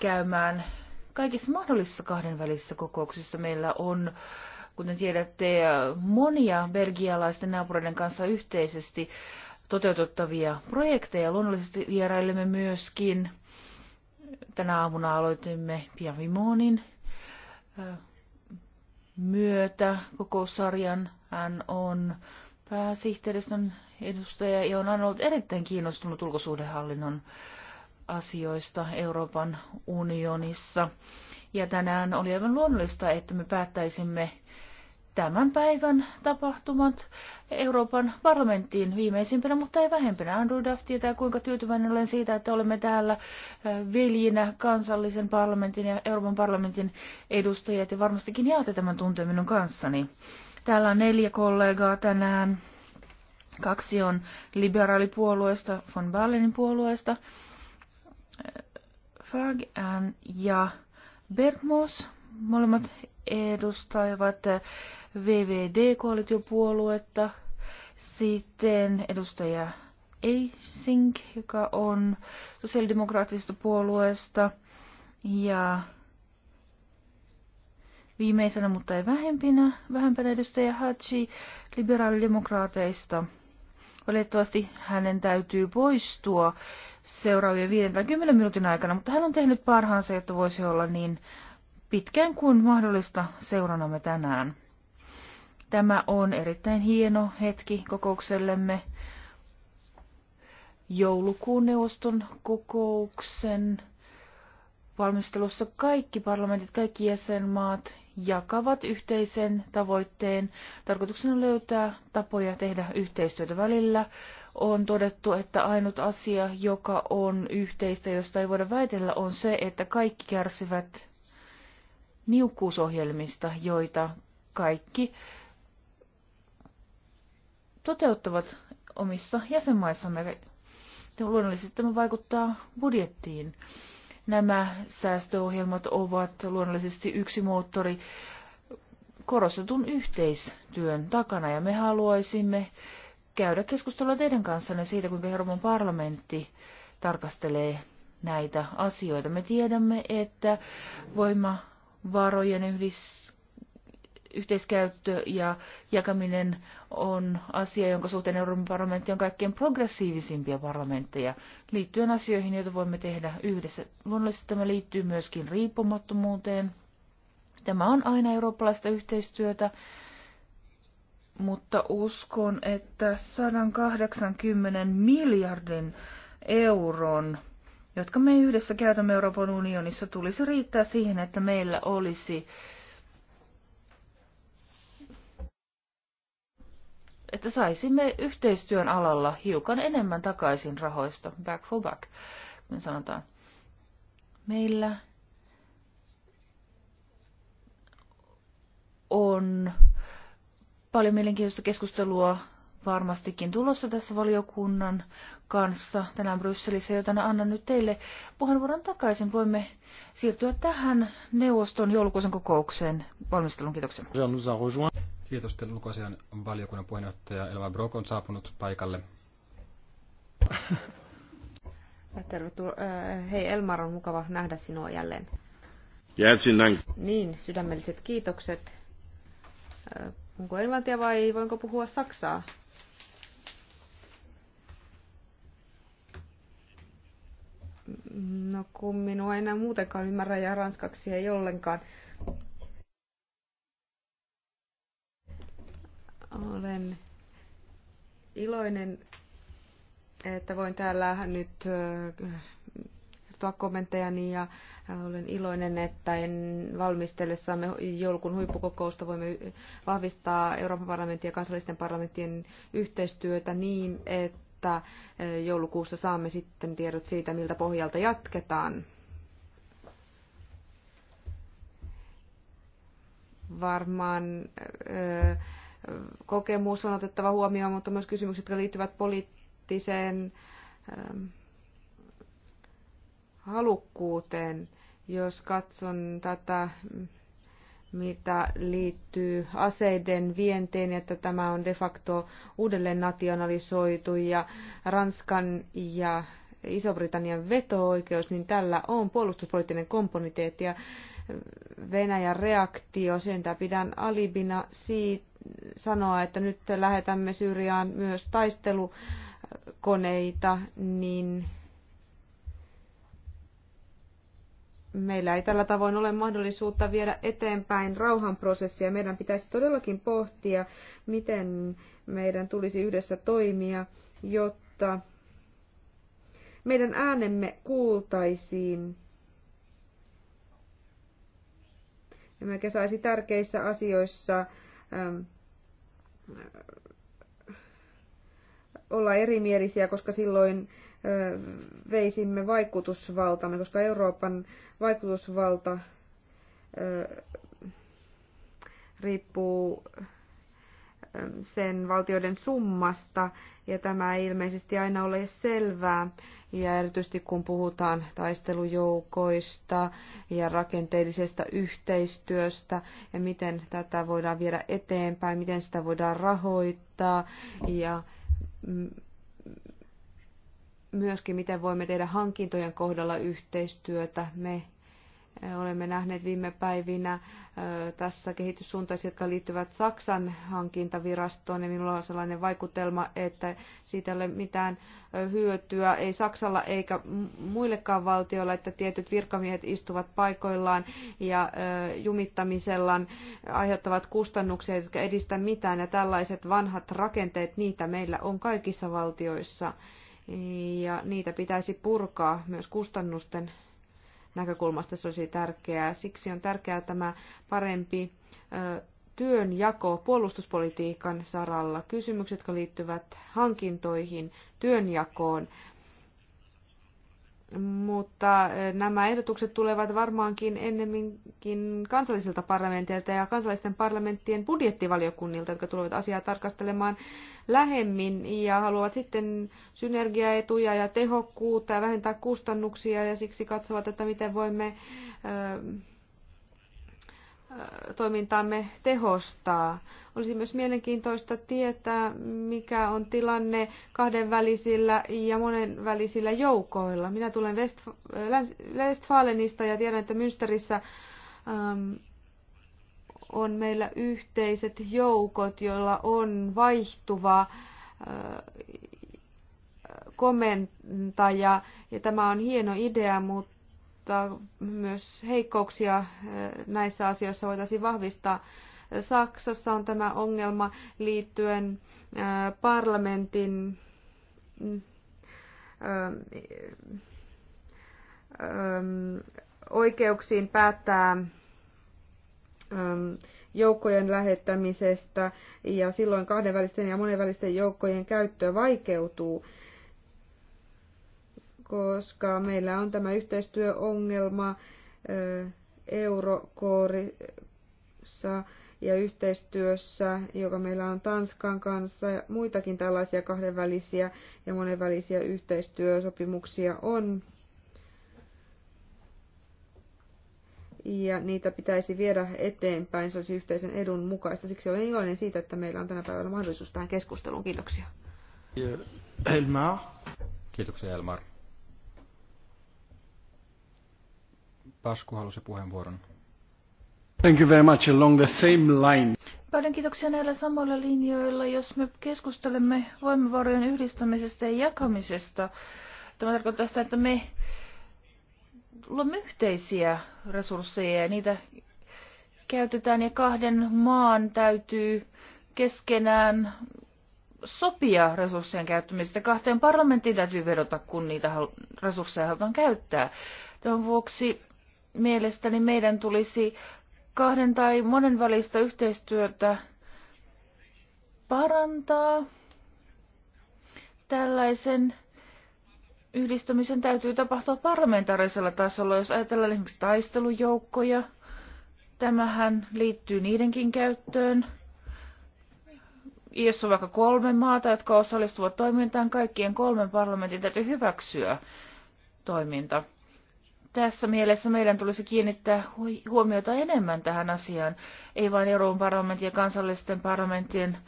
käymään kaikissa mahdollisissa kahdenvälisissä kokouksissa meillä on, kuten tiedätte, monia belgialaisten naapureiden kanssa yhteisesti toteutettavia projekteja. Luonnollisesti vierailemme myöskin. Tänä aamuna aloitimme Vimonin myötä kokoussarjan. Hän on pääsihteeristön edustaja ja on aina ollut erittäin kiinnostunut ulkosuhdehallinnon asioista Euroopan unionissa. Ja tänään oli aivan luonnollista, että me päättäisimme tämän päivän tapahtumat Euroopan parlamenttiin viimeisimpänä, mutta ei vähempänä. Andrew Duff tietää, kuinka tyytyväinen olen siitä, että olemme täällä veljinä kansallisen parlamentin ja Euroopan parlamentin edustajat ja varmastikin jaatte tämän tunteen minun kanssani. Täällä on neljä kollegaa tänään. Kaksi on liberaalipuolueesta, von Ballenin puolueesta. Frag ähm, ja Bergmos, molemmat edustaivat äh, VVD-koalitiopuoluetta. Sitten edustaja Eising, joka on sosiaalidemokraattisesta puolueesta. Ja viimeisenä, mutta ei vähempinä, vähempänä edustaja Hachi liberaalidemokraateista. Valitettavasti hänen täytyy poistua seuraavien 50 minuutin aikana, mutta hän on tehnyt parhaansa, jotta voisi olla niin pitkään kuin mahdollista seuranamme tänään. Tämä on erittäin hieno hetki kokouksellemme. Joulukuun neuvoston kokouksen valmistelussa kaikki parlamentit, kaikki jäsenmaat jakavat yhteisen tavoitteen. Tarkoituksena löytää tapoja tehdä yhteistyötä välillä. On todettu, että ainut asia, joka on yhteistä, josta ei voida väitellä, on se, että kaikki kärsivät niukkuusohjelmista, joita kaikki toteuttavat omissa jäsenmaissamme. Luonnollisesti tämä vaikuttaa budjettiin. Nämä säästöohjelmat ovat luonnollisesti yksi moottori korostetun yhteistyön takana ja me haluaisimme käydä keskustelua teidän kanssanne siitä, kuinka Euroopan parlamentti tarkastelee näitä asioita. Me tiedämme, että voimavarojen yhdistys yhteiskäyttö ja jakaminen on asia, jonka suhteen Euroopan parlamentti on kaikkein progressiivisimpia parlamentteja liittyen asioihin, joita voimme tehdä yhdessä. Luonnollisesti tämä liittyy myöskin riippumattomuuteen. Tämä on aina eurooppalaista yhteistyötä, mutta uskon, että 180 miljardin euron jotka me yhdessä käytämme Euroopan unionissa, tulisi riittää siihen, että meillä olisi että saisimme yhteistyön alalla hiukan enemmän takaisin rahoista, back for back, kun sanotaan. Meillä on paljon mielenkiintoista keskustelua varmastikin tulossa tässä valiokunnan kanssa tänään Brysselissä, joten annan nyt teille puheenvuoron takaisin. Voimme siirtyä tähän neuvoston joulukuisen kokoukseen. Valmistelun kiitoksia. Kiitos teille ulkoasian valiokunnan puheenjohtaja Elva Brok on saapunut paikalle. Tervetuloa. Äh, hei Elmar, on mukava nähdä sinua jälleen. Jätsinän. Niin, sydämelliset kiitokset. Äh, onko englantia vai voinko puhua saksaa? Mm, no kun minua ei enää muutenkaan ymmärrä ja ranskaksi ei ollenkaan. Olen iloinen, että voin täällä nyt kertoa kommenttejani ja olen iloinen, että en valmistellessamme joulukuun huippukokousta voimme vahvistaa Euroopan parlamentin ja kansallisten parlamenttien yhteistyötä niin, että joulukuussa saamme sitten tiedot siitä, miltä pohjalta jatketaan. Varmaan äh, kokemus on otettava huomioon, mutta myös kysymykset, jotka liittyvät poliittiseen ähm, halukkuuteen. Jos katson tätä, mitä liittyy aseiden vienteen, että tämä on de facto uudelleen nationalisoitu ja Ranskan ja Iso-Britannian veto-oikeus, niin tällä on puolustuspoliittinen komponiteetti ja Venäjän reaktio, sen pidän alibina siitä, sanoa, että nyt lähetämme Syyriaan myös taistelukoneita, niin meillä ei tällä tavoin ole mahdollisuutta viedä eteenpäin rauhanprosessia. Meidän pitäisi todellakin pohtia, miten meidän tulisi yhdessä toimia, jotta meidän äänemme kuultaisiin. Emmekä saisi tärkeissä asioissa olla erimielisiä, koska silloin veisimme vaikutusvaltamme, koska Euroopan vaikutusvalta riippuu sen valtioiden summasta, ja tämä ei ilmeisesti aina ole selvää, ja erityisesti kun puhutaan taistelujoukoista ja rakenteellisesta yhteistyöstä, ja miten tätä voidaan viedä eteenpäin, miten sitä voidaan rahoittaa, ja myöskin miten voimme tehdä hankintojen kohdalla yhteistyötä. Me Olemme nähneet viime päivinä tässä kehityssuuntaisia, jotka liittyvät Saksan hankintavirastoon, ja minulla on sellainen vaikutelma, että siitä ei ole mitään hyötyä, ei Saksalla eikä muillekaan valtioilla, että tietyt virkamiehet istuvat paikoillaan ja jumittamisellaan aiheuttavat kustannuksia, jotka edistä mitään, ja tällaiset vanhat rakenteet, niitä meillä on kaikissa valtioissa, ja niitä pitäisi purkaa myös kustannusten näkökulmasta se olisi tärkeää. Siksi on tärkeää tämä parempi työnjako puolustuspolitiikan saralla. Kysymykset, jotka liittyvät hankintoihin, työnjakoon, mutta eh, nämä ehdotukset tulevat varmaankin ennemminkin kansallisilta parlamenteilta ja kansallisten parlamenttien budjettivaliokunnilta, jotka tulevat asiaa tarkastelemaan lähemmin ja haluavat sitten synergiaetuja ja tehokkuutta ja vähentää kustannuksia ja siksi katsovat, että miten voimme eh, toimintaamme tehostaa. Olisi myös mielenkiintoista tietää, mikä on tilanne kahdenvälisillä ja monenvälisillä joukoilla. Minä tulen Westfalenista ja tiedän, että Münsterissä ähm, on meillä yhteiset joukot, joilla on vaihtuva äh, komentaja. Ja tämä on hieno idea, mutta mutta myös heikkouksia eh, näissä asioissa voitaisiin vahvistaa. Saksassa on tämä ongelma liittyen eh, parlamentin mm, eh, oikeuksiin päättää joukkojen lähettämisestä ja silloin kahdenvälisten ja monenvälisten joukkojen käyttö vaikeutuu koska meillä on tämä yhteistyöongelma eurokoorissa ja yhteistyössä, joka meillä on Tanskan kanssa. Ja muitakin tällaisia kahdenvälisiä ja monenvälisiä yhteistyösopimuksia on. Ja niitä pitäisi viedä eteenpäin, se olisi yhteisen edun mukaista. Siksi olen iloinen siitä, että meillä on tänä päivänä mahdollisuus tähän keskusteluun. Kiitoksia. Elmar. Kiitoksia Elmar. Pasku halusi puheenvuoron. Thank you very much along the same line. Paljon kiitoksia näillä samoilla linjoilla. Jos me keskustelemme voimavarojen yhdistämisestä ja jakamisesta, tämä tarkoittaa sitä, että me luomme yhteisiä resursseja ja niitä käytetään ja kahden maan täytyy keskenään sopia resurssien käyttämisestä. Kahteen parlamenttiin täytyy vedota, kun niitä resursseja halutaan käyttää. Tämän vuoksi mielestäni meidän tulisi kahden tai monen välistä yhteistyötä parantaa. Tällaisen yhdistymisen täytyy tapahtua parlamentaarisella tasolla, jos ajatellaan esimerkiksi taistelujoukkoja. Tämähän liittyy niidenkin käyttöön. Jos on vaikka kolme maata, jotka osallistuvat toimintaan, kaikkien kolmen parlamentin täytyy hyväksyä toiminta tässä mielessä meidän tulisi kiinnittää huomiota enemmän tähän asiaan, ei vain Euroopan parlamentin ja kansallisten parlamenttien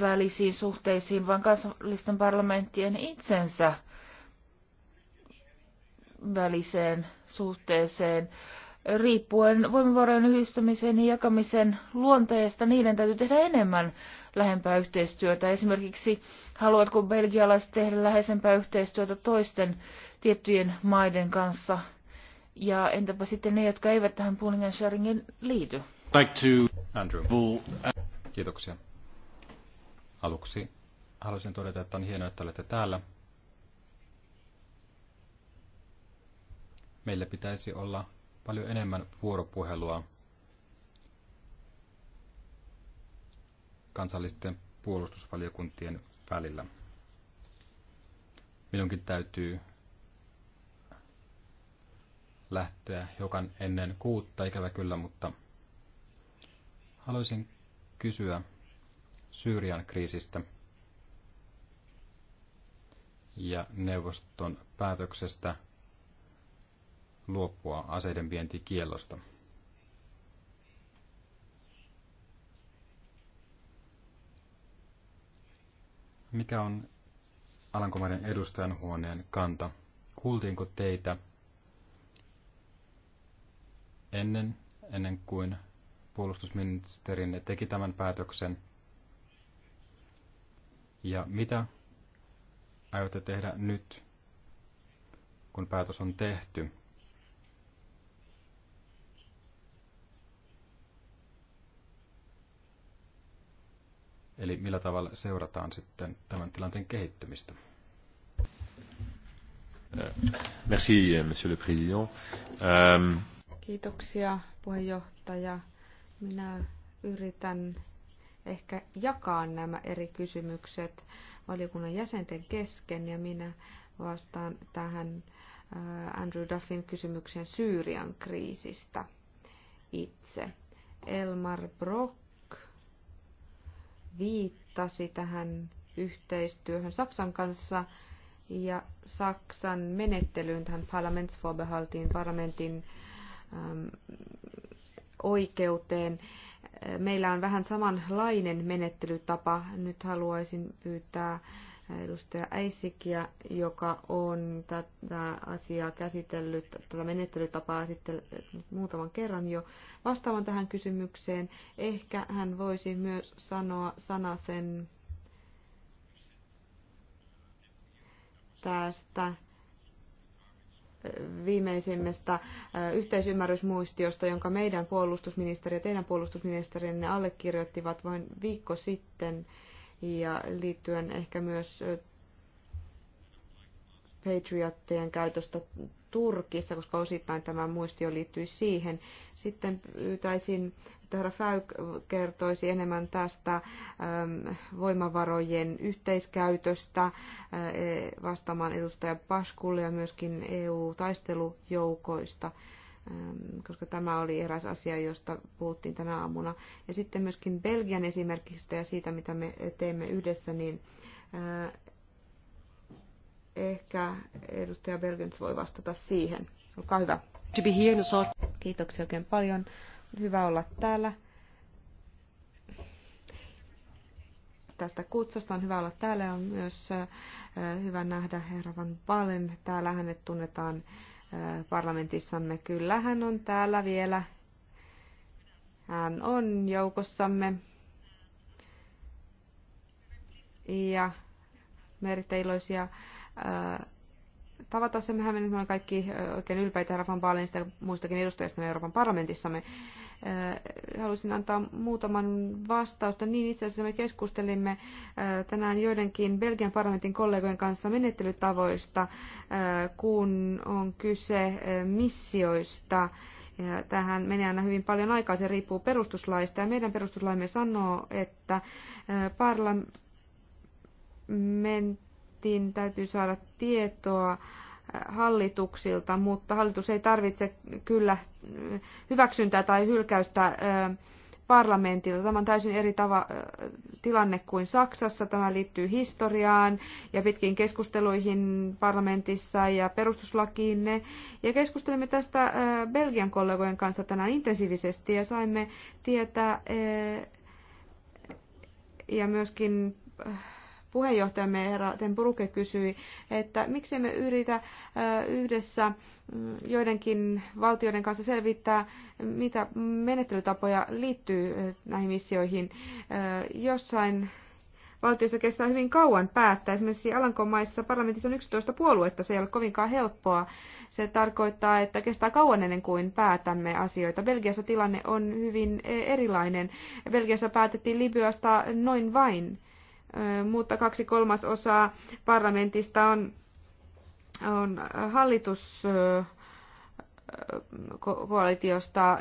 välisiin suhteisiin, vaan kansallisten parlamenttien itsensä väliseen suhteeseen. Riippuen voimavarojen yhdistämisen ja jakamisen luonteesta, niiden täytyy tehdä enemmän lähempää yhteistyötä. Esimerkiksi haluatko belgialaiset tehdä läheisempää yhteistyötä toisten tiettyjen maiden kanssa ja entäpä sitten ne, jotka eivät tähän pooling and sharingin liity? Back to Andrew. Uh- Kiitoksia. Aluksi haluaisin todeta, että on hienoa, että olette täällä. Meillä pitäisi olla paljon enemmän vuoropuhelua kansallisten puolustusvaliokuntien välillä. Minunkin täytyy lähteä hiukan ennen kuutta, ikävä kyllä, mutta haluaisin kysyä Syyrian kriisistä ja neuvoston päätöksestä luopua aseiden vientikiellosta. Mikä on Alankomaiden edustajan huoneen kanta? Kuultiinko teitä – ennen, ennen kuin puolustusministerinne teki tämän päätöksen? Ja mitä aiotte tehdä nyt, kun päätös on tehty? Eli millä tavalla seurataan sitten tämän tilanteen kehittymistä? Merci, monsieur le président. Euh, Kiitoksia puheenjohtaja. Minä yritän ehkä jakaa nämä eri kysymykset valiokunnan jäsenten kesken ja minä vastaan tähän äh, Andrew Duffin kysymykseen Syyrian kriisistä itse. Elmar Brock viittasi tähän yhteistyöhön Saksan kanssa ja Saksan menettelyyn tähän Parlamentsvorbehaltiin parlamentin Ähm, oikeuteen. Meillä on vähän samanlainen menettelytapa. Nyt haluaisin pyytää edustaja Äissikiä, joka on tätä asiaa käsitellyt, tätä menettelytapaa sitten muutaman kerran jo vastaavan tähän kysymykseen. Ehkä hän voisi myös sanoa sana sen tästä viimeisimmästä yhteisymmärrysmuistiosta, jonka meidän puolustusministeri ja teidän puolustusministerinne allekirjoittivat vain viikko sitten ja liittyen ehkä myös Patriottien käytöstä Turkissa, koska osittain tämä muistio liittyy siihen. Sitten pyytäisin, että herra Fäyk kertoisi enemmän tästä ähm, voimavarojen yhteiskäytöstä äh, vastaamaan edustaja Paskulle ja myöskin EU-taistelujoukoista ähm, koska tämä oli eräs asia, josta puhuttiin tänä aamuna. Ja sitten myöskin Belgian esimerkistä ja siitä, mitä me teemme yhdessä, niin äh, Ehkä edustaja Bergens voi vastata siihen. Olkaa hyvä. To be here, so... Kiitoksia oikein paljon. Hyvä olla täällä. Tästä kutsusta on hyvä olla täällä ja on myös hyvä nähdä herra Van Balen. Täällä hänet tunnetaan parlamentissamme. Kyllä hän on täällä vielä. Hän on joukossamme. Ja me erittäin iloisia tavata se. Mehän me kaikki oikein ylpeitä Rafan Baalinista ja muistakin edustajista Euroopan parlamentissamme. Haluaisin antaa muutaman vastausta. Niin itse asiassa me keskustelimme tänään joidenkin Belgian parlamentin kollegojen kanssa menettelytavoista, kun on kyse missioista. Ja tähän menee aina hyvin paljon aikaa, se riippuu perustuslaista. Ja meidän perustuslaimme sanoo, että parlamentti tarvittiin, täytyy saada tietoa äh, hallituksilta, mutta hallitus ei tarvitse kyllä äh, hyväksyntää tai hylkäystä äh, parlamentilta. Tämä on täysin eri tava, tilanne kuin Saksassa. Tämä liittyy historiaan ja pitkiin keskusteluihin parlamentissa ja perustuslakiinne. Ja keskustelimme tästä Belgian kollegojen kanssa tänään intensiivisesti ja saimme tietää ja myöskin puheenjohtajamme herra Tempuruke kysyi, että miksi me yritä yhdessä mm, joidenkin valtioiden kanssa selvittää, mitä menettelytapoja liittyy näihin missioihin. Jossain valtiossa kestää hyvin kauan päättää. Esimerkiksi Alankomaissa parlamentissa on 11 puoluetta, se ei ole kovinkaan helppoa. Se tarkoittaa, että kestää kauan ennen kuin päätämme asioita. Belgiassa tilanne on hyvin e, erilainen. Belgiassa päätettiin Libyasta noin vain mutta kaksi kolmasosaa parlamentista on, on hallituskoalitiosta.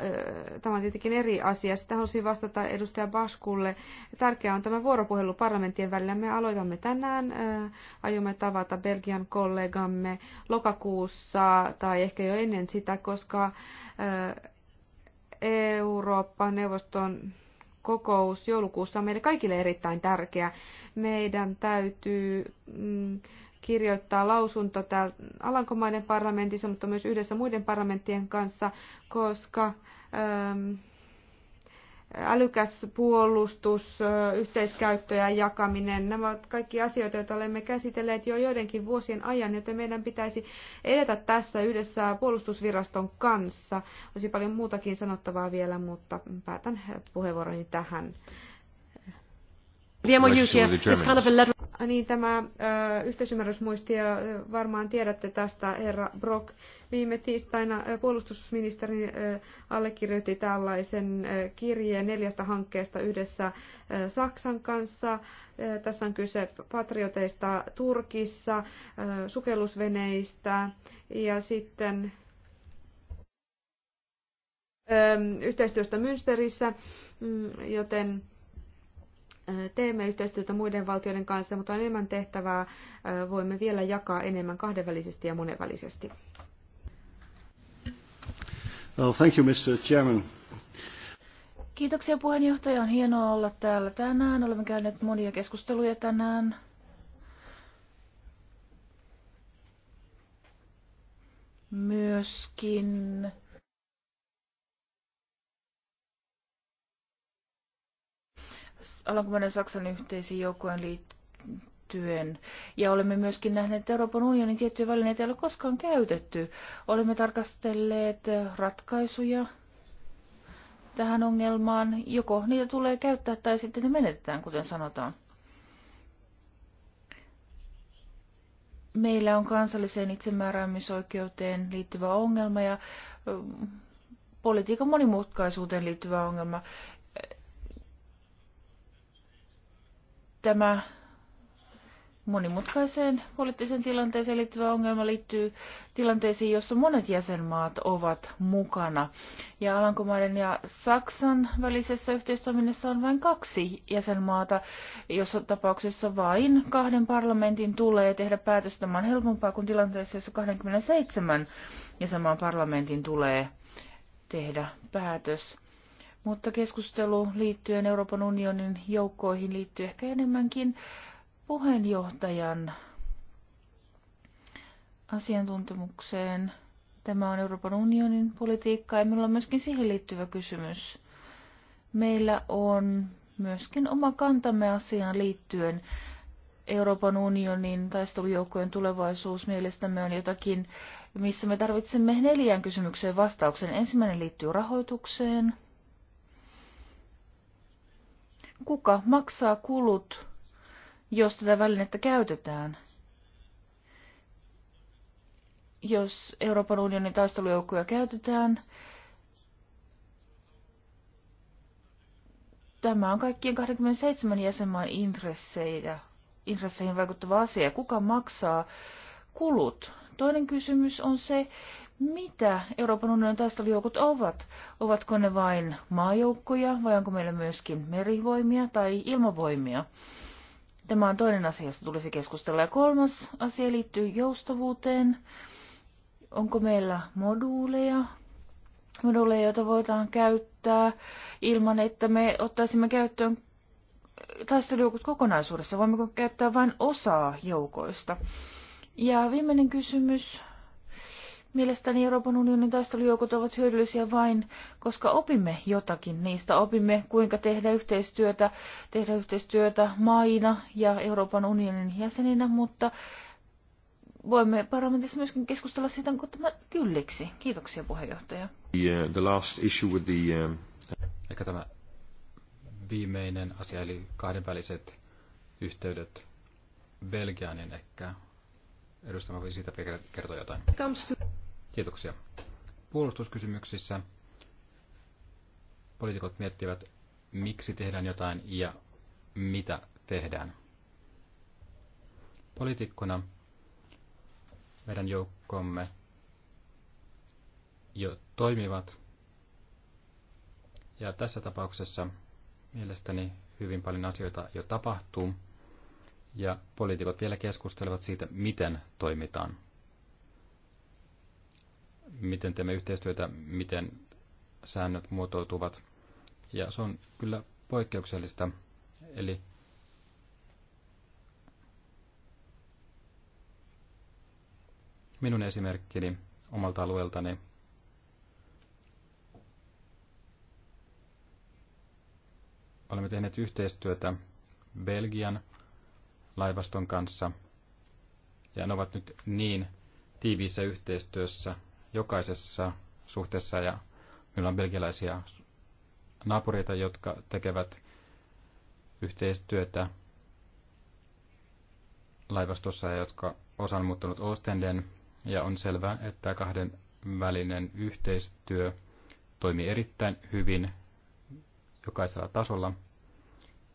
Tämä on tietenkin eri asia. Sitä haluaisin vastata edustaja Baskulle. Tärkeää on tämä vuoropuhelu parlamenttien välillä. Me aloitamme tänään. Aiomme tavata Belgian kollegamme lokakuussa tai ehkä jo ennen sitä, koska Eurooppa-neuvoston kokous joulukuussa on meille kaikille erittäin tärkeä. Meidän täytyy mm, kirjoittaa lausunto täällä Alankomaiden parlamentissa, mutta myös yhdessä muiden parlamenttien kanssa, koska ähm, älykäs puolustus, yhteiskäyttö ja jakaminen, nämä ovat kaikki asioita, joita olemme käsitelleet jo joidenkin vuosien ajan, joten meidän pitäisi edetä tässä yhdessä puolustusviraston kanssa. Olisi paljon muutakin sanottavaa vielä, mutta päätän puheenvuoroni tähän. Niin, tämä yhteisymmärrysmuisti yhteisymmärrysmuistio, varmaan tiedätte tästä, herra Brock. Viime tiistaina puolustusministeri allekirjoitti tällaisen kirjeen neljästä hankkeesta yhdessä Saksan kanssa. tässä on kyse patrioteista Turkissa, sukellusveneistä ja sitten yhteistyöstä Münsterissä, mm, joten teemme yhteistyötä muiden valtioiden kanssa, mutta on enemmän tehtävää. Voimme vielä jakaa enemmän kahdenvälisesti ja monenvälisesti. Well, thank you, Mr. Chairman. Kiitoksia puheenjohtaja. On hienoa olla täällä tänään. Olemme käyneet monia keskusteluja tänään. Myöskin Alankomaiden Saksan yhteisiin joukkojen liittyen. Ja olemme myöskin nähneet, että Euroopan unionin tiettyjä välineitä ei ole koskaan käytetty. Olemme tarkastelleet ratkaisuja tähän ongelmaan. Joko niitä tulee käyttää tai sitten ne menetetään, kuten sanotaan. Meillä on kansalliseen itsemääräämisoikeuteen liittyvä ongelma ja politiikan monimutkaisuuteen liittyvä ongelma. Tämä monimutkaiseen poliittiseen tilanteeseen liittyvä ongelma liittyy tilanteisiin, jossa monet jäsenmaat ovat mukana. Ja Alankomaiden ja Saksan välisessä yhteistoiminnassa on vain kaksi jäsenmaata, jossa tapauksessa vain kahden parlamentin tulee tehdä päätös. Tämä on helpompaa kuin tilanteessa, jossa 27 jäsenmaan parlamentin tulee tehdä päätös mutta keskustelu liittyen Euroopan unionin joukkoihin liittyy ehkä enemmänkin puheenjohtajan asiantuntemukseen. Tämä on Euroopan unionin politiikka ja minulla on myöskin siihen liittyvä kysymys. Meillä on myöskin oma kantamme asiaan liittyen. Euroopan unionin taistelujoukkojen tulevaisuus mielestämme on jotakin, missä me tarvitsemme neljään kysymykseen vastauksen. Ensimmäinen liittyy rahoitukseen. Kuka maksaa kulut, jos tätä välinettä käytetään? Jos Euroopan unionin taistelujoukkoja käytetään, tämä on kaikkien 27 jäsenmaan intressejä, intresseihin vaikuttava asia. Kuka maksaa kulut? Toinen kysymys on se, mitä Euroopan unionin taistelujoukot ovat. Ovatko ne vain maajoukkoja vai onko meillä myöskin merivoimia tai ilmavoimia? Tämä on toinen asia, josta tulisi keskustella. Ja kolmas asia liittyy joustavuuteen. Onko meillä moduuleja, moduuleja, joita voidaan käyttää ilman, että me ottaisimme käyttöön taistelujoukot kokonaisuudessa? Voimmeko käyttää vain osaa joukoista? Ja viimeinen kysymys Mielestäni Euroopan unionin taistelujoukot ovat hyödyllisiä vain, koska opimme jotakin niistä. Opimme, kuinka tehdä yhteistyötä, tehdä yhteistyötä maina ja Euroopan unionin jäseninä, mutta voimme parlamentissa myöskin keskustella siitä, kun tämä kylliksi. Kiitoksia puheenjohtaja. The, uh, the last issue with the, um... Ehkä tämä viimeinen asia, eli kahdenväliset yhteydet Belgiaan, niin ehkä edustama voi siitä kertoa jotain. Kiitoksia. Puolustuskysymyksissä poliitikot miettivät, miksi tehdään jotain ja mitä tehdään. Poliitikkona meidän joukkomme jo toimivat. Ja tässä tapauksessa mielestäni hyvin paljon asioita jo tapahtuu. Ja poliitikot vielä keskustelevat siitä, miten toimitaan miten teemme yhteistyötä, miten säännöt muotoutuvat. Ja se on kyllä poikkeuksellista. Eli minun esimerkkini omalta alueeltani olemme tehneet yhteistyötä Belgian laivaston kanssa ja ne ovat nyt niin tiiviissä yhteistyössä jokaisessa suhteessa ja meillä on belgialaisia naapureita, jotka tekevät yhteistyötä laivastossa ja jotka osan muuttunut Ostenden ja on selvää, että kahden välinen yhteistyö toimii erittäin hyvin jokaisella tasolla.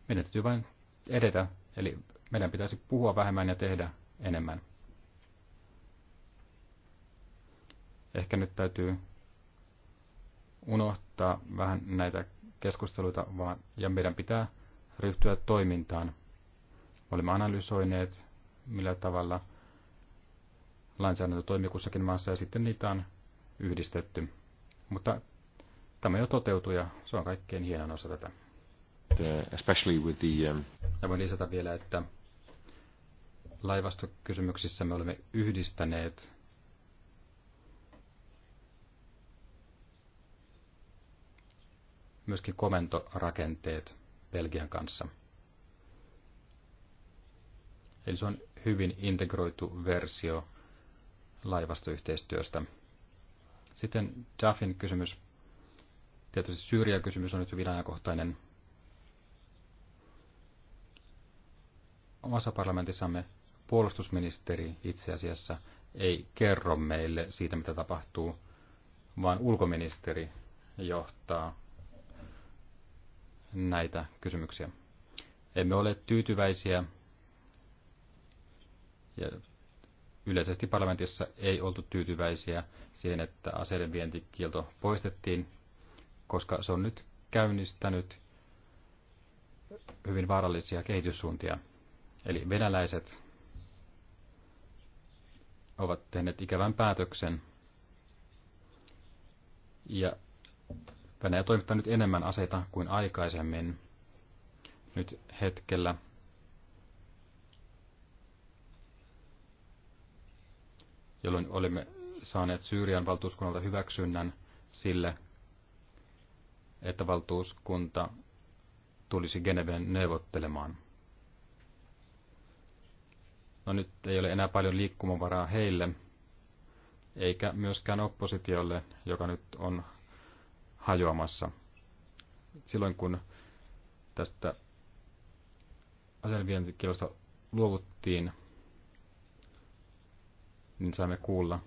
Meidän täytyy vain edetä, eli meidän pitäisi puhua vähemmän ja tehdä enemmän. Ehkä nyt täytyy unohtaa vähän näitä keskusteluita, vaan, ja meidän pitää ryhtyä toimintaan. Me Olemme analysoineet, millä tavalla lainsäädäntö toimii kussakin maassa, ja sitten niitä on yhdistetty. Mutta tämä jo toteutuu, ja se on kaikkein hienoin osa tätä. Uh, especially with the, um... Ja voin lisätä vielä, että laivastokysymyksissä me olemme yhdistäneet myöskin komentorakenteet Belgian kanssa. Eli se on hyvin integroitu versio laivastoyhteistyöstä. Sitten Jaffin kysymys. Tietysti Syyria-kysymys on nyt hyvin ajankohtainen. Omassa parlamentissamme puolustusministeri itse asiassa ei kerro meille siitä, mitä tapahtuu, vaan ulkoministeri johtaa näitä kysymyksiä. Emme ole tyytyväisiä ja yleisesti parlamentissa ei oltu tyytyväisiä siihen, että aseiden vientikielto poistettiin, koska se on nyt käynnistänyt hyvin vaarallisia kehityssuuntia. Eli venäläiset ovat tehneet ikävän päätöksen ja Venäjä toimittaa nyt enemmän aseita kuin aikaisemmin nyt hetkellä. jolloin olimme saaneet Syyrian valtuuskunnalta hyväksynnän sille, että valtuuskunta tulisi Geneven neuvottelemaan. No nyt ei ole enää paljon liikkumavaraa heille, eikä myöskään oppositiolle, joka nyt on hajoamassa. Silloin kun tästä asevientikielosta luovuttiin, niin saimme kuulla,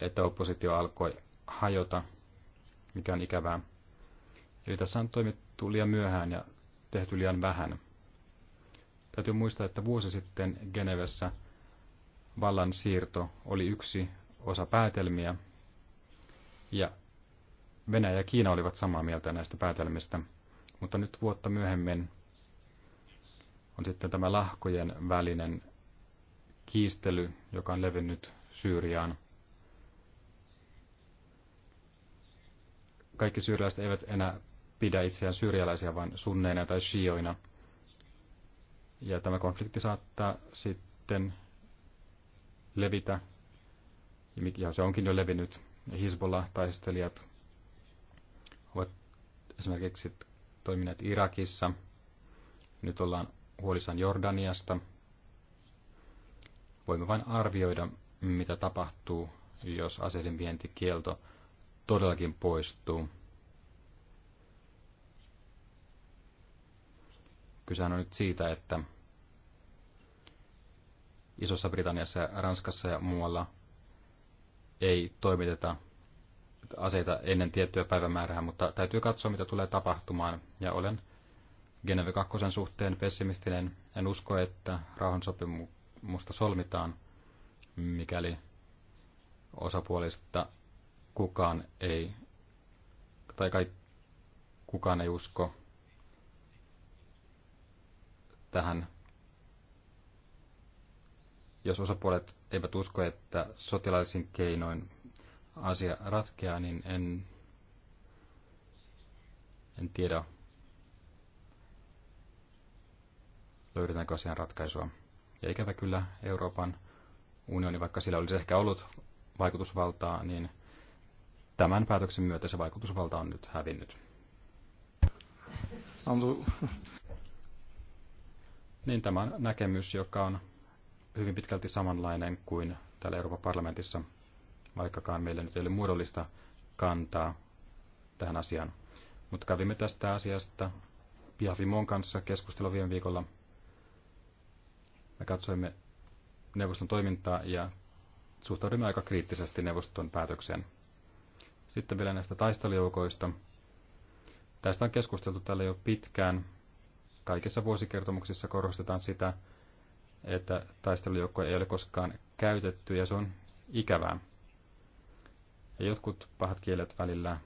että oppositio alkoi hajota, mikä on ikävää. Eli tässä on toimittu liian myöhään ja tehty liian vähän. Täytyy muistaa, että vuosi sitten Genevessä – vallan siirto oli yksi osa päätelmiä, ja Venäjä ja Kiina olivat samaa mieltä näistä päätelmistä, mutta nyt vuotta myöhemmin on sitten tämä lahkojen välinen kiistely, joka on levinnyt Syyriaan. Kaikki syyrialaiset eivät enää pidä itseään syyrialaisia, vaan sunneina tai shioina. Ja tämä konflikti saattaa sitten levitä, ja se onkin jo levinnyt. Hezbollah-taistelijat ovat esimerkiksi toimineet Irakissa. Nyt ollaan huolissaan Jordaniasta. Voimme vain arvioida, mitä tapahtuu, jos aseiden vientikielto todellakin poistuu. Kysehän on nyt siitä, että Isossa Britanniassa, Ranskassa ja muualla ei toimiteta aseita ennen tiettyä päivämäärää, mutta täytyy katsoa, mitä tulee tapahtumaan. Ja olen Geneve 2 suhteen pessimistinen. En usko, että rauhansopimusta solmitaan, mikäli osapuolista kukaan ei, tai kai kukaan ei usko tähän jos osapuolet eivät usko, että sotilaallisin keinoin asia ratkeaa, niin en, en tiedä, löydetäänkö asian ratkaisua. Ja ikävä kyllä Euroopan unioni, vaikka sillä olisi ehkä ollut vaikutusvaltaa, niin tämän päätöksen myötä se vaikutusvalta on nyt hävinnyt. Antu. Niin tämä näkemys, joka on hyvin pitkälti samanlainen kuin täällä Euroopan parlamentissa, vaikkakaan meillä nyt ei ole muodollista kantaa tähän asiaan. Mutta kävimme tästä asiasta Piafimon kanssa keskustelua viime viikolla. Me katsoimme neuvoston toimintaa ja suhtaudumme aika kriittisesti neuvoston päätökseen. Sitten vielä näistä taistelijoukoista Tästä on keskusteltu täällä jo pitkään. Kaikissa vuosikertomuksissa korostetaan sitä, että taistelujoukkoja ei ole koskaan käytetty ja se on ikävää. Ja jotkut pahat kielet välillä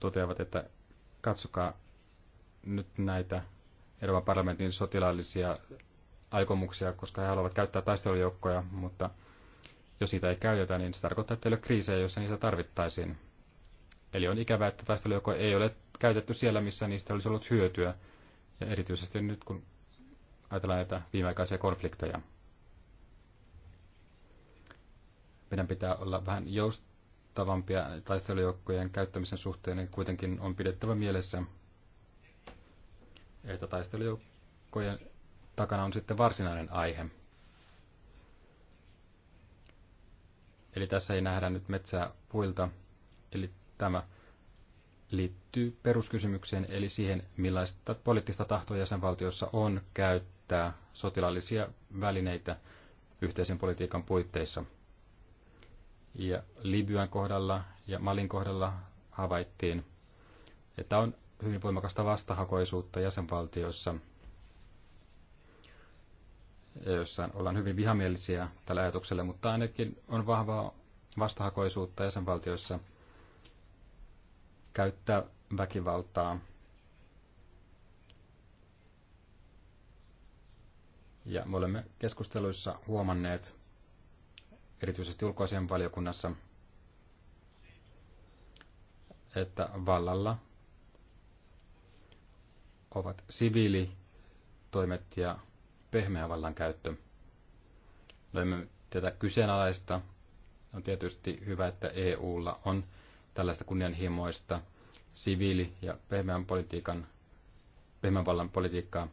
toteavat, että katsokaa nyt näitä Euroopan parlamentin sotilaallisia aikomuksia, koska he haluavat käyttää taistelujoukkoja, mutta jos niitä ei käytetä, niin se tarkoittaa, että ei ole kriisejä, joissa niitä tarvittaisiin. Eli on ikävää, että taistelujoukkoja ei ole käytetty siellä, missä niistä olisi ollut hyötyä. Ja erityisesti nyt, kun ajatellaan näitä viimeaikaisia konflikteja. Meidän pitää olla vähän joustavampia taistelujoukkojen käyttämisen suhteen, niin kuitenkin on pidettävä mielessä, että taistelujoukkojen takana on sitten varsinainen aihe. Eli tässä ei nähdä nyt metsää puilta, eli tämä liittyy peruskysymykseen, eli siihen, millaista poliittista tahtoa jäsenvaltiossa on käyttää käyttää sotilaallisia välineitä yhteisen politiikan puitteissa. Ja Libyan kohdalla ja Malin kohdalla havaittiin, että on hyvin voimakasta vastahakoisuutta jäsenvaltioissa, joissa ollaan hyvin vihamielisiä tällä ajatuksella, mutta ainakin on vahvaa vastahakoisuutta jäsenvaltioissa käyttää väkivaltaa Ja me olemme keskusteluissa huomanneet, erityisesti ulkoisen valiokunnassa, että vallalla ovat siviilitoimet ja pehmeä käyttö. Löimme no, tätä kyseenalaista. On tietysti hyvä, että EUlla on tällaista kunnianhimoista siviili- ja pehmeän, politiikan, pehmeän vallan politiikkaa,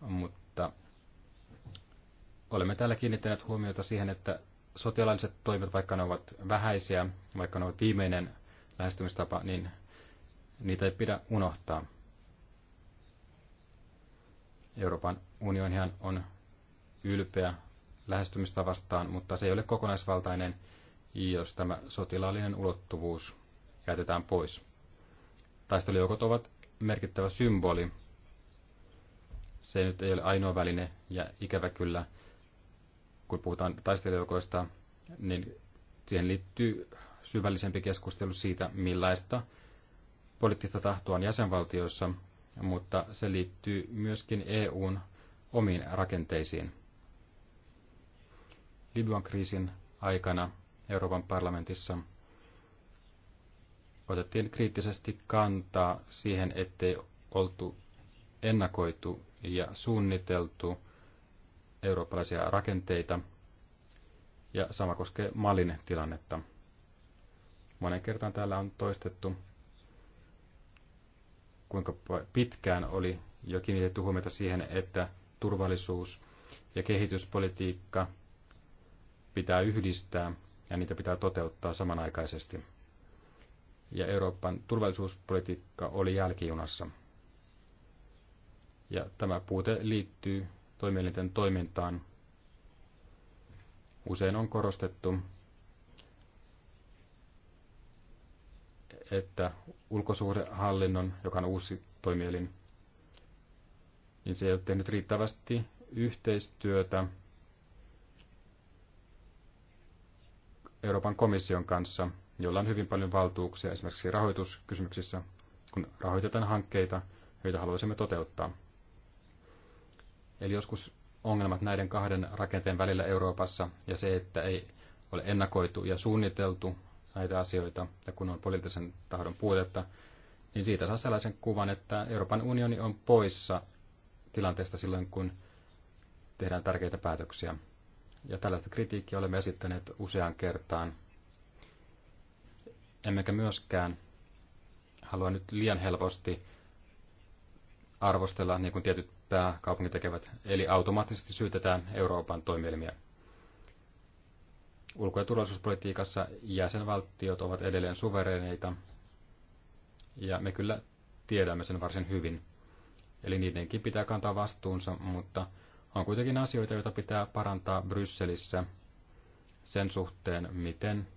mutta olemme täällä kiinnittäneet huomiota siihen, että sotilaalliset toimet, vaikka ne ovat vähäisiä, vaikka ne ovat viimeinen lähestymistapa, niin niitä ei pidä unohtaa. Euroopan unionihan on ylpeä lähestymistavastaan, mutta se ei ole kokonaisvaltainen, jos tämä sotilaallinen ulottuvuus jätetään pois. Taistelujoukot ovat merkittävä symboli. Se nyt ei ole ainoa väline, ja ikävä kyllä – kun puhutaan taistelijoukoista, niin siihen liittyy syvällisempi keskustelu siitä, millaista poliittista tahtoa on jäsenvaltioissa, mutta se liittyy myöskin EUn omiin rakenteisiin. Libyan kriisin aikana Euroopan parlamentissa otettiin kriittisesti kantaa siihen, ettei oltu ennakoitu ja suunniteltu eurooppalaisia rakenteita, ja sama koskee Malin tilannetta. Monen kertaan täällä on toistettu, kuinka pitkään oli jo kiinnitetty huomiota siihen, että turvallisuus ja kehityspolitiikka pitää yhdistää ja niitä pitää toteuttaa samanaikaisesti. Ja Euroopan turvallisuuspolitiikka oli jälkijunassa. Ja tämä puute liittyy toimielinten toimintaan. Usein on korostettu, että ulkosuhdehallinnon, joka on uusi toimielin, niin se ei ole tehnyt riittävästi yhteistyötä Euroopan komission kanssa, jolla on hyvin paljon valtuuksia esimerkiksi rahoituskysymyksissä, kun rahoitetaan hankkeita, joita haluaisimme toteuttaa. Eli joskus ongelmat näiden kahden rakenteen välillä Euroopassa ja se, että ei ole ennakoitu ja suunniteltu näitä asioita ja kun on poliittisen tahdon puutetta, niin siitä saa sellaisen kuvan, että Euroopan unioni on poissa tilanteesta silloin, kun tehdään tärkeitä päätöksiä. Ja tällaista kritiikkiä olemme esittäneet useaan kertaan. Emmekä myöskään halua nyt liian helposti arvostella, niin kuin tietyt pääkaupungit tekevät, eli automaattisesti syytetään Euroopan toimielimiä. Ulko- ja turvallisuuspolitiikassa jäsenvaltiot ovat edelleen suvereneita, ja me kyllä tiedämme sen varsin hyvin. Eli niidenkin pitää kantaa vastuunsa, mutta on kuitenkin asioita, joita pitää parantaa Brysselissä sen suhteen, miten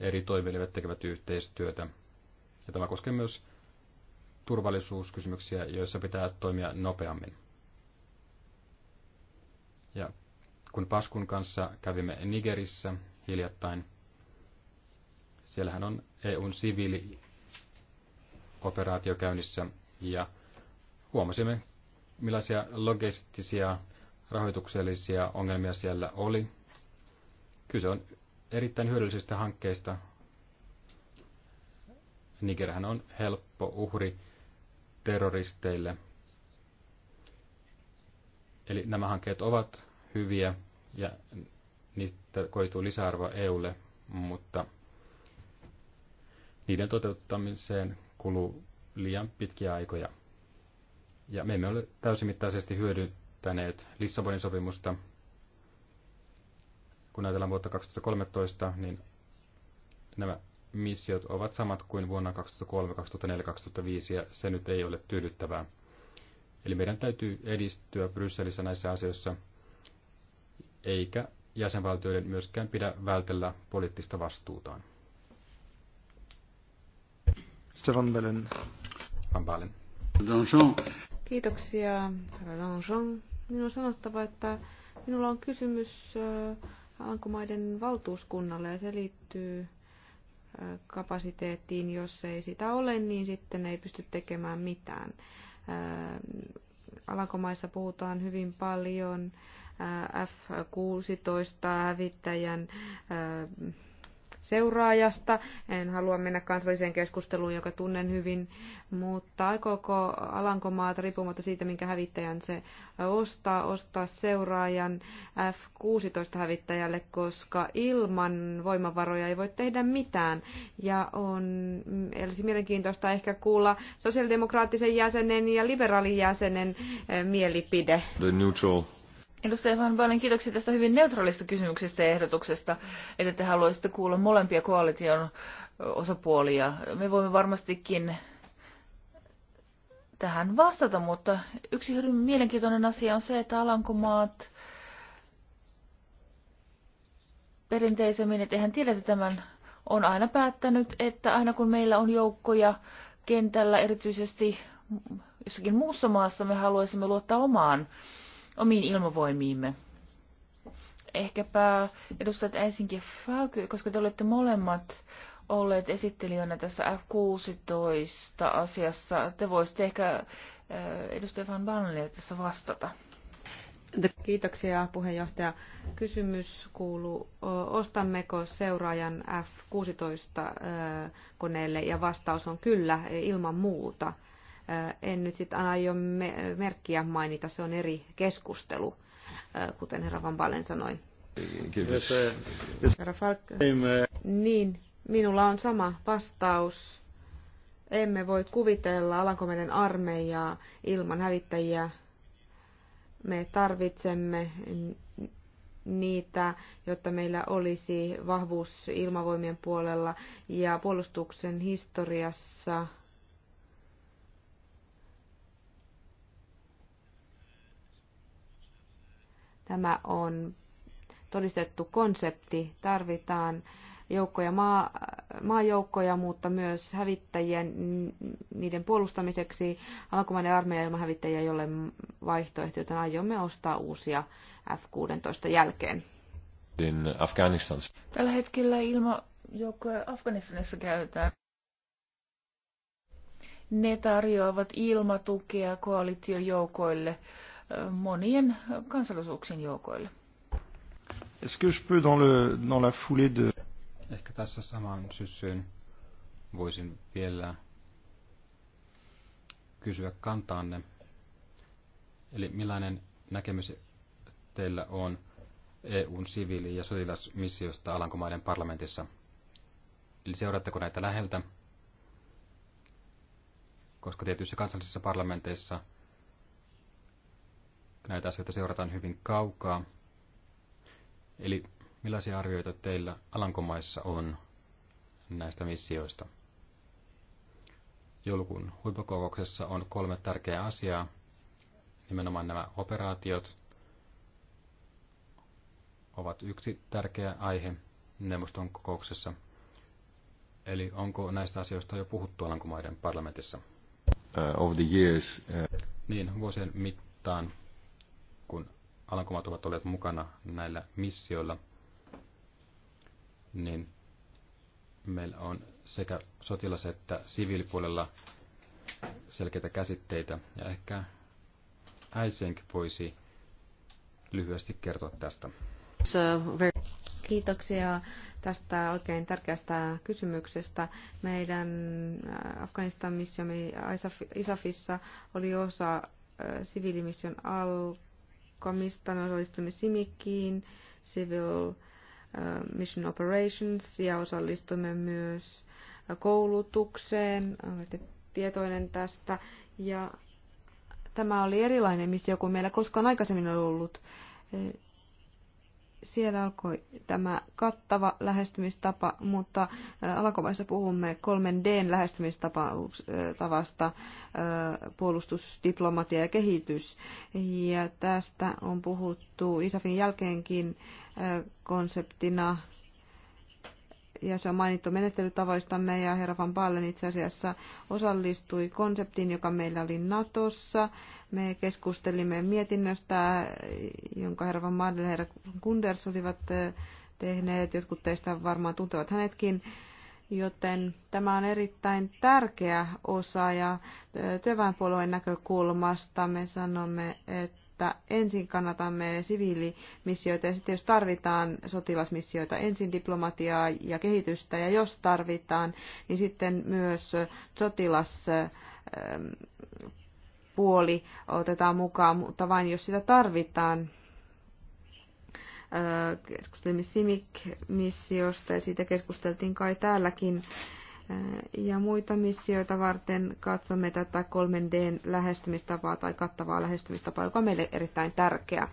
eri toimielimet tekevät yhteistyötä. Ja tämä koskee myös turvallisuuskysymyksiä, joissa pitää toimia nopeammin. Ja kun Paskun kanssa kävimme Nigerissä hiljattain, siellähän on EUn siviilioperaatio käynnissä ja huomasimme, millaisia logistisia rahoituksellisia ongelmia siellä oli. Kyse on erittäin hyödyllisistä hankkeista. Nigerhän on helppo uhri terroristeille. Eli nämä hankkeet ovat hyviä ja niistä koituu lisäarvoa EUlle, mutta niiden toteuttamiseen kuluu liian pitkiä aikoja. Ja me emme ole täysimittaisesti hyödyntäneet Lissabonin sopimusta. Kun ajatellaan vuotta 2013, niin nämä missiot ovat samat kuin vuonna 2003, 2004, 2005 ja se nyt ei ole tyydyttävää. Eli meidän täytyy edistyä Brysselissä näissä asioissa, eikä jäsenvaltioiden myöskään pidä vältellä poliittista vastuutaan. Stefan Belen. Van Balen. Kiitoksia, herra Donjon. Minun on sanottava, että minulla on kysymys äh, Alankomaiden valtuuskunnalle ja se liittyy kapasiteettiin. Jos ei sitä ole, niin sitten ei pysty tekemään mitään. Alankomaissa puhutaan hyvin paljon F-16 hävittäjän seuraajasta. En halua mennä kansalliseen keskusteluun, joka tunnen hyvin, mutta aikooko Alankomaat, riippumatta siitä, minkä hävittäjän se ostaa, ostaa seuraajan F-16-hävittäjälle, koska ilman voimavaroja ei voi tehdä mitään. Ja on, olisi mielenkiintoista ehkä kuulla sosiaalidemokraattisen jäsenen ja liberaalin jäsenen eh, mielipide. The neutral Edustaja Van Balen, kiitoksia tästä hyvin neutraalista kysymyksestä ja ehdotuksesta, että te haluaisitte kuulla molempia koalition osapuolia. Me voimme varmastikin tähän vastata, mutta yksi hyvin mielenkiintoinen asia on se, että Alankomaat perinteisemmin, että eihän tiedetä tämän, on aina päättänyt, että aina kun meillä on joukkoja kentällä, erityisesti jossakin muussa maassa, me haluaisimme luottaa omaan omiin ilmavoimiimme. Ehkäpä edustajat ensinkin ja koska te olette molemmat olleet esittelijöinä tässä F-16-asiassa. Te voisitte ehkä eh, edustaja Van Banille tässä vastata. Kiitoksia puheenjohtaja. Kysymys kuuluu, ostammeko seuraajan F-16-koneelle eh, ja vastaus on kyllä ilman muuta. En nyt sitten aio merkkiä mainita, se on eri keskustelu, kuten herra Van Balen sanoi. Herra Falk. Niin, minulla on sama vastaus. Emme voi kuvitella Alankomeren armeijaa ilman hävittäjiä. Me tarvitsemme niitä, jotta meillä olisi vahvuus ilmavoimien puolella ja puolustuksen historiassa – Tämä on todistettu konsepti. Tarvitaan joukkoja, maa, maajoukkoja, mutta myös hävittäjien niiden puolustamiseksi. Alkumainen armeija ilman hävittäjiä ei ole vaihtoehto, joten aiomme ostaa uusia F-16 jälkeen. Tällä hetkellä ilmajoukkoja Afganistanissa käytetään. Ne tarjoavat ilmatukea koalitiojoukoille. joukoille monien kansallisuuksien joukoille. Est-ce que je peux dans, le, dans la foulée de... Ehkä tässä samaan syssyyn voisin vielä kysyä kantaanne. Eli millainen näkemys teillä on EUn siviili- ja sotilasmissiosta Alankomaiden parlamentissa? Eli seuraatteko näitä läheltä? Koska tietyissä kansallisissa parlamenteissa – näitä asioita seurataan hyvin kaukaa. Eli millaisia arvioita teillä Alankomaissa on näistä missioista? Joulukuun huippukokouksessa on kolme tärkeää asiaa, nimenomaan nämä operaatiot ovat yksi tärkeä aihe neuvoston kokouksessa. Eli onko näistä asioista jo puhuttu Alankomaiden parlamentissa? Uh, of the years, uh... Niin, vuosien mittaan kun Alankomaat ovat olleet mukana näillä missioilla, niin meillä on sekä sotilas- että siviilipuolella selkeitä käsitteitä. Ja ehkä Aisenk voisi lyhyesti kertoa tästä. Kiitoksia tästä oikein tärkeästä kysymyksestä. Meidän äh, Afganistan missiomme ISAFissa oli osa äh, siviilimission alku jatkamista. Me osallistumme Simikkiin, Civil uh, Mission Operations ja osallistumme myös koulutukseen. Olette tietoinen tästä. Ja tämä oli erilainen missio kuin meillä koskaan aikaisemmin on ollut siellä alkoi tämä kattava lähestymistapa, mutta alkuvaiheessa puhumme 3Dn lähestymistavasta puolustusdiplomatia ja kehitys. Ja tästä on puhuttu ISAFin jälkeenkin konseptina ja se on mainittu menettelytavoistamme ja herra Van Baalen itse asiassa osallistui konseptiin, joka meillä oli Natossa. Me keskustelimme mietinnöstä, jonka herra Van Baalen ja herra Kunders olivat eh, tehneet. Jotkut teistä varmaan tuntevat hänetkin. Joten tämä on erittäin tärkeä osa ja eh, työväenpuolueen näkökulmasta me sanomme, että että ensin kannatamme siviilimissioita ja sitten jos tarvitaan sotilasmissioita, ensin diplomatiaa ja kehitystä ja jos tarvitaan, niin sitten myös sotilaspuoli ähm, otetaan mukaan, mutta vain jos sitä tarvitaan. Äh, Keskustelimme SIMIK-missiosta ja siitä keskusteltiin kai täälläkin ja muita missioita varten katsomme tätä 3Dn lähestymistapaa tai kattavaa lähestymistapaa, joka on meille erittäin tärkeä.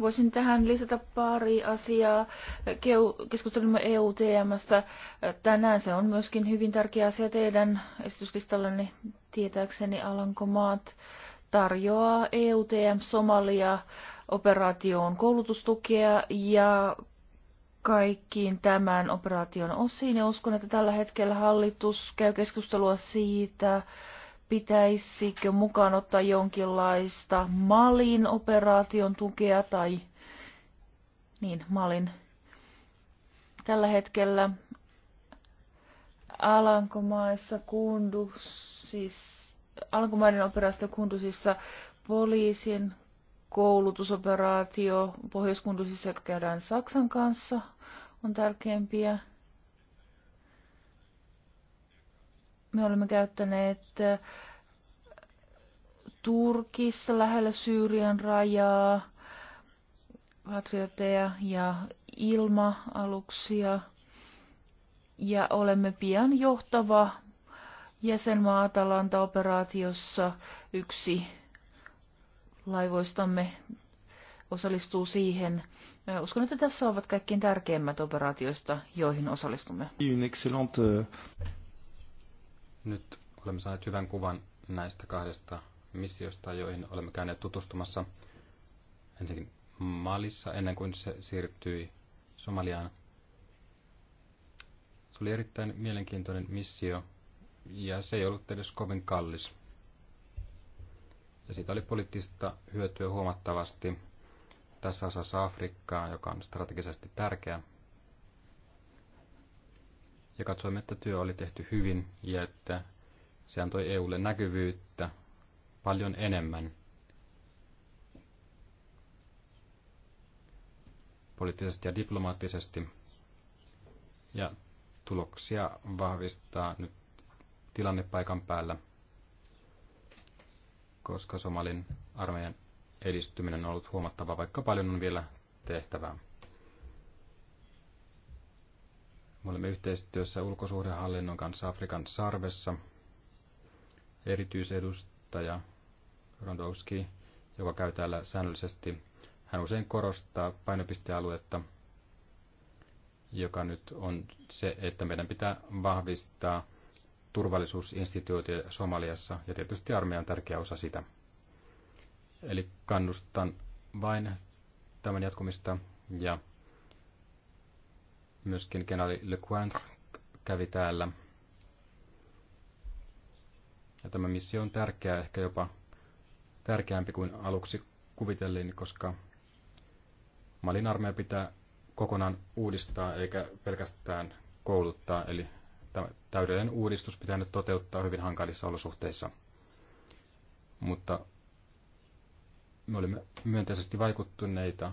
Voisin tähän lisätä pari asiaa. Keskustelimme EUTMstä. Tänään se on myöskin hyvin tärkeä asia teidän esityslistallanne tietääkseni Alankomaat tarjoaa EUTM Somalia operaatioon koulutustukea ja kaikkiin tämän operaation osiin ja uskon, että tällä hetkellä hallitus käy keskustelua siitä, pitäisikö mukaan ottaa jonkinlaista Malin operaation tukea tai niin, Malin tällä hetkellä Alankomaissa Kundusissa Alankomaiden operaatio Kundusissa poliisin koulutusoperaatio pohjoiskuntuisissa, jotka käydään Saksan kanssa, on tärkeimpiä. Me olemme käyttäneet äh, Turkissa lähellä Syyrian rajaa patrioteja ja ilma-aluksia. Ja olemme pian johtava jäsenmaa Atalanta-operaatiossa yksi laivoistamme osallistuu siihen. Uskon, että tässä ovat kaikkein tärkeimmät operaatioista, joihin osallistumme. Nyt olemme saaneet hyvän kuvan näistä kahdesta missiosta, joihin olemme käyneet tutustumassa ensinnäkin Malissa ennen kuin se siirtyi Somaliaan. Se oli erittäin mielenkiintoinen missio ja se ei ollut edes kovin kallis ja siitä oli poliittista hyötyä huomattavasti tässä osassa Afrikkaa, joka on strategisesti tärkeä. Ja katsoimme, että työ oli tehty hyvin ja että se antoi EUlle näkyvyyttä paljon enemmän poliittisesti ja diplomaattisesti. Ja tuloksia vahvistaa nyt tilanne paikan päällä – koska Somalin armeijan edistyminen on ollut huomattava, vaikka paljon on vielä tehtävää. Me olemme yhteistyössä ulkosuhdehallinnon kanssa Afrikan sarvessa. Erityisedustaja Rondowski, joka käy täällä säännöllisesti, hän usein korostaa painopistealuetta, joka nyt on se, että meidän pitää vahvistaa – turvallisuusinstituutio Somaliassa ja tietysti armeija on tärkeä osa sitä. Eli kannustan vain tämän jatkumista ja myöskin kenali Le kävi täällä. Ja tämä missio on tärkeä, ehkä jopa tärkeämpi kuin aluksi kuvitellin, koska Malin armeija pitää kokonaan uudistaa eikä pelkästään kouluttaa, eli täydellinen uudistus pitää nyt toteuttaa hyvin hankalissa olosuhteissa. Mutta me olimme myönteisesti vaikuttuneita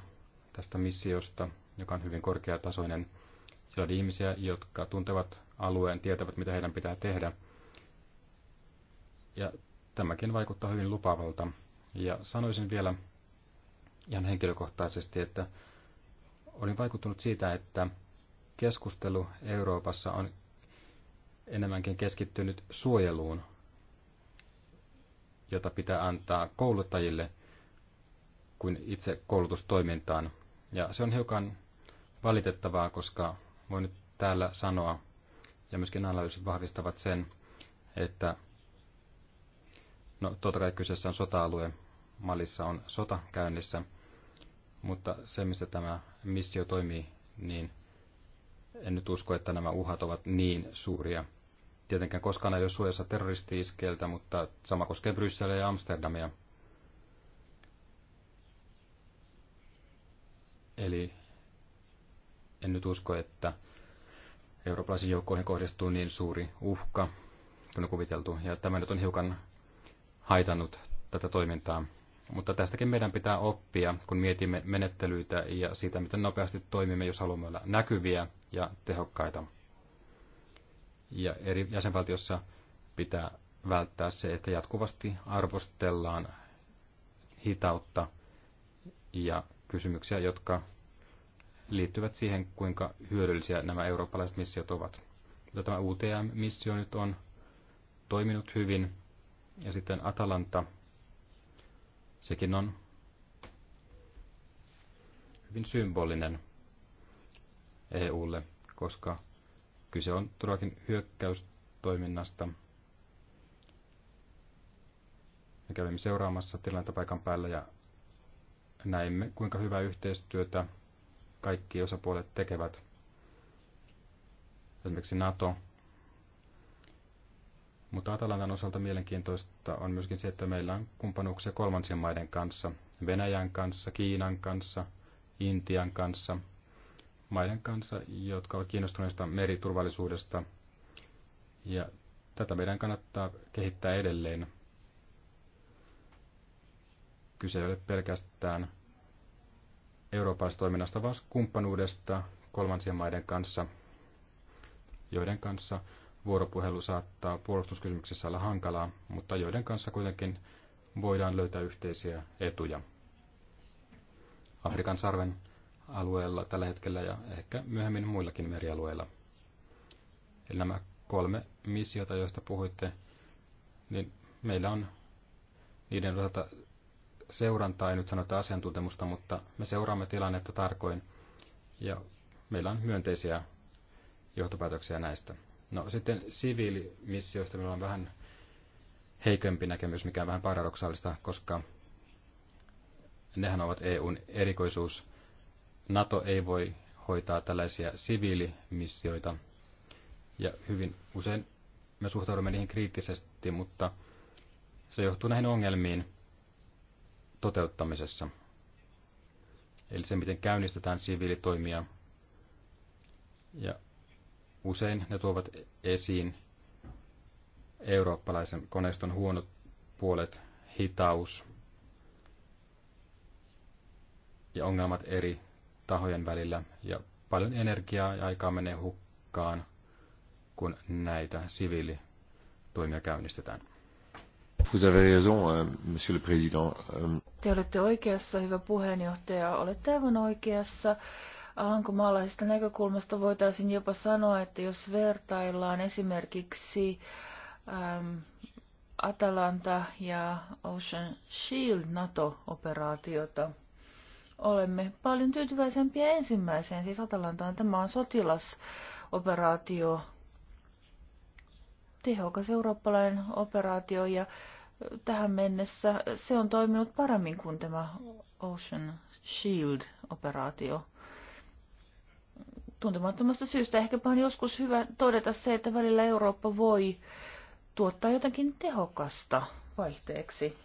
tästä missiosta, joka on hyvin korkeatasoinen. Siellä on ihmisiä, jotka tuntevat alueen, tietävät, mitä heidän pitää tehdä. Ja tämäkin vaikuttaa hyvin lupavalta. Ja sanoisin vielä ihan henkilökohtaisesti, että olin vaikuttunut siitä, että keskustelu Euroopassa on enemmänkin keskittynyt suojeluun, jota pitää antaa kouluttajille kuin itse koulutustoimintaan. Ja se on hiukan valitettavaa, koska voin nyt täällä sanoa, ja myöskin analyysit vahvistavat sen, että no totta kai kyseessä on sota-alue, Malissa on sota käynnissä, mutta se, missä tämä missio toimii, niin en nyt usko, että nämä uhat ovat niin suuria. Tietenkään koskaan ei ole suojassa terroristi-iskeltä, mutta sama koskee Brysseliä ja Amsterdamia. Eli en nyt usko, että eurooppalaisiin joukkoihin kohdistuu niin suuri uhka kuin on kuviteltu. Ja tämä nyt on hiukan haitannut tätä toimintaa. Mutta tästäkin meidän pitää oppia, kun mietimme menettelyitä ja siitä, miten nopeasti toimimme, jos haluamme olla näkyviä ja tehokkaita ja eri jäsenvaltiossa pitää välttää se, että jatkuvasti arvostellaan hitautta ja kysymyksiä, jotka liittyvät siihen, kuinka hyödyllisiä nämä eurooppalaiset missiot ovat. Ja tämä UTM-missio nyt on toiminut hyvin. Ja sitten Atalanta, sekin on hyvin symbolinen EUlle, koska Kyse on todellakin hyökkäystoiminnasta. Me kävimme seuraamassa tilannetta paikan päällä ja näimme, kuinka hyvää yhteistyötä kaikki osapuolet tekevät. Esimerkiksi NATO. Mutta Atalantan osalta mielenkiintoista on myöskin se, että meillä on kumppanuuksia kolmansien maiden kanssa, Venäjän kanssa, Kiinan kanssa, Intian kanssa – maiden kanssa, jotka ovat kiinnostuneista meriturvallisuudesta. Ja tätä meidän kannattaa kehittää edelleen. Kyse ei ole pelkästään eurooppalaisesta toiminnasta, vaan kumppanuudesta kolmansien maiden kanssa, joiden kanssa vuoropuhelu saattaa puolustuskysymyksessä olla hankalaa, mutta joiden kanssa kuitenkin voidaan löytää yhteisiä etuja. Afrikan sarven alueella tällä hetkellä ja ehkä myöhemmin muillakin merialueilla. Eli nämä kolme missiota, joista puhuitte, niin meillä on niiden osalta seurantaa, ei nyt sanota asiantuntemusta, mutta me seuraamme tilannetta tarkoin ja meillä on myönteisiä johtopäätöksiä näistä. No sitten siviilimissioista meillä on vähän heikempi näkemys, mikä on vähän paradoksaalista, koska nehän ovat EUn erikoisuus NATO ei voi hoitaa tällaisia siviilimissioita. Ja hyvin usein me suhtaudumme niihin kriittisesti, mutta se johtuu näihin ongelmiin toteuttamisessa. Eli se, miten käynnistetään siviilitoimia. Ja usein ne tuovat esiin eurooppalaisen koneiston huonot puolet, hitaus ja ongelmat eri tahojen välillä ja paljon energiaa ja aikaa menee hukkaan, kun näitä siviilitoimia käynnistetään. Vous avez raison, euh, monsieur le président. Euh, Te olette oikeassa, hyvä puheenjohtaja. Olette aivan oikeassa. Alankomaalaisesta näkökulmasta voitaisiin jopa sanoa, että jos vertaillaan esimerkiksi äm, Atalanta ja Ocean Shield NATO-operaatiota, olemme paljon tyytyväisempiä ensimmäiseen, siis Atalantaan. Tämä on sotilasoperaatio, tehokas eurooppalainen operaatio ja tähän mennessä se on toiminut paremmin kuin tämä Ocean Shield-operaatio. Tuntemattomasta syystä ehkäpä on joskus hyvä todeta se, että välillä Eurooppa voi tuottaa jotakin tehokasta vaihteeksi.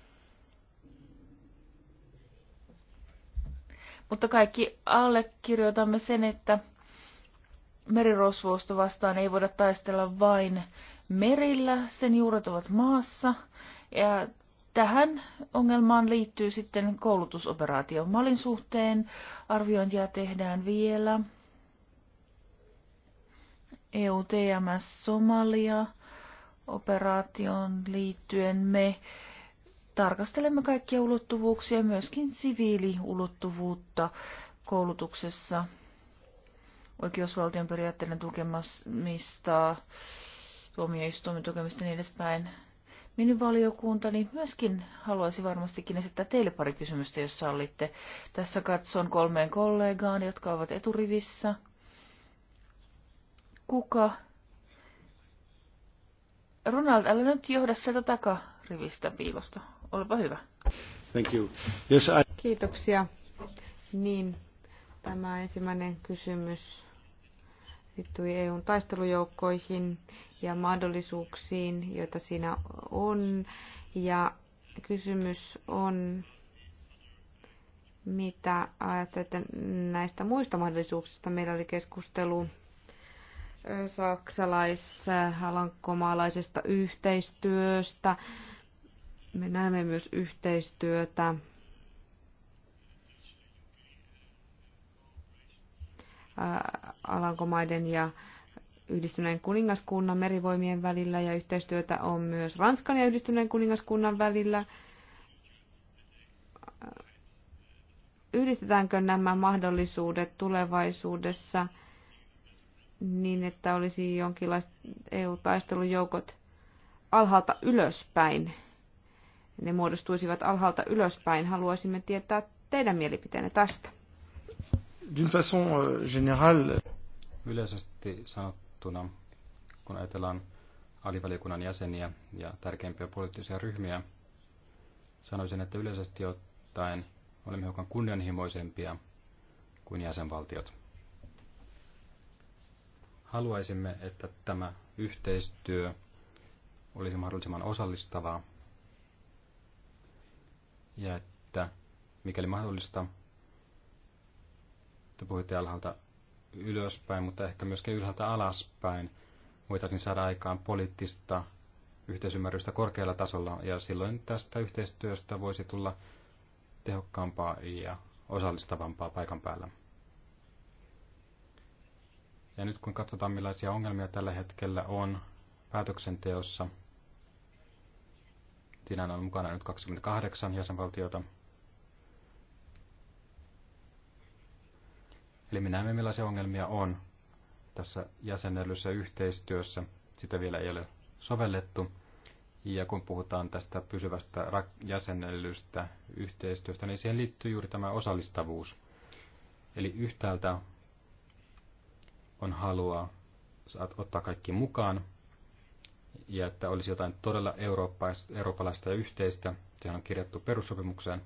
Mutta kaikki allekirjoitamme sen, että merirosvousta vastaan ei voida taistella vain merillä, sen juuret ovat maassa. Ja tähän ongelmaan liittyy sitten koulutusoperaatio Malin suhteen. Arviointia tehdään vielä. EUTMS Somalia operaatioon liittyen me tarkastelemme kaikkia ulottuvuuksia, myöskin siviiliulottuvuutta koulutuksessa, oikeusvaltion periaatteiden tukemista, tuomioistuimen tukemista ja niin edespäin. Minun valiokuntani myöskin haluaisi varmastikin esittää teille pari kysymystä, jos sallitte. Tässä katson kolmeen kollegaan, jotka ovat eturivissä. Kuka? Ronald, älä nyt johda sieltä takarivistä piilosta. Olepa hyvä. Thank you. Yes, I... Kiitoksia. Niin, tämä ensimmäinen kysymys liittyy EUn taistelujoukkoihin ja mahdollisuuksiin, joita siinä on. Ja kysymys on, mitä ajattelette näistä muista mahdollisuuksista? Meillä oli keskustelu saksalais-alankomaalaisesta äh, yhteistyöstä me näemme myös yhteistyötä Alankomaiden ja yhdistyneen kuningaskunnan merivoimien välillä ja yhteistyötä on myös Ranskan ja yhdistyneen kuningaskunnan välillä. Yhdistetäänkö nämä mahdollisuudet tulevaisuudessa niin, että olisi jonkinlaiset EU-taistelujoukot alhaalta ylöspäin? ne muodostuisivat alhaalta ylöspäin. Haluaisimme tietää teidän mielipiteenne tästä. Façon, uh, générale... Yleisesti sanottuna, kun ajatellaan alivaliokunnan jäseniä ja tärkeimpiä poliittisia ryhmiä, sanoisin, että yleisesti ottaen olemme hiukan kunnianhimoisempia kuin jäsenvaltiot. Haluaisimme, että tämä yhteistyö olisi mahdollisimman osallistavaa ja että mikäli mahdollista, että puhuitte alhaalta ylöspäin, mutta ehkä myöskin ylhäältä alaspäin, voitaisiin saada aikaan poliittista yhteisymmärrystä korkealla tasolla, ja silloin tästä yhteistyöstä voisi tulla tehokkaampaa ja osallistavampaa paikan päällä. Ja nyt kun katsotaan, millaisia ongelmia tällä hetkellä on päätöksenteossa – Siinä on mukana nyt 28 jäsenvaltiota. Eli me näemme, millaisia ongelmia on tässä jäsennellyssä yhteistyössä. Sitä vielä ei ole sovellettu. Ja kun puhutaan tästä pysyvästä jäsennellystä yhteistyöstä, niin siihen liittyy juuri tämä osallistavuus. Eli yhtäältä on halua saat ottaa kaikki mukaan, ja että olisi jotain todella eurooppalaista ja yhteistä. Sehän on kirjattu perussopimukseen.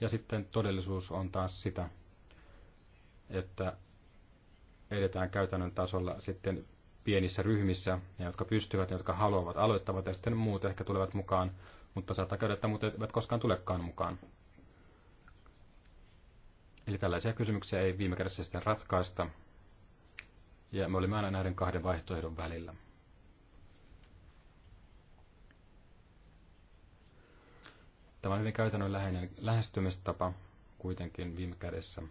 Ja sitten todellisuus on taas sitä, että edetään käytännön tasolla sitten pienissä ryhmissä, ja jotka pystyvät ja jotka haluavat, aloittavat, ja sitten muut ehkä tulevat mukaan, mutta saattaa käydä, että muut eivät koskaan tulekaan mukaan. Eli tällaisia kysymyksiä ei viime kädessä sitten ratkaista, ja me olimme aina näiden kahden vaihtoehdon välillä. Tämä on hyvin käytännönläheinen lähestymistapa kuitenkin viime kädessä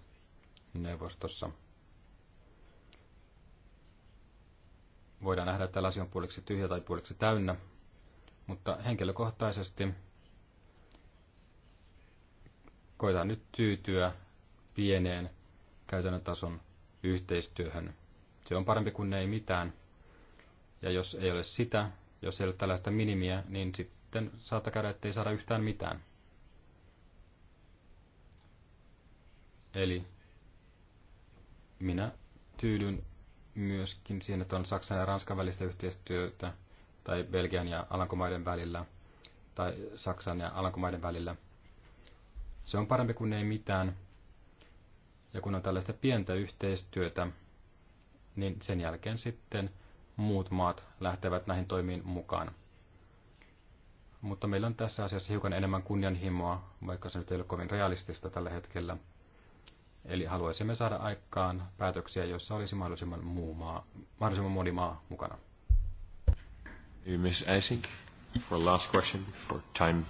neuvostossa. Voidaan nähdä, että lasi on puoliksi tyhjä tai puoliksi täynnä, mutta henkilökohtaisesti koitaan nyt tyytyä pieneen käytännön tason yhteistyöhön. Se on parempi kuin ei mitään. Ja jos ei ole sitä, jos ei ole tällaista minimiä, niin sitten sitten saattaa käydä, ettei saada yhtään mitään. Eli minä tyydyn myöskin siihen, että on Saksan ja Ranskan välistä yhteistyötä tai Belgian ja Alankomaiden välillä tai Saksan ja Alankomaiden välillä. Se on parempi kuin ei mitään. Ja kun on tällaista pientä yhteistyötä, niin sen jälkeen sitten muut maat lähtevät näihin toimiin mukaan. Mutta meillä on tässä asiassa hiukan enemmän kunnianhimoa, vaikka se nyt ei ole kovin realistista tällä hetkellä. Eli haluaisimme saada aikaan päätöksiä, joissa olisi mahdollisimman, muu maa, mahdollisimman moni maa mukana. Miss for last question, for time.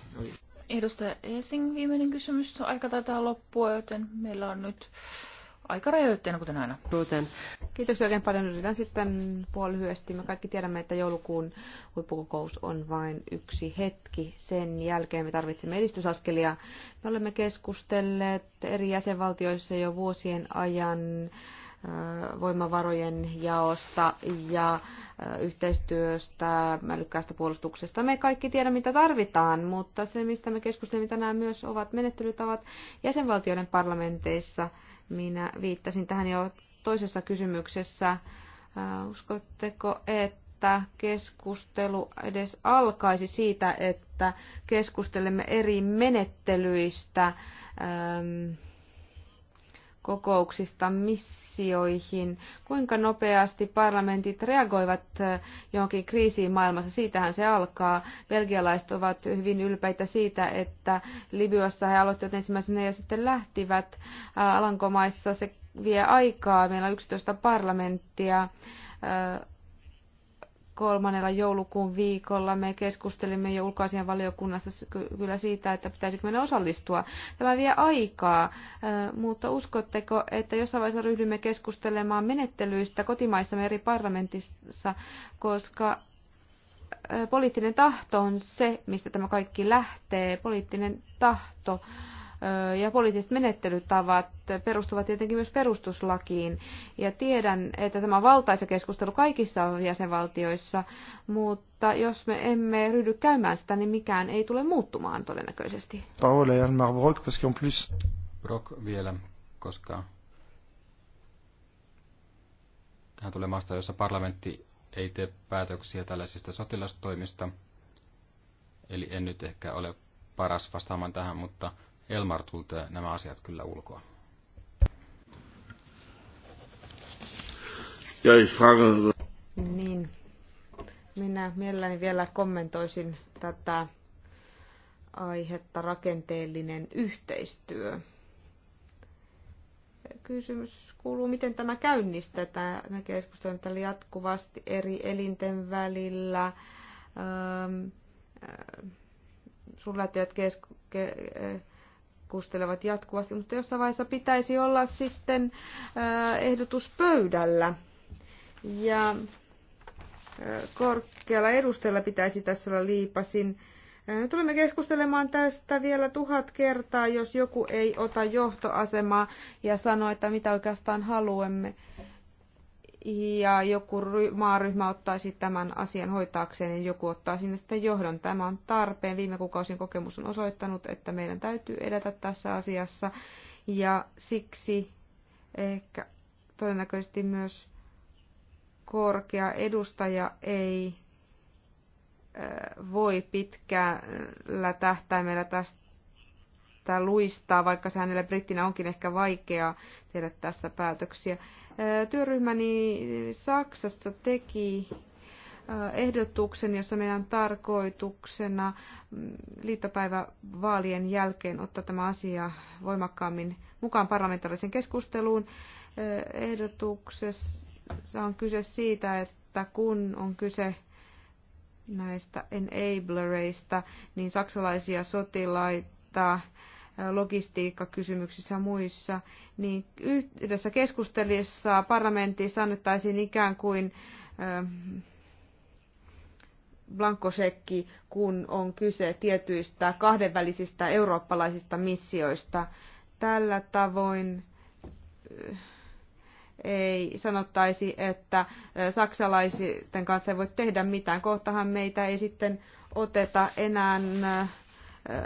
Edustaja Esing, viimeinen kysymys. Aika taitaa loppua, joten meillä on nyt Aika rajoitteena, kuten aina. Kuten. Kiitoksia oikein paljon. Yritän sitten puolihyesti. Me kaikki tiedämme, että joulukuun huippukokous on vain yksi hetki. Sen jälkeen me tarvitsemme edistysaskelia. Me olemme keskustelleet eri jäsenvaltioissa jo vuosien ajan äh, voimavarojen jaosta ja äh, yhteistyöstä, älykkäästä puolustuksesta. Me kaikki tiedämme, mitä tarvitaan, mutta se, mistä me keskustelemme tänään myös, ovat menettelytavat jäsenvaltioiden parlamenteissa – minä viittasin tähän jo toisessa kysymyksessä. Äh, uskotteko, että keskustelu edes alkaisi siitä, että keskustelemme eri menettelyistä? Ähm, kokouksista missioihin. Kuinka nopeasti parlamentit reagoivat eh, johonkin kriisiin maailmassa? Siitähän se alkaa. Belgialaiset ovat hyvin ylpeitä siitä, että Libyassa he aloittivat ensimmäisenä ja sitten lähtivät. Eh, Alankomaissa se vie aikaa. Meillä on 11 parlamenttia eh, kolmannella joulukuun viikolla me keskustelimme jo ulkoasian valiokunnassa kyllä siitä, että pitäisikö meidän osallistua. Tämä vie aikaa, mutta uskotteko, että jossain vaiheessa ryhdymme keskustelemaan menettelyistä kotimaissamme eri parlamentissa, koska poliittinen tahto on se, mistä tämä kaikki lähtee, poliittinen tahto ja poliittiset menettelytavat perustuvat tietenkin myös perustuslakiin. Ja tiedän, että tämä on valtaisa keskustelu kaikissa jäsenvaltioissa, mutta jos me emme ryhdy käymään sitä, niin mikään ei tule muuttumaan todennäköisesti. Paola ja Brock, koska on plus... Brock vielä, koska tähän tulee maasta, jossa parlamentti ei tee päätöksiä tällaisista sotilastoimista. Eli en nyt ehkä ole paras vastaamaan tähän, mutta Elmar tuntee nämä asiat kyllä ulkoa. Ja Niin. Minä mielelläni vielä kommentoisin tätä aihetta rakenteellinen yhteistyö. Kysymys kuuluu, miten tämä käynnistetään. Me keskustelemme tällä jatkuvasti eri elinten välillä. Ähm, sulattajat kesk- ke- keskustelevat jatkuvasti, mutta jossain vaiheessa pitäisi olla sitten äh, ehdotus pöydällä. Ja äh, korkealla edustajalla pitäisi tässä olla liipasin. Äh, tulemme keskustelemaan tästä vielä tuhat kertaa, jos joku ei ota johtoasemaa ja sano, että mitä oikeastaan haluamme ja joku maaryhmä ottaisi tämän asian hoitaakseen ja niin joku ottaa sinne sitten johdon. Tämä on tarpeen. Viime kuukausien kokemus on osoittanut, että meidän täytyy edetä tässä asiassa ja siksi ehkä todennäköisesti myös korkea edustaja ei voi pitkällä tähtäimellä tästä luistaa, vaikka se hänelle brittinä onkin ehkä vaikeaa tehdä tässä päätöksiä. Työryhmäni Saksassa teki ehdotuksen, jossa meidän tarkoituksena mm, liittopäivävaalien jälkeen ottaa tämä asia voimakkaammin mukaan parlamentaariseen keskusteluun. Ehdotuksessa on kyse siitä, että kun on kyse näistä enablereista, niin saksalaisia sotilaita logistiikkakysymyksissä ja muissa, niin yhdessä keskustelissa parlamentissa annettaisiin ikään kuin ähm, blankosekki, kun on kyse tietyistä kahdenvälisistä eurooppalaisista missioista. Tällä tavoin äh, ei sanottaisi, että äh, saksalaisten kanssa ei voi tehdä mitään. Kohtahan meitä ei sitten oteta enää äh,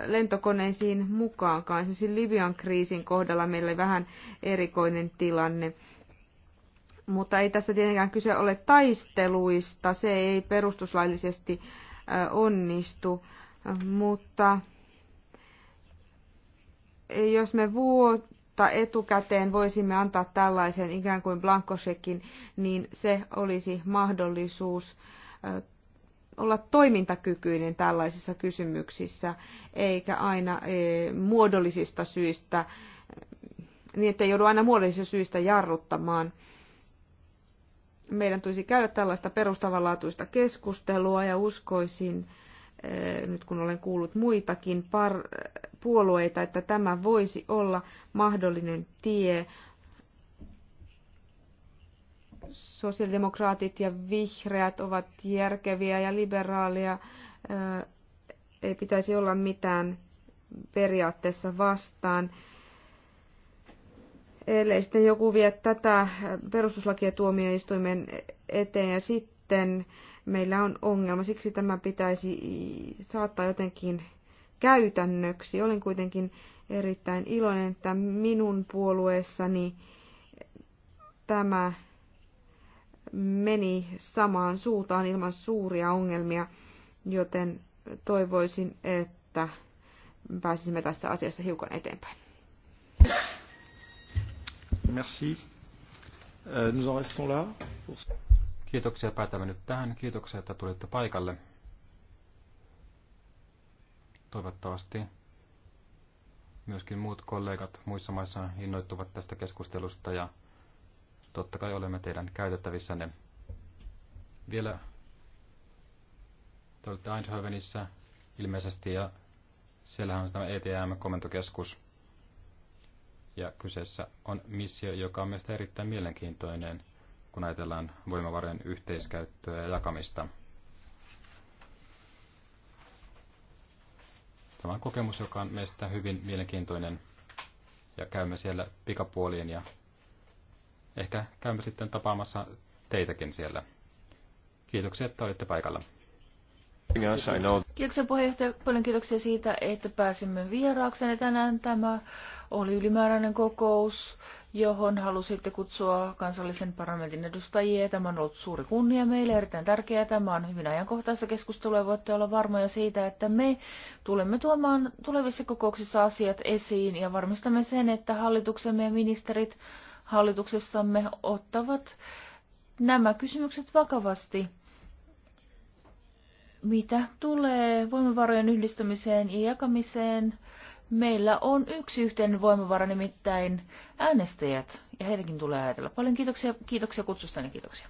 lentokoneisiin mukaankaan. Esimerkiksi Libyan kriisin kohdalla meillä oli vähän erikoinen tilanne. Mutta ei tässä tietenkään kyse ole taisteluista, se ei perustuslaillisesti onnistu, mutta jos me vuotta etukäteen voisimme antaa tällaisen ikään kuin blankosekin, niin se olisi mahdollisuus olla toimintakykyinen tällaisissa kysymyksissä, eikä aina e, muodollisista syistä, e, niin ettei joudu aina muodollisista syistä jarruttamaan. Meidän tulisi käydä tällaista perustavanlaatuista keskustelua ja uskoisin, e, nyt kun olen kuullut muitakin par- puolueita, että tämä voisi olla mahdollinen tie sosiaalidemokraatit ja vihreät ovat järkeviä ja liberaalia. Ei pitäisi olla mitään periaatteessa vastaan. Ellei sitten joku vie tätä perustuslakia tuomioistuimen eteen ja sitten meillä on ongelma. Siksi tämä pitäisi saattaa jotenkin käytännöksi. Olin kuitenkin erittäin iloinen, että minun puolueessani tämä meni samaan suuntaan ilman suuria ongelmia, joten toivoisin, että pääsisimme tässä asiassa hiukan eteenpäin. Merci. Euh, nous en restons là. Kiitoksia, päätämme nyt tähän. Kiitoksia, että tulitte paikalle. Toivottavasti myöskin muut kollegat muissa maissa innoittuvat tästä keskustelusta ja Totta kai olemme teidän käytettävissänne. Vielä te olette Eindhovenissa ilmeisesti ja siellähän on tämä ETM-komentokeskus. Ja kyseessä on missio, joka on mielestäni erittäin mielenkiintoinen, kun ajatellaan voimavarojen yhteiskäyttöä ja jakamista. Tämä on kokemus, joka on meistä hyvin mielenkiintoinen ja käymme siellä pikapuolien ja Ehkä käymme sitten tapaamassa teitäkin siellä. Kiitoksia, että olitte paikalla. Kiitoksia puheenjohtaja. Paljon kiitoksia siitä, että pääsimme vieraaksenne tänään. Tämä oli ylimääräinen kokous, johon halusitte kutsua kansallisen parlamentin edustajia. Tämä on ollut suuri kunnia meille, erittäin tärkeää. Tämä on hyvin ajankohtaista keskustelua ja voitte olla varmoja siitä, että me tulemme tuomaan tulevissa kokouksissa asiat esiin ja varmistamme sen, että hallituksemme ja ministerit hallituksessamme ottavat nämä kysymykset vakavasti. Mitä tulee voimavarojen yhdistämiseen ja jakamiseen, meillä on yksi yhteinen voimavara, nimittäin äänestäjät, ja heidänkin tulee ajatella. Paljon kiitoksia, kiitoksia kutsustani, kiitoksia.